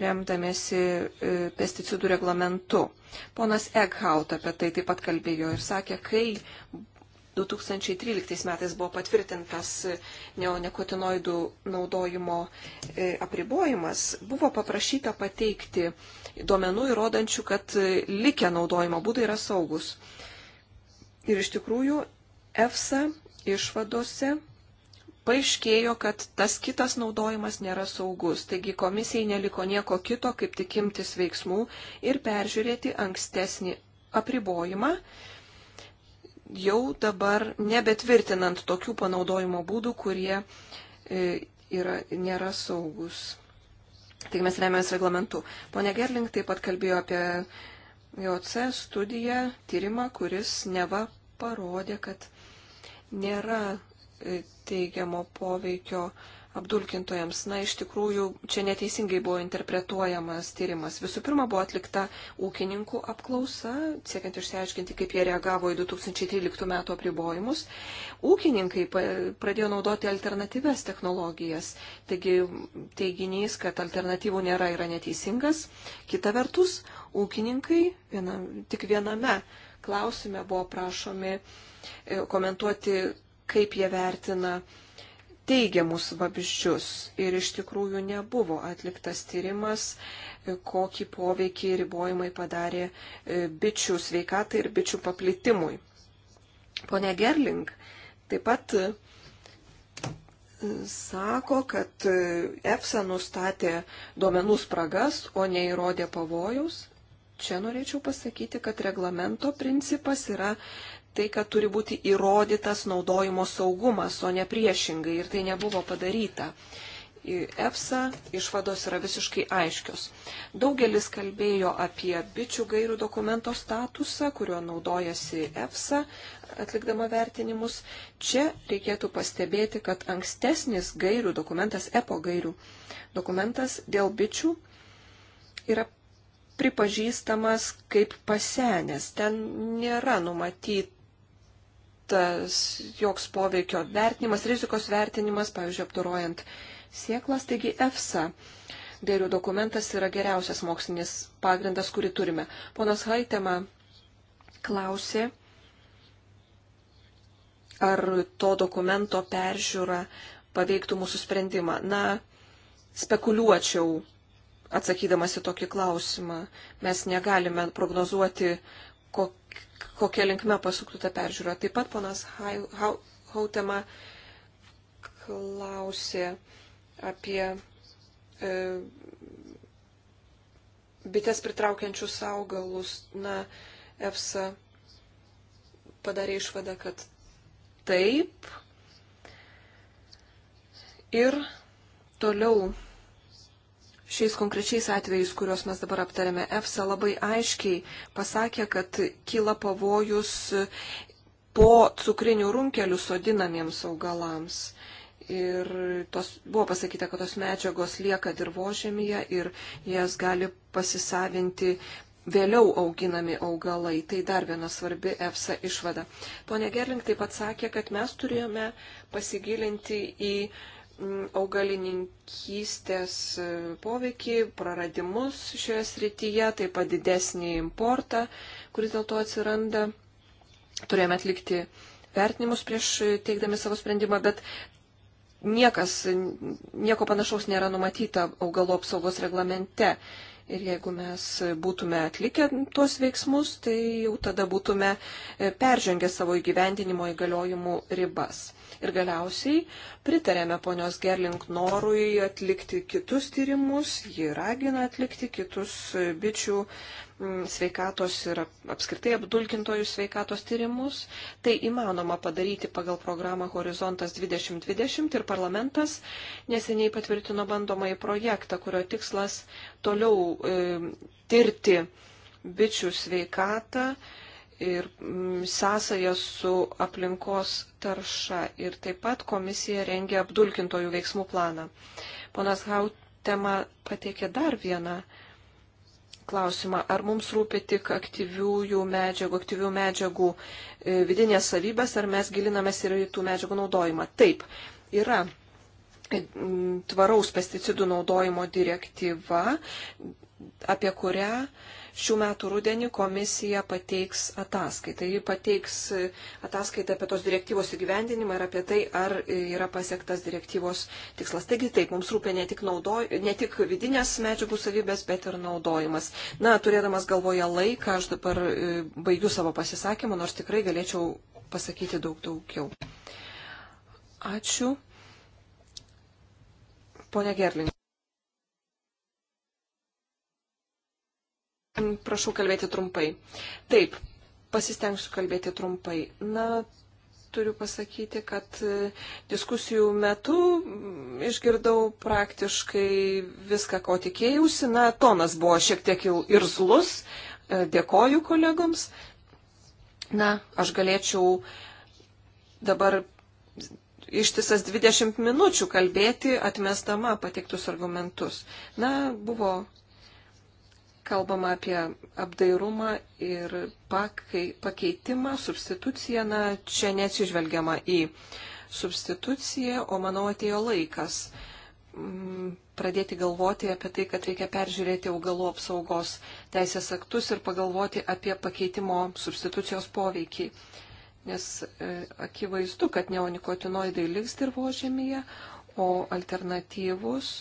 remdamėsi e, pesticidų reglamentu. Ponas Eghaut apie tai taip pat kalbėjo ir sakė, kai 2013 metais buvo patvirtintas neonekotinoidų naudojimo e, apribojimas, buvo paprašyta pateikti duomenų įrodančių, kad likę naudojimo būdai yra saugus. Ir iš tikrųjų EFSA išvadose paaiškėjo, kad tas kitas naudojimas nėra saugus, taigi komisijai neliko nieko kito, kaip tik imtis veiksmų ir peržiūrėti ankstesnį apribojimą, jau dabar nebetvirtinant tokių panaudojimo būdų, kurie e, yra, nėra saugus. Tik mes remiamės reglamentu. Pone Gerling taip pat kalbėjo apie JOC studiją, tyrimą, kuris neva parodė, kad nėra e, teigiamo poveikio apdulkintojams. Na, iš tikrųjų, čia neteisingai buvo interpretuojamas tyrimas. Visų pirma, buvo atlikta ūkininkų apklausa, siekiant išsiaiškinti, kaip jie reagavo į 2013 metų apribojimus. Ūkininkai pradėjo naudoti alternatyves technologijas. Taigi, teiginys, kad alternatyvų nėra, yra neteisingas. Kita vertus, ūkininkai viena, tik viename klausime buvo prašomi e, komentuoti, kaip jie vertina teigiamus vabzdžius ir iš tikrųjų nebuvo atliktas tyrimas, kokį poveikį ribojimai padarė e, bičių sveikatai ir bičių paplitimui. Pone Gerling taip pat e, sako, kad e, EFSA nustatė duomenų spragas, o neįrodė pavojaus. Čia norėčiau pasakyti, kad reglamento principas yra tai, kad turi būti įrodytas naudojimo saugumas, o ne priešingai, ir tai nebuvo padaryta. EFSA išvados yra visiškai aiškios. Daugelis kalbėjo apie bičių gairių dokumento statusą, kuriuo naudojasi EFSA atlikdama vertinimus. Čia reikėtų pastebėti, kad ankstesnis gairių dokumentas, EPO gairių dokumentas dėl bičių yra pripažįstamas kaip pasenęs. Ten nėra numatyt tas joks poveikio vertinimas, rizikos vertinimas, pavyzdžiui, apdorojant sieklas. Taigi EFSA gairių dokumentas yra geriausias mokslinis pagrindas, kurį turime. Ponas Haitema klausė, ar to dokumento peržiūra paveiktų mūsų sprendimą. Na, spekuliuočiau atsakydamas į tokį klausimą. Mes negalime prognozuoti, kok, kokia linkme pasuktų tą peržiūrą. Taip pat ponas Hautema klausė apie e, bites pritraukiančius augalus. Na, EFSA padarė išvadą, kad taip. Ir toliau šiais konkrečiais atvejais, kuriuos mes dabar aptarėme, EFSA labai aiškiai pasakė, kad kyla pavojus po cukrinių runkelių sodinamiems augalams. Ir tos, buvo pasakyta, kad tos medžiagos lieka dirbožėmėje ir jas gali pasisavinti vėliau auginami augalai. Tai dar viena svarbi EFSA išvada. Pone Gerling taip pat sakė, kad mes turėjome pasigilinti į Mm, augalininkystės e, poveikį, praradimus šioje srityje, taip pat didesnį importą, kuris dėl to atsiranda. Turėjome atlikti vertinimus prieš teikdami savo sprendimą, bet niekas, nieko panašaus nėra numatyta augalų apsaugos reglamente. Ir jeigu mes būtume atlikę tuos veiksmus, tai jau tada būtume e, peržengę savo įgyvendinimo įgaliojimų ribas. Ir galiausiai pritarėme ponios Gerling norui atlikti kitus tyrimus, ji ragina atlikti kitus e, bičių sveikatos ir apskritai apdulkintojų sveikatos tyrimus. Tai įmanoma padaryti pagal programą Horizontas 2020 ir parlamentas neseniai patvirtino bandomąjį projektą, kurio tikslas toliau e, tirti bičių sveikatą ir mm, sąsaja su aplinkos tarša. Ir taip pat komisija rengia apdulkintojų veiksmų planą. Ponas Hautema pateikė dar vieną klausimą, ar mums rūpi tik aktyviųjų medžiagų, aktyvių medžiagų e, vidinės savybės, ar mes gilinamės ir į tų medžiagų naudojimą. Taip, yra e, tvaraus pesticidų naudojimo direktyva, apie kurią šių metų rudenį komisija pateiks ataskaitą. Ji pateiks e, ataskaitą apie tos direktyvos įgyvendinimą ir apie tai, ar e, yra pasiektas direktyvos tikslas. Taigi taip, mums rūpia ne tik, naudoj, ne tik vidinės medžiagų savybės, bet ir naudojimas. Na, turėdamas galvoje laiką, aš dabar e, baigiu savo pasisakymą, nors tikrai galėčiau pasakyti daug daugiau. Ačiū. Pone Gerling. Prašau kalbėti trumpai. Taip, pasistengsiu kalbėti trumpai. Na, turiu pasakyti, kad e, diskusijų metu išgirdau praktiškai viską, ko tikėjausi. Na, tonas buvo šiek tiek ir zlus. E, dėkoju kolegoms. Na, aš galėčiau dabar ištisas 20 minučių kalbėti, atmestama patiktus argumentus. Na, buvo kalbama apie apdairumą ir pakeitimą, substituciją, na, čia neatsižvelgiama į substituciją, o manau atėjo laikas mm, pradėti galvoti apie tai, kad reikia peržiūrėti augalų apsaugos teisės aktus ir pagalvoti apie pakeitimo substitucijos poveikį. Nes e, akivaizdu, kad neonikotinoidai liks dirbožėmėje, o alternatyvus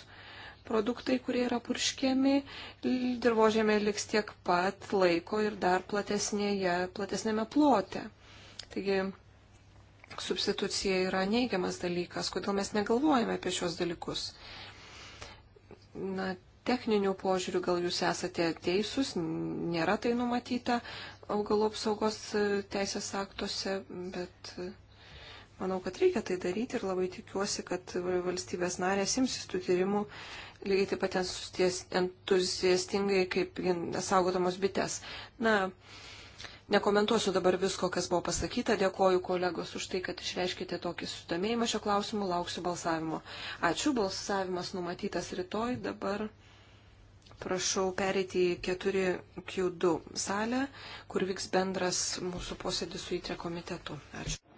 produktai, kurie yra purškiami, dirbožėmė liks tiek pat laiko ir dar platesnėje, platesnėme plote. Taigi substitucija yra neigiamas dalykas, kodėl mes negalvojame apie šios dalykus. Na, techninių požiūrių gal jūs esate teisūs, nėra tai numatyta augalų apsaugos e, teisės aktuose, bet e, manau, kad reikia tai daryti ir labai tikiuosi, kad valstybės narės imsis tų tyrimų lygiai taip pat entuziastingai kaip saugotamos bites. Na, nekomentuosiu dabar visko, kas buvo pasakyta. Dėkoju kolegos už tai, kad išreiškite tokį sudomėjimą šio klausimu. Lauksiu balsavimo. Ačiū. Balsavimas numatytas rytoj. Dabar prašau pereiti į 4Q2 salę, kur vyks bendras mūsų posėdis su įtre komitetu. Ačiū.